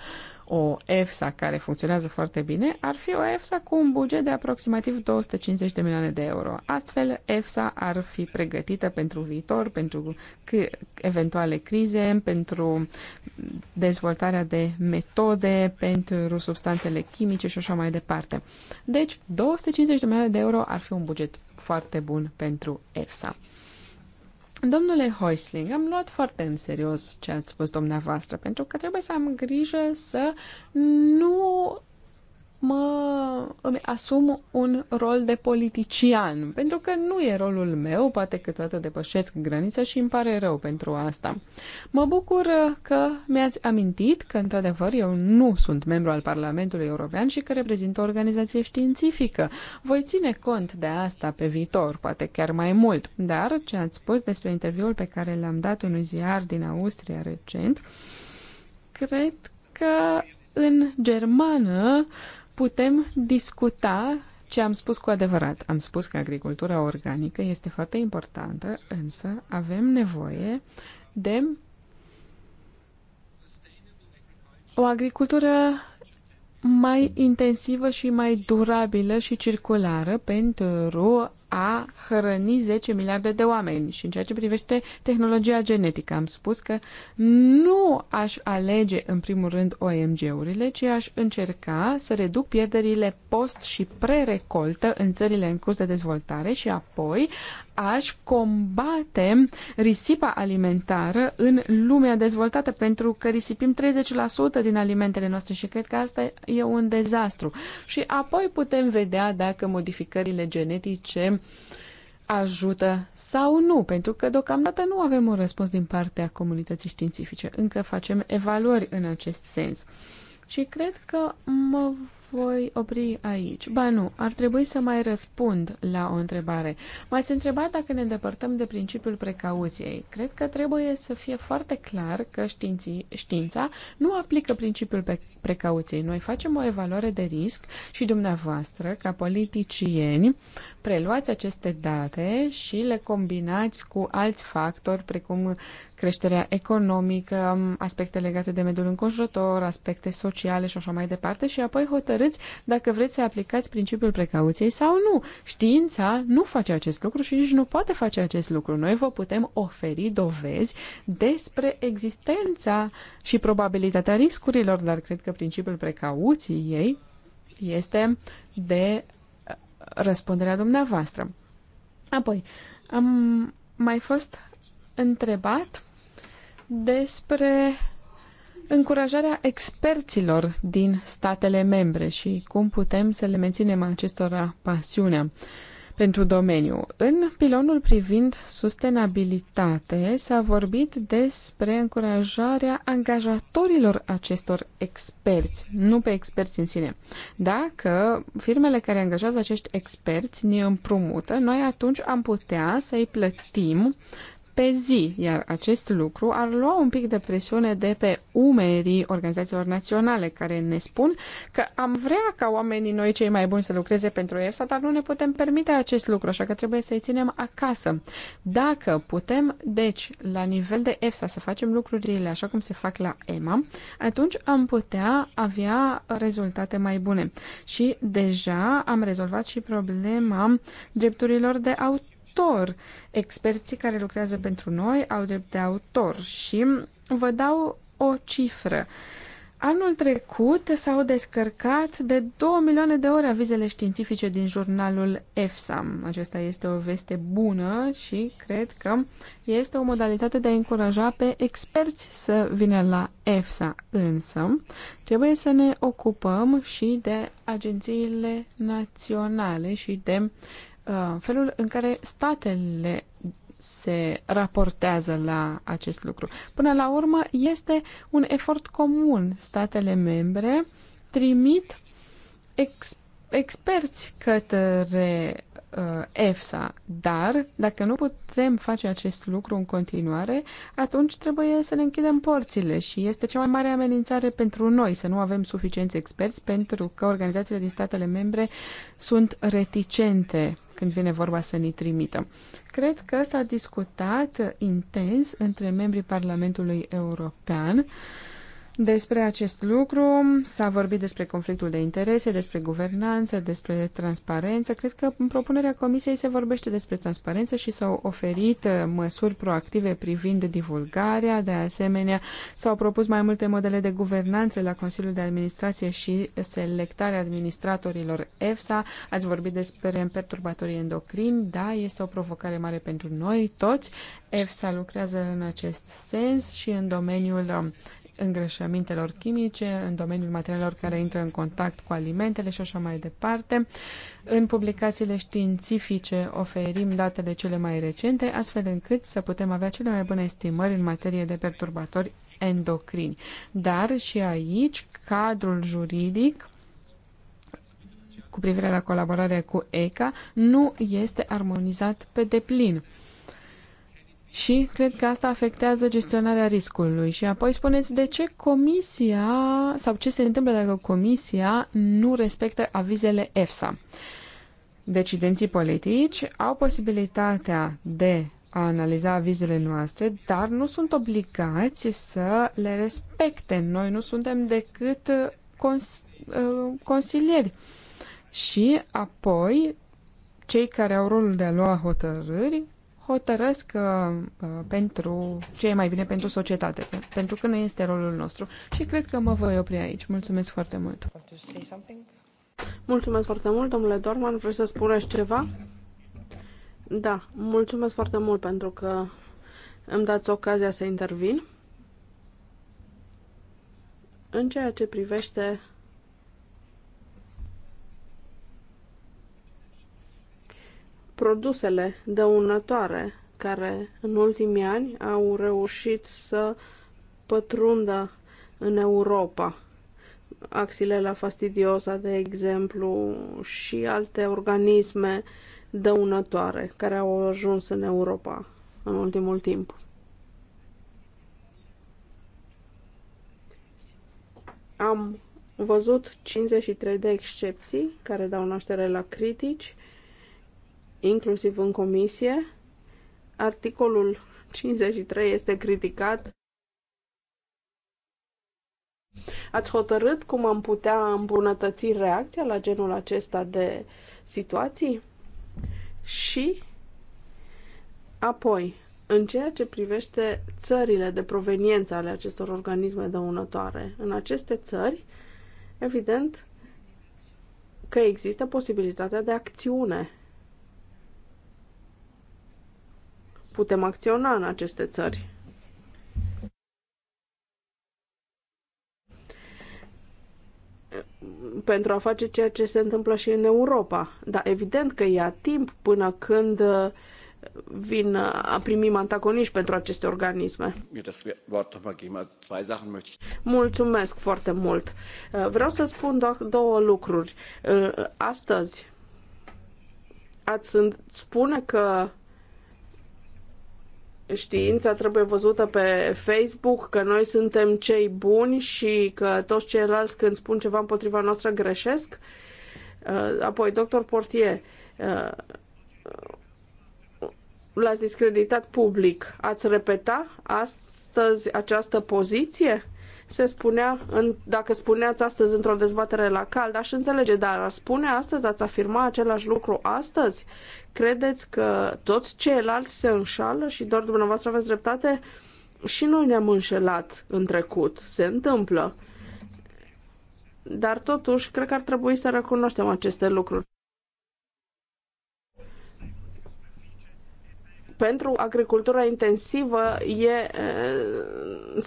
o EFSA care funcționează foarte bine, ar fi o EFSA cu un buget de aproximativ 250 de milioane de euro. Astfel, EFSA ar fi pregătită pentru viitor, pentru eventuale crize, pentru dezvoltarea de metode, pentru substanțele chimice și așa mai departe. Deci, 250 de milioane de euro ar fi un buget foarte bun pentru EFSA. Domnule Hoisling, am luat foarte în serios ce ați spus dumneavoastră, pentru că trebuie să am grijă să nu mă, îmi asum un rol de politician, pentru că nu e rolul meu, poate că toată depășesc granița și îmi pare rău pentru asta. Mă bucur că mi-ați amintit că, într-adevăr, eu nu sunt membru al Parlamentului European și că reprezint o organizație științifică. Voi ține cont de asta pe viitor, poate chiar mai mult, dar ce ați spus despre interviul pe care l-am dat unui ziar din Austria recent, cred că în germană putem discuta ce am spus cu adevărat. Am spus că agricultura organică este foarte importantă, însă avem nevoie de o agricultură mai intensivă și mai durabilă și circulară pentru a hrăni 10 miliarde de oameni. Și în ceea ce privește tehnologia genetică, am spus că nu aș alege în primul rând OMG-urile, ci aș încerca să reduc pierderile post și pre-recoltă în țările în curs de dezvoltare și apoi aș combate risipa alimentară în lumea dezvoltată, pentru că risipim 30% din alimentele noastre și cred că asta e un dezastru. Și apoi putem vedea dacă modificările genetice ajută sau nu, pentru că deocamdată nu avem un răspuns din partea comunității științifice. Încă facem evaluări în acest sens. Și cred că mă voi opri aici. Ba nu, ar trebui să mai răspund la o întrebare. M-ați întrebat dacă ne îndepărtăm de principiul precauției. Cred că trebuie să fie foarte clar că științii, știința nu aplică principiul pe precauției. Noi facem o evaluare de risc și dumneavoastră, ca politicieni, preluați aceste date și le combinați cu alți factori, precum creșterea economică, aspecte legate de mediul înconjurător, aspecte sociale și așa mai departe și apoi hotărâți dacă vreți să aplicați principiul precauției sau nu. Știința nu face acest lucru și nici nu poate face acest lucru. Noi vă putem oferi dovezi despre existența și probabilitatea riscurilor, dar cred că principiul precauției este de uh, răspunderea dumneavoastră. Apoi, am mai fost întrebat despre încurajarea experților din statele membre și cum putem să le menținem acestora pasiunea pentru domeniu. În pilonul privind sustenabilitate s-a vorbit despre încurajarea angajatorilor acestor experți, nu pe experți în sine. Dacă firmele care angajează acești experți ne împrumută, noi atunci am putea să-i plătim pe zi, iar acest lucru ar lua un pic de presiune de pe umerii organizațiilor naționale care ne spun că am vrea ca oamenii noi cei mai buni să lucreze pentru EFSA, dar nu ne putem permite acest lucru, așa că trebuie să-i ținem acasă. Dacă putem, deci, la nivel de EFSA să facem lucrurile așa cum se fac la EMA, atunci am putea avea rezultate mai bune. Și deja am rezolvat și problema drepturilor de autor autor. Experții care lucrează pentru noi au drept de autor și vă dau o cifră. Anul trecut s-au descărcat de 2 milioane de ore avizele științifice din jurnalul EFSAM. Acesta este o veste bună și cred că este o modalitate de a încuraja pe experți să vină la EFSA. Însă, trebuie să ne ocupăm și de agențiile naționale și de Uh, felul în care statele se raportează la acest lucru. Până la urmă, este un efort comun. Statele membre trimit ex- experți către uh, EFSA, dar dacă nu putem face acest lucru în continuare, atunci trebuie să ne închidem porțile și este cea mai mare amenințare pentru noi să nu avem suficienți experți pentru că organizațiile din statele membre sunt reticente când vine vorba să ni trimită. Cred că s-a discutat intens între membrii Parlamentului European uh, despre acest lucru s-a vorbit despre conflictul de interese, despre guvernanță, despre transparență. Cred că în propunerea Comisiei se vorbește despre transparență și s-au oferit uh, măsuri proactive privind divulgarea. De asemenea, s-au propus mai multe modele de guvernanță la Consiliul de Administrație și selectarea administratorilor EFSA. Ați vorbit despre perturbatorii endocrini. Da, este o provocare mare pentru noi toți. EFSA lucrează în acest sens și în domeniul um, îngrășămintelor chimice, în domeniul materialelor care intră în contact cu alimentele și așa mai departe. În publicațiile științifice oferim datele cele mai recente, astfel încât să putem avea cele mai bune estimări în materie de perturbatori endocrini. Dar și aici cadrul juridic cu privire la colaborarea cu ECA nu este armonizat pe deplin și cred că asta afectează gestionarea riscului. Și apoi spuneți de ce comisia sau ce se întâmplă dacă comisia nu respectă avizele EFSA. Decidenții politici au posibilitatea de a analiza avizele noastre, dar nu sunt obligați să le respecte. Noi nu suntem decât cons- uh, consilieri. Și apoi, cei care au rolul de a lua hotărâri hotărăsc uh, uh, pentru ce e mai bine pentru societate, pentru că nu este rolul nostru. Și cred că mă voi opri aici. Mulțumesc foarte mult. Mulțumesc foarte mult, domnule Dorman. Vreți să spuneți ceva? Da, mulțumesc foarte mult pentru că îmi dați ocazia să intervin. În ceea ce privește produsele dăunătoare care în ultimii ani au reușit să pătrundă în Europa. Axilela fastidiosa, de exemplu, și alte organisme dăunătoare care au ajuns în Europa în ultimul timp. Am văzut 53 de excepții care dau naștere la critici inclusiv în comisie. Articolul 53 este criticat. Ați hotărât cum am putea îmbunătăți reacția la genul acesta de situații? Și apoi, în ceea ce privește țările de proveniență ale acestor organisme dăunătoare, în aceste țări, evident că există posibilitatea de acțiune putem acționa în aceste țări. pentru a face ceea ce se întâmplă și în Europa. Dar evident că ia timp până când uh, vin, uh, primim antagoniști pentru aceste organisme. Mulțumesc foarte mult. Uh, vreau să spun doar două lucruri. Astăzi ați spune că știința trebuie văzută pe Facebook, că noi suntem cei buni și că toți ceilalți când spun ceva împotriva noastră greșesc. Uh, apoi, doctor Portier, uh, l-ați discreditat public. Ați repeta astăzi această poziție? se spunea, în, dacă spuneați astăzi într-o dezbatere la cald, aș înțelege, dar ar spune astăzi, ați afirma același lucru astăzi? Credeți că toți ceilalți se înșală și doar dumneavoastră aveți dreptate? Și noi ne-am înșelat în trecut, se întâmplă. Dar totuși, cred că ar trebui să recunoaștem aceste lucruri. pentru agricultura intensivă e,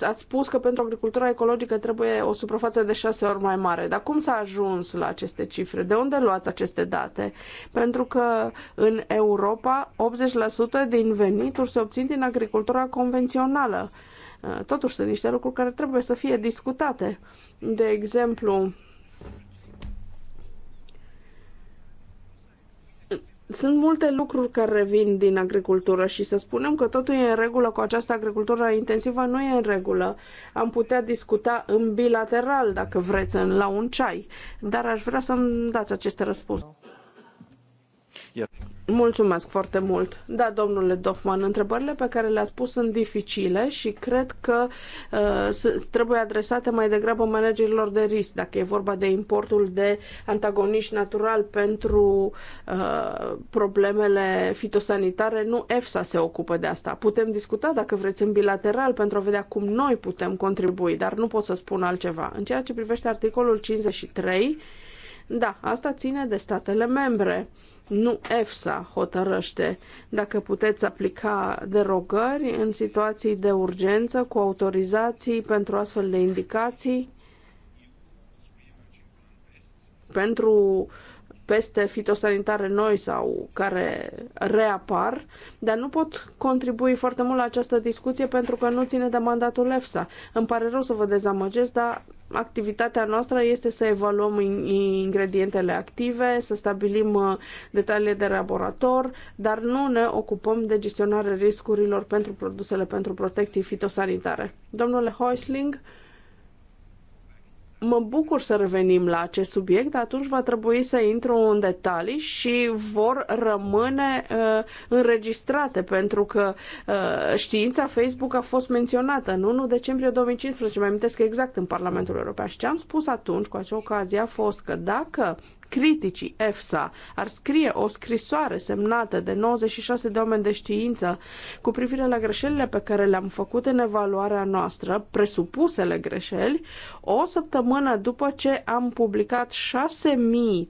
ați spus că pentru agricultura ecologică trebuie o suprafață de șase ori mai mare. Dar cum s-a ajuns la aceste cifre? De unde luați aceste date? Pentru că în Europa 80% din venituri se obțin din agricultura convențională. Totuși sunt niște lucruri care trebuie să fie discutate. De exemplu, sunt multe lucruri care vin din agricultură și să spunem că totul e în regulă cu această agricultură intensivă nu e în regulă. Am putea discuta în bilateral, dacă vreți, în, la un ceai, dar aș vrea să-mi dați aceste răspunsuri. Mulțumesc foarte mult. Da, domnule Dofman, întrebările pe care le-ați pus sunt dificile și cred că uh, trebuie adresate mai degrabă managerilor de risc, dacă e vorba de importul de antagoniști natural pentru uh, problemele fitosanitare, nu EFSA se ocupă de asta. Putem discuta, dacă vreți, în bilateral pentru a vedea cum noi putem contribui, dar nu pot să spun altceva. În ceea ce privește articolul 53, da, asta ține de statele membre. Nu EFSA hotărăște dacă puteți aplica derogări în situații de urgență cu autorizații pentru astfel de indicații pentru uh, peste fitosanitare noi sau care reapar, dar nu pot contribui foarte mult la această discuție pentru că nu ține de mandatul EFSA. Îmi pare rău să vă dezamăgesc, dar activitatea noastră este să evaluăm ingredientele active, să stabilim uh, detaliile de laborator, dar nu ne ocupăm de gestionarea riscurilor pentru produsele pentru protecții fitosanitare. Domnule Heusling, Mă bucur să revenim la acest subiect, dar atunci va trebui să intru în detalii și vor rămâne uh, înregistrate, pentru că uh, știința Facebook a fost menționată în 1 decembrie 2015, mi amintesc exact în Parlamentul European. Și ce am spus atunci cu acea ocazie a fost că dacă criticii EFSA ar scrie o scrisoare semnată de 96 de oameni de știință cu privire la greșelile pe care le-am făcut în evaluarea noastră, presupusele greșeli, o săptămână după ce am publicat 6.000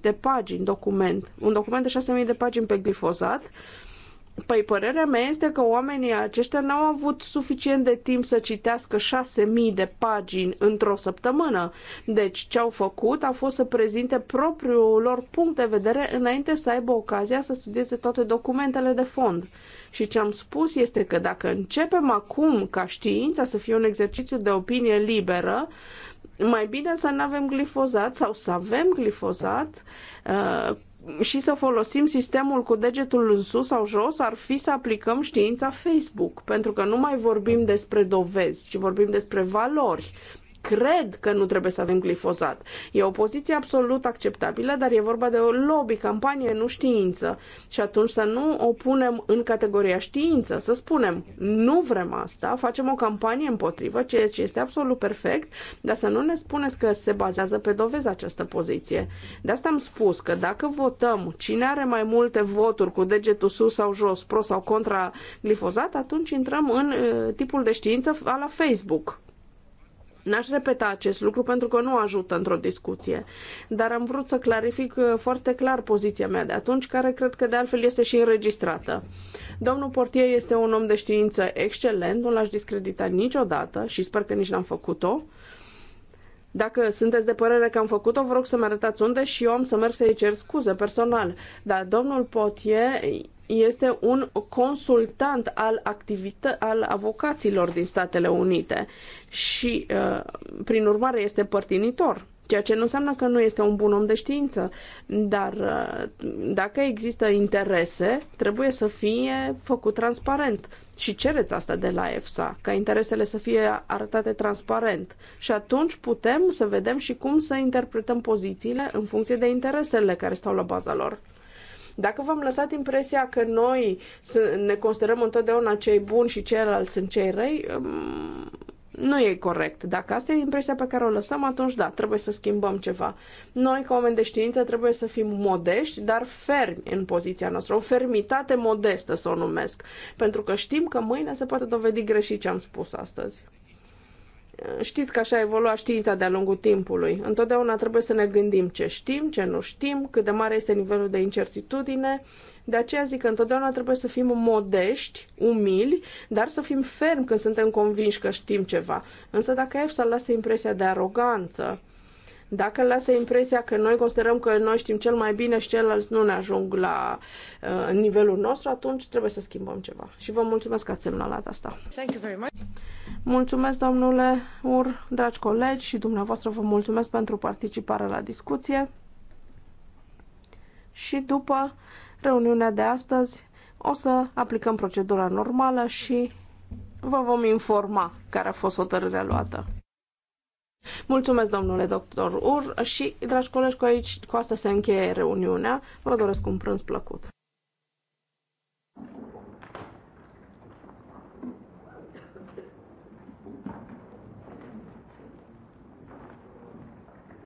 de pagini document, un document de 6.000 de pagini pe glifozat, Păi părerea mea este că oamenii aceștia n-au avut suficient de timp să citească 6.000 de pagini într-o săptămână. Deci ce au făcut a fost să prezinte propriul lor punct de vedere înainte să aibă ocazia să studieze toate documentele de fond. Și ce am spus este că dacă începem acum ca știința să fie un exercițiu de opinie liberă, mai bine să nu avem glifozat sau să avem glifozat uh, și să folosim sistemul cu degetul în sus sau jos ar fi să aplicăm știința Facebook, pentru că nu mai vorbim despre dovezi, ci vorbim despre valori, cred că nu trebuie să avem glifozat. E o poziție absolut acceptabilă, dar e vorba de o lobby, campanie, nu știință. Și atunci să nu o punem în categoria știință, să spunem nu vrem asta, facem o campanie împotrivă, ceea ce este absolut perfect, dar să nu ne spuneți că se bazează pe dovezi această poziție. De asta am spus că dacă votăm cine are mai multe voturi cu degetul sus sau jos, pro sau contra glifozat, atunci intrăm în uh, tipul de știință a la Facebook. N-aș repeta acest lucru pentru că nu ajută într-o discuție, dar am vrut să clarific uh, foarte clar poziția mea de atunci, care cred că de altfel este și înregistrată. Domnul Portier este un om de știință excelent, nu l-aș discredita niciodată și sper că nici n-am făcut-o. Dacă sunteți de părere că am făcut-o, vă rog să-mi arătați unde și eu am să merg să-i cer scuze personal. Dar domnul Potie este un consultant al, activită- al avocaților din Statele Unite și, uh, prin urmare, este părtinitor ceea ce nu înseamnă că nu este un bun om de știință, dar uh, dacă există interese, trebuie să fie făcut transparent. Și cereți asta de la EFSA, ca interesele să fie arătate transparent. Și atunci putem să vedem și cum să interpretăm pozițiile în funcție de interesele care stau la baza lor. Dacă v-am lăsat impresia că noi ne considerăm întotdeauna cei buni și ceilalți sunt cei răi, um, nu e corect. Dacă asta e impresia pe care o lăsăm, atunci da, trebuie să schimbăm ceva. Noi, ca oameni de știință, trebuie să fim modești, dar fermi în poziția noastră. O fermitate modestă să o numesc. Pentru că știm că mâine se poate dovedi greșit ce am spus astăzi. Știți că așa a evoluat știința de-a lungul timpului. Întotdeauna trebuie să ne gândim ce știm, ce nu știm, cât de mare este nivelul de incertitudine de aceea zic că întotdeauna trebuie să fim modești, umili, dar să fim fermi când suntem convinși că știm ceva. Însă dacă să lasă impresia de aroganță, dacă lasă impresia că noi considerăm că noi știm cel mai bine și ceilalți nu ne ajung la uh, nivelul nostru, atunci trebuie să schimbăm ceva. Și vă mulțumesc că ați semnalat asta. Thank you very much. Mulțumesc, domnule Ur, dragi colegi și dumneavoastră vă mulțumesc pentru participarea la discuție. Și după reuniunea de astăzi o să aplicăm procedura normală și vă vom informa care a fost hotărârea luată. Mulțumesc, domnule doctor Ur, și, dragi colegi, cu, aici, cu asta se încheie reuniunea. Vă doresc un prânz plăcut!